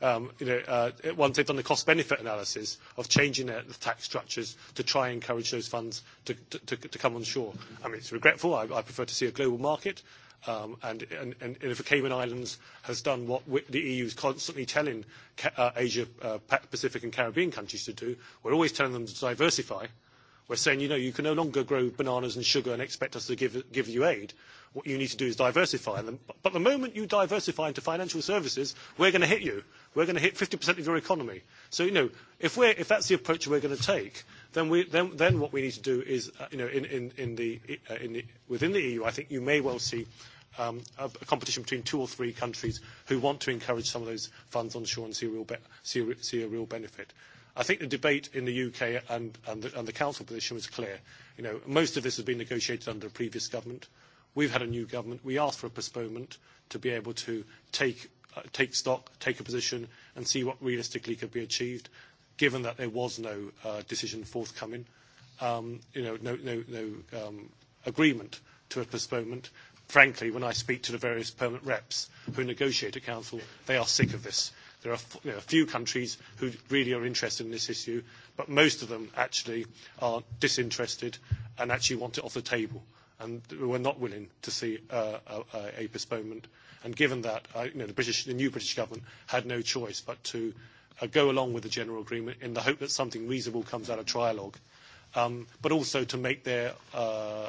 Once they've done the cost-benefit analysis of changing the tax structures to try and encourage those funds to come on shore. I mean, it's regretful. I prefer to see a global market, and if the Cayman Islands has done what the EU is constantly telling Asia, Pacific and Caribbean countries to do, we're always telling them to diversify. We're saying, you know, you can no longer grow bananas and sugar and expect us to give you aid. What you need to do is diversify them. But the moment you diversify into financial services, we're going to hit you. We're going to hit 50% of your economy. So, you know, if that's the approach we're going to take, then what we need to do is, you know, within the EU, I think you may well see a competition between two or three countries who want to encourage some of those funds onshore and see a real benefit. I think the debate in the UK and and the Council position was clear. Most of this has been negotiated under a previous government. We've had a new government. We asked for a postponement to be able to take take stock, take a position, and see what realistically could be achieved, given that there was no decision forthcoming, you know no agreement to a postponement. Frankly, when I speak to the various permanent reps who negotiate at Council, they are sick of this. There are a few countries who really are interested in this issue, but most of them actually are disinterested and actually want it off the table. And we're not willing to see a postponement. And given that, the new British government had no choice but to go along with the general agreement in the hope that something reasonable comes out of trialogue but also to make their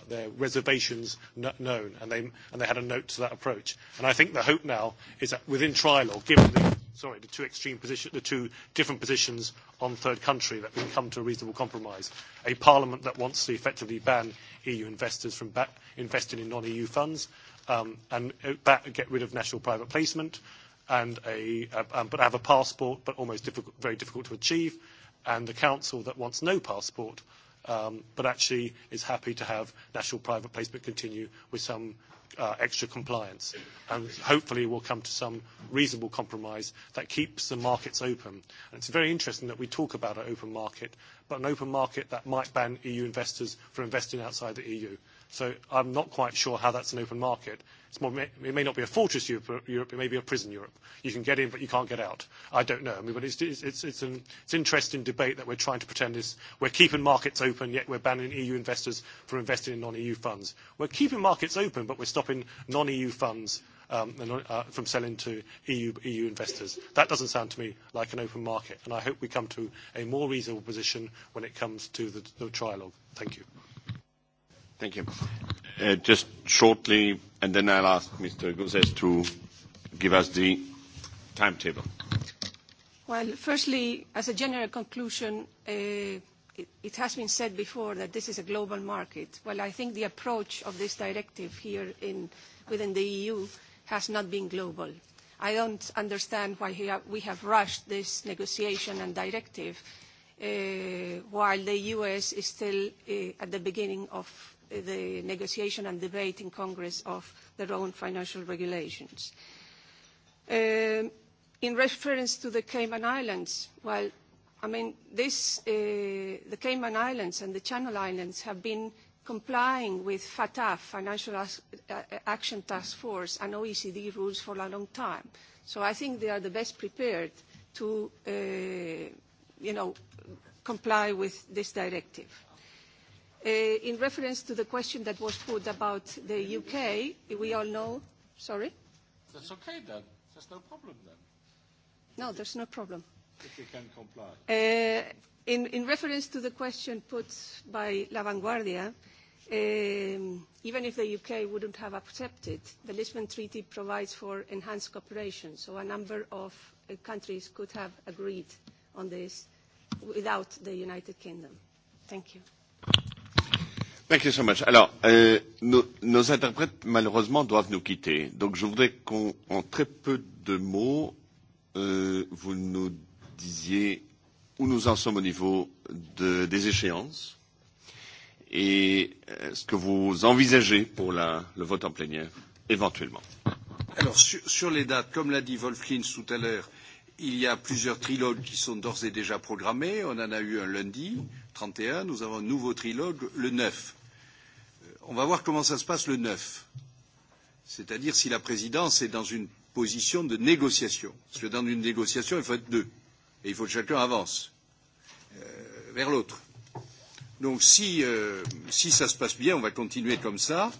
their reservations known. And they and they had a note to that approach. And I think the hope now is that within trilogue, given the sorry the two extreme position, the two different positions on third country, that we can come to a reasonable compromise. A parliament that wants to effectively ban EU investors from investing in non-EU funds, and get rid of national private placement, and a but have a passport, but almost very difficult to achieve, and the council that wants no passport but actually is happy to have national private placement continue with some extra compliance. And hopefully will come to some reasonable compromise that keeps the markets open. And it's very interesting that we talk about an open market, but an open market that might ban EU investors from investing outside the EU. So I'm not quite sure how that's an open market. It may not be a fortress Europe, it may be a prison Europe. You can get in, but you can't get out. I don't know. But it's an interesting debate that we're trying to pretend is we're keeping markets open, yet we're banning EU investors from investing in non-EU funds. We're keeping markets open, but we're stopping non-EU funds from selling to EU investors. That doesn't sound to me like an open market, and I hope we come to a more reasonable position when it comes to the trilogue. Thank you. Thank you. Just shortly, and then I'll ask Mr. Gauzès to give us the timetable. Well, firstly, as a general conclusion, it has been said before that this is a global market. Well, I think the approach of this directive here within the EU has not been global. I don't understand why we have rushed this negotiation and directive while the U.S. is still at the beginning of the negotiation and debate in Congress of their own financial regulations. In reference to the Cayman Islands, well, I mean, this, the Cayman Islands and the Channel Islands have been complying with FATF, Financial Action Task Force, and OECD rules for a long time. So I think they are the best prepared to, you know, comply with this directive. In reference to the question that was put about the UK, we all know. Sorry. That's okay then. There's no problem then. No, there's no problem. If you can comply. In reference to the question put by La Vanguardia, even if the UK wouldn't have accepted, the Lisbon Treaty provides for enhanced cooperation, so a number of countries could have agreed on this without the United Kingdom. Thank you. Thank you so much. Alors, nos, interprètes, malheureusement, doivent nous quitter. Donc, je voudrais qu'en très peu de mots, euh, vous nous disiez où nous en sommes au niveau de, des échéances et ce que vous envisagez pour la, le vote en plénière, éventuellement. Alors, sur, sur les dates, comme l'a dit Wolf Klintz tout à l'heure, il y a plusieurs trilogues qui sont d'ores et déjà programmés. On en a eu un lundi, 31. Nous avons un nouveau trilogue le 9 on va voir comment ça se passe le 9, c'est-à-dire si la présidence est dans une position de négociation. Parce que dans une négociation, il faut être deux. Et il faut que chacun avance vers l'autre. Donc si ça se passe bien, on va continuer comme ça.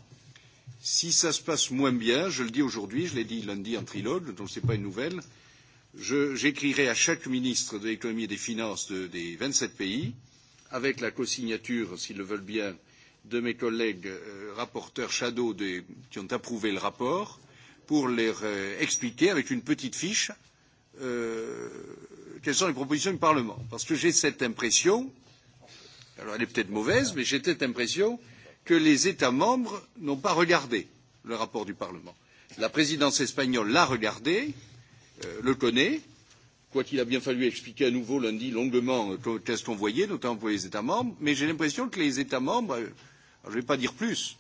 Si ça se passe moins bien, je le dis aujourd'hui, je l'ai dit lundi en trilogue, donc ce n'est pas une nouvelle, j'écrirai à chaque ministre de l'économie et des finances des 27 pays, avec la cosignature, s'ils le veulent bien, de mes collègues rapporteurs shadow qui ont approuvé le rapport pour leur expliquer avec une petite fiche quelles sont les propositions du Parlement. Parce que j'ai cette impression, alors elle est peut-être mauvaise, mais j'ai cette impression que les États membres n'ont pas regardé le rapport du Parlement. La présidence espagnole l'a regardé, le connaît, quoiqu'il a bien fallu expliquer à nouveau lundi longuement qu'est-ce qu'on voyait, notamment pour les États membres, mais j'ai l'impression que les États membres Je ne vais pas dire plus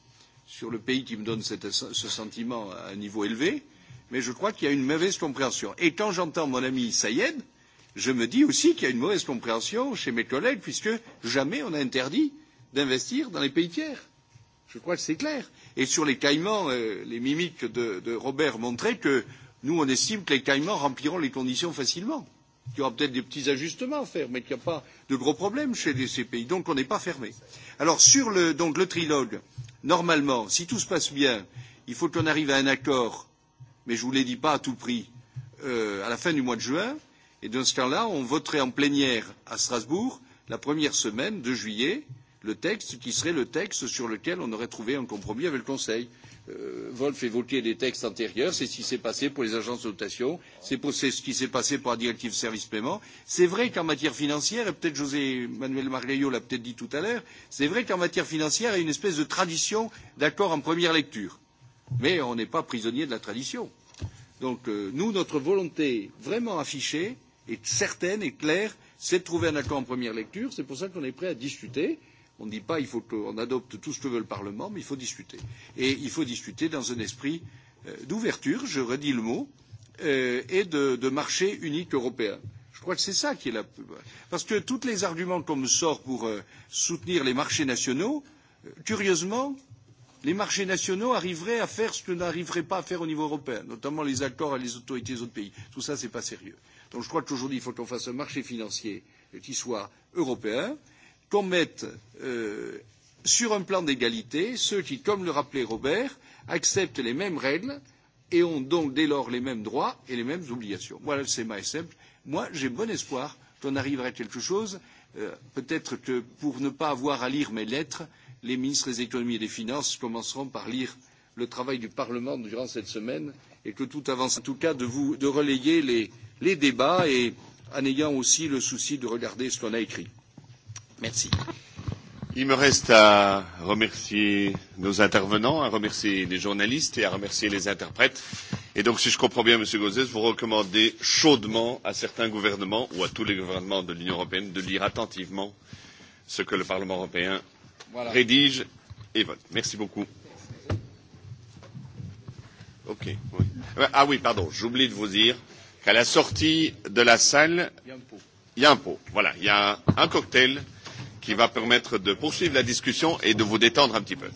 sur le pays qui me donne ce sentiment à un niveau élevé, mais je crois qu'il y a une mauvaise compréhension. Et quand j'entends mon ami Sayed, je me dis aussi qu'il y a une mauvaise compréhension chez mes collègues, puisque jamais on n'a interdit d'investir dans les pays tiers. Je crois que c'est clair. Et sur les caïmans, les mimiques de Robert montraient que nous, on estime que les caïmans rempliront les conditions facilement. Il y aura peut-être des petits ajustements à faire, mais qu'il n'y a pas de gros problèmes chez les CPI, Donc, on n'est pas fermé. Alors, sur le, donc, le trilogue, normalement, si tout se passe bien, il faut qu'on arrive à un accord, mais je ne vous l'ai dit pas à tout prix, à la fin du mois de juin. Et dans ce cas-là, on voterait en plénière à Strasbourg la première semaine de juillet le texte qui serait le texte sur lequel on aurait trouvé un compromis avec le Conseil. Wolf évoquait des textes antérieurs, c'est ce qui s'est passé pour les agences de notation, c'est ce qui s'est passé pour la directive service paiement. C'est vrai qu'en matière financière, et peut-être José Manuel Margallo l'a peut-être dit tout à l'heure, c'est vrai qu'en matière financière, il y a une espèce de tradition d'accord en première lecture. Mais on n'est pas prisonnier de la tradition. Donc nous, notre volonté vraiment affichée est certaine et claire, c'est de trouver un accord en première lecture, c'est pour ça qu'on est prêt à discuter On ne dit pas il faut qu'on adopte tout ce que veut le Parlement, mais il faut discuter. Et il faut discuter dans un esprit d'ouverture, je redis le mot, et de marché unique européen. Je crois que c'est ça qui est la. Parce que tous les arguments qu'on me sort pour soutenir les marchés nationaux, curieusement, les marchés nationaux arriveraient à faire ce que n'arriveraient pas à faire au niveau européen, notamment les accords avec les autorités des autres pays. Tout ça, ce n'est pas sérieux. Donc je crois qu'aujourd'hui, il faut qu'on fasse un marché financier qui soit européen qu'on mette sur un plan d'égalité ceux qui, comme le rappelait Robert, acceptent les mêmes règles et ont donc dès lors les mêmes droits et les mêmes obligations. Voilà le schéma est simple. Moi, j'ai bon espoir qu'on arrivera à quelque chose. Peut-être que pour ne pas avoir à lire mes lettres, les ministres des économies et des finances commenceront par lire le travail du Parlement durant cette semaine et que tout avance en tout cas de relayer les débats et en ayant aussi le souci de regarder ce qu'on a écrit. Merci. Il me reste à remercier nos intervenants, à remercier les journalistes et à remercier les interprètes. Et donc, si je comprends bien, Monsieur Gauzès, vous recommandez chaudement à certains gouvernements ou à tous les gouvernements de l'Union européenne de lire attentivement ce que le Parlement européen rédige et vote. Merci beaucoup. Ok. Ah oui, pardon, j'oublie de vous dire qu'à la sortie de la salle, il y a un pot. Voilà, il y a un cocktail qui va permettre de poursuivre la discussion et de vous détendre un petit peu.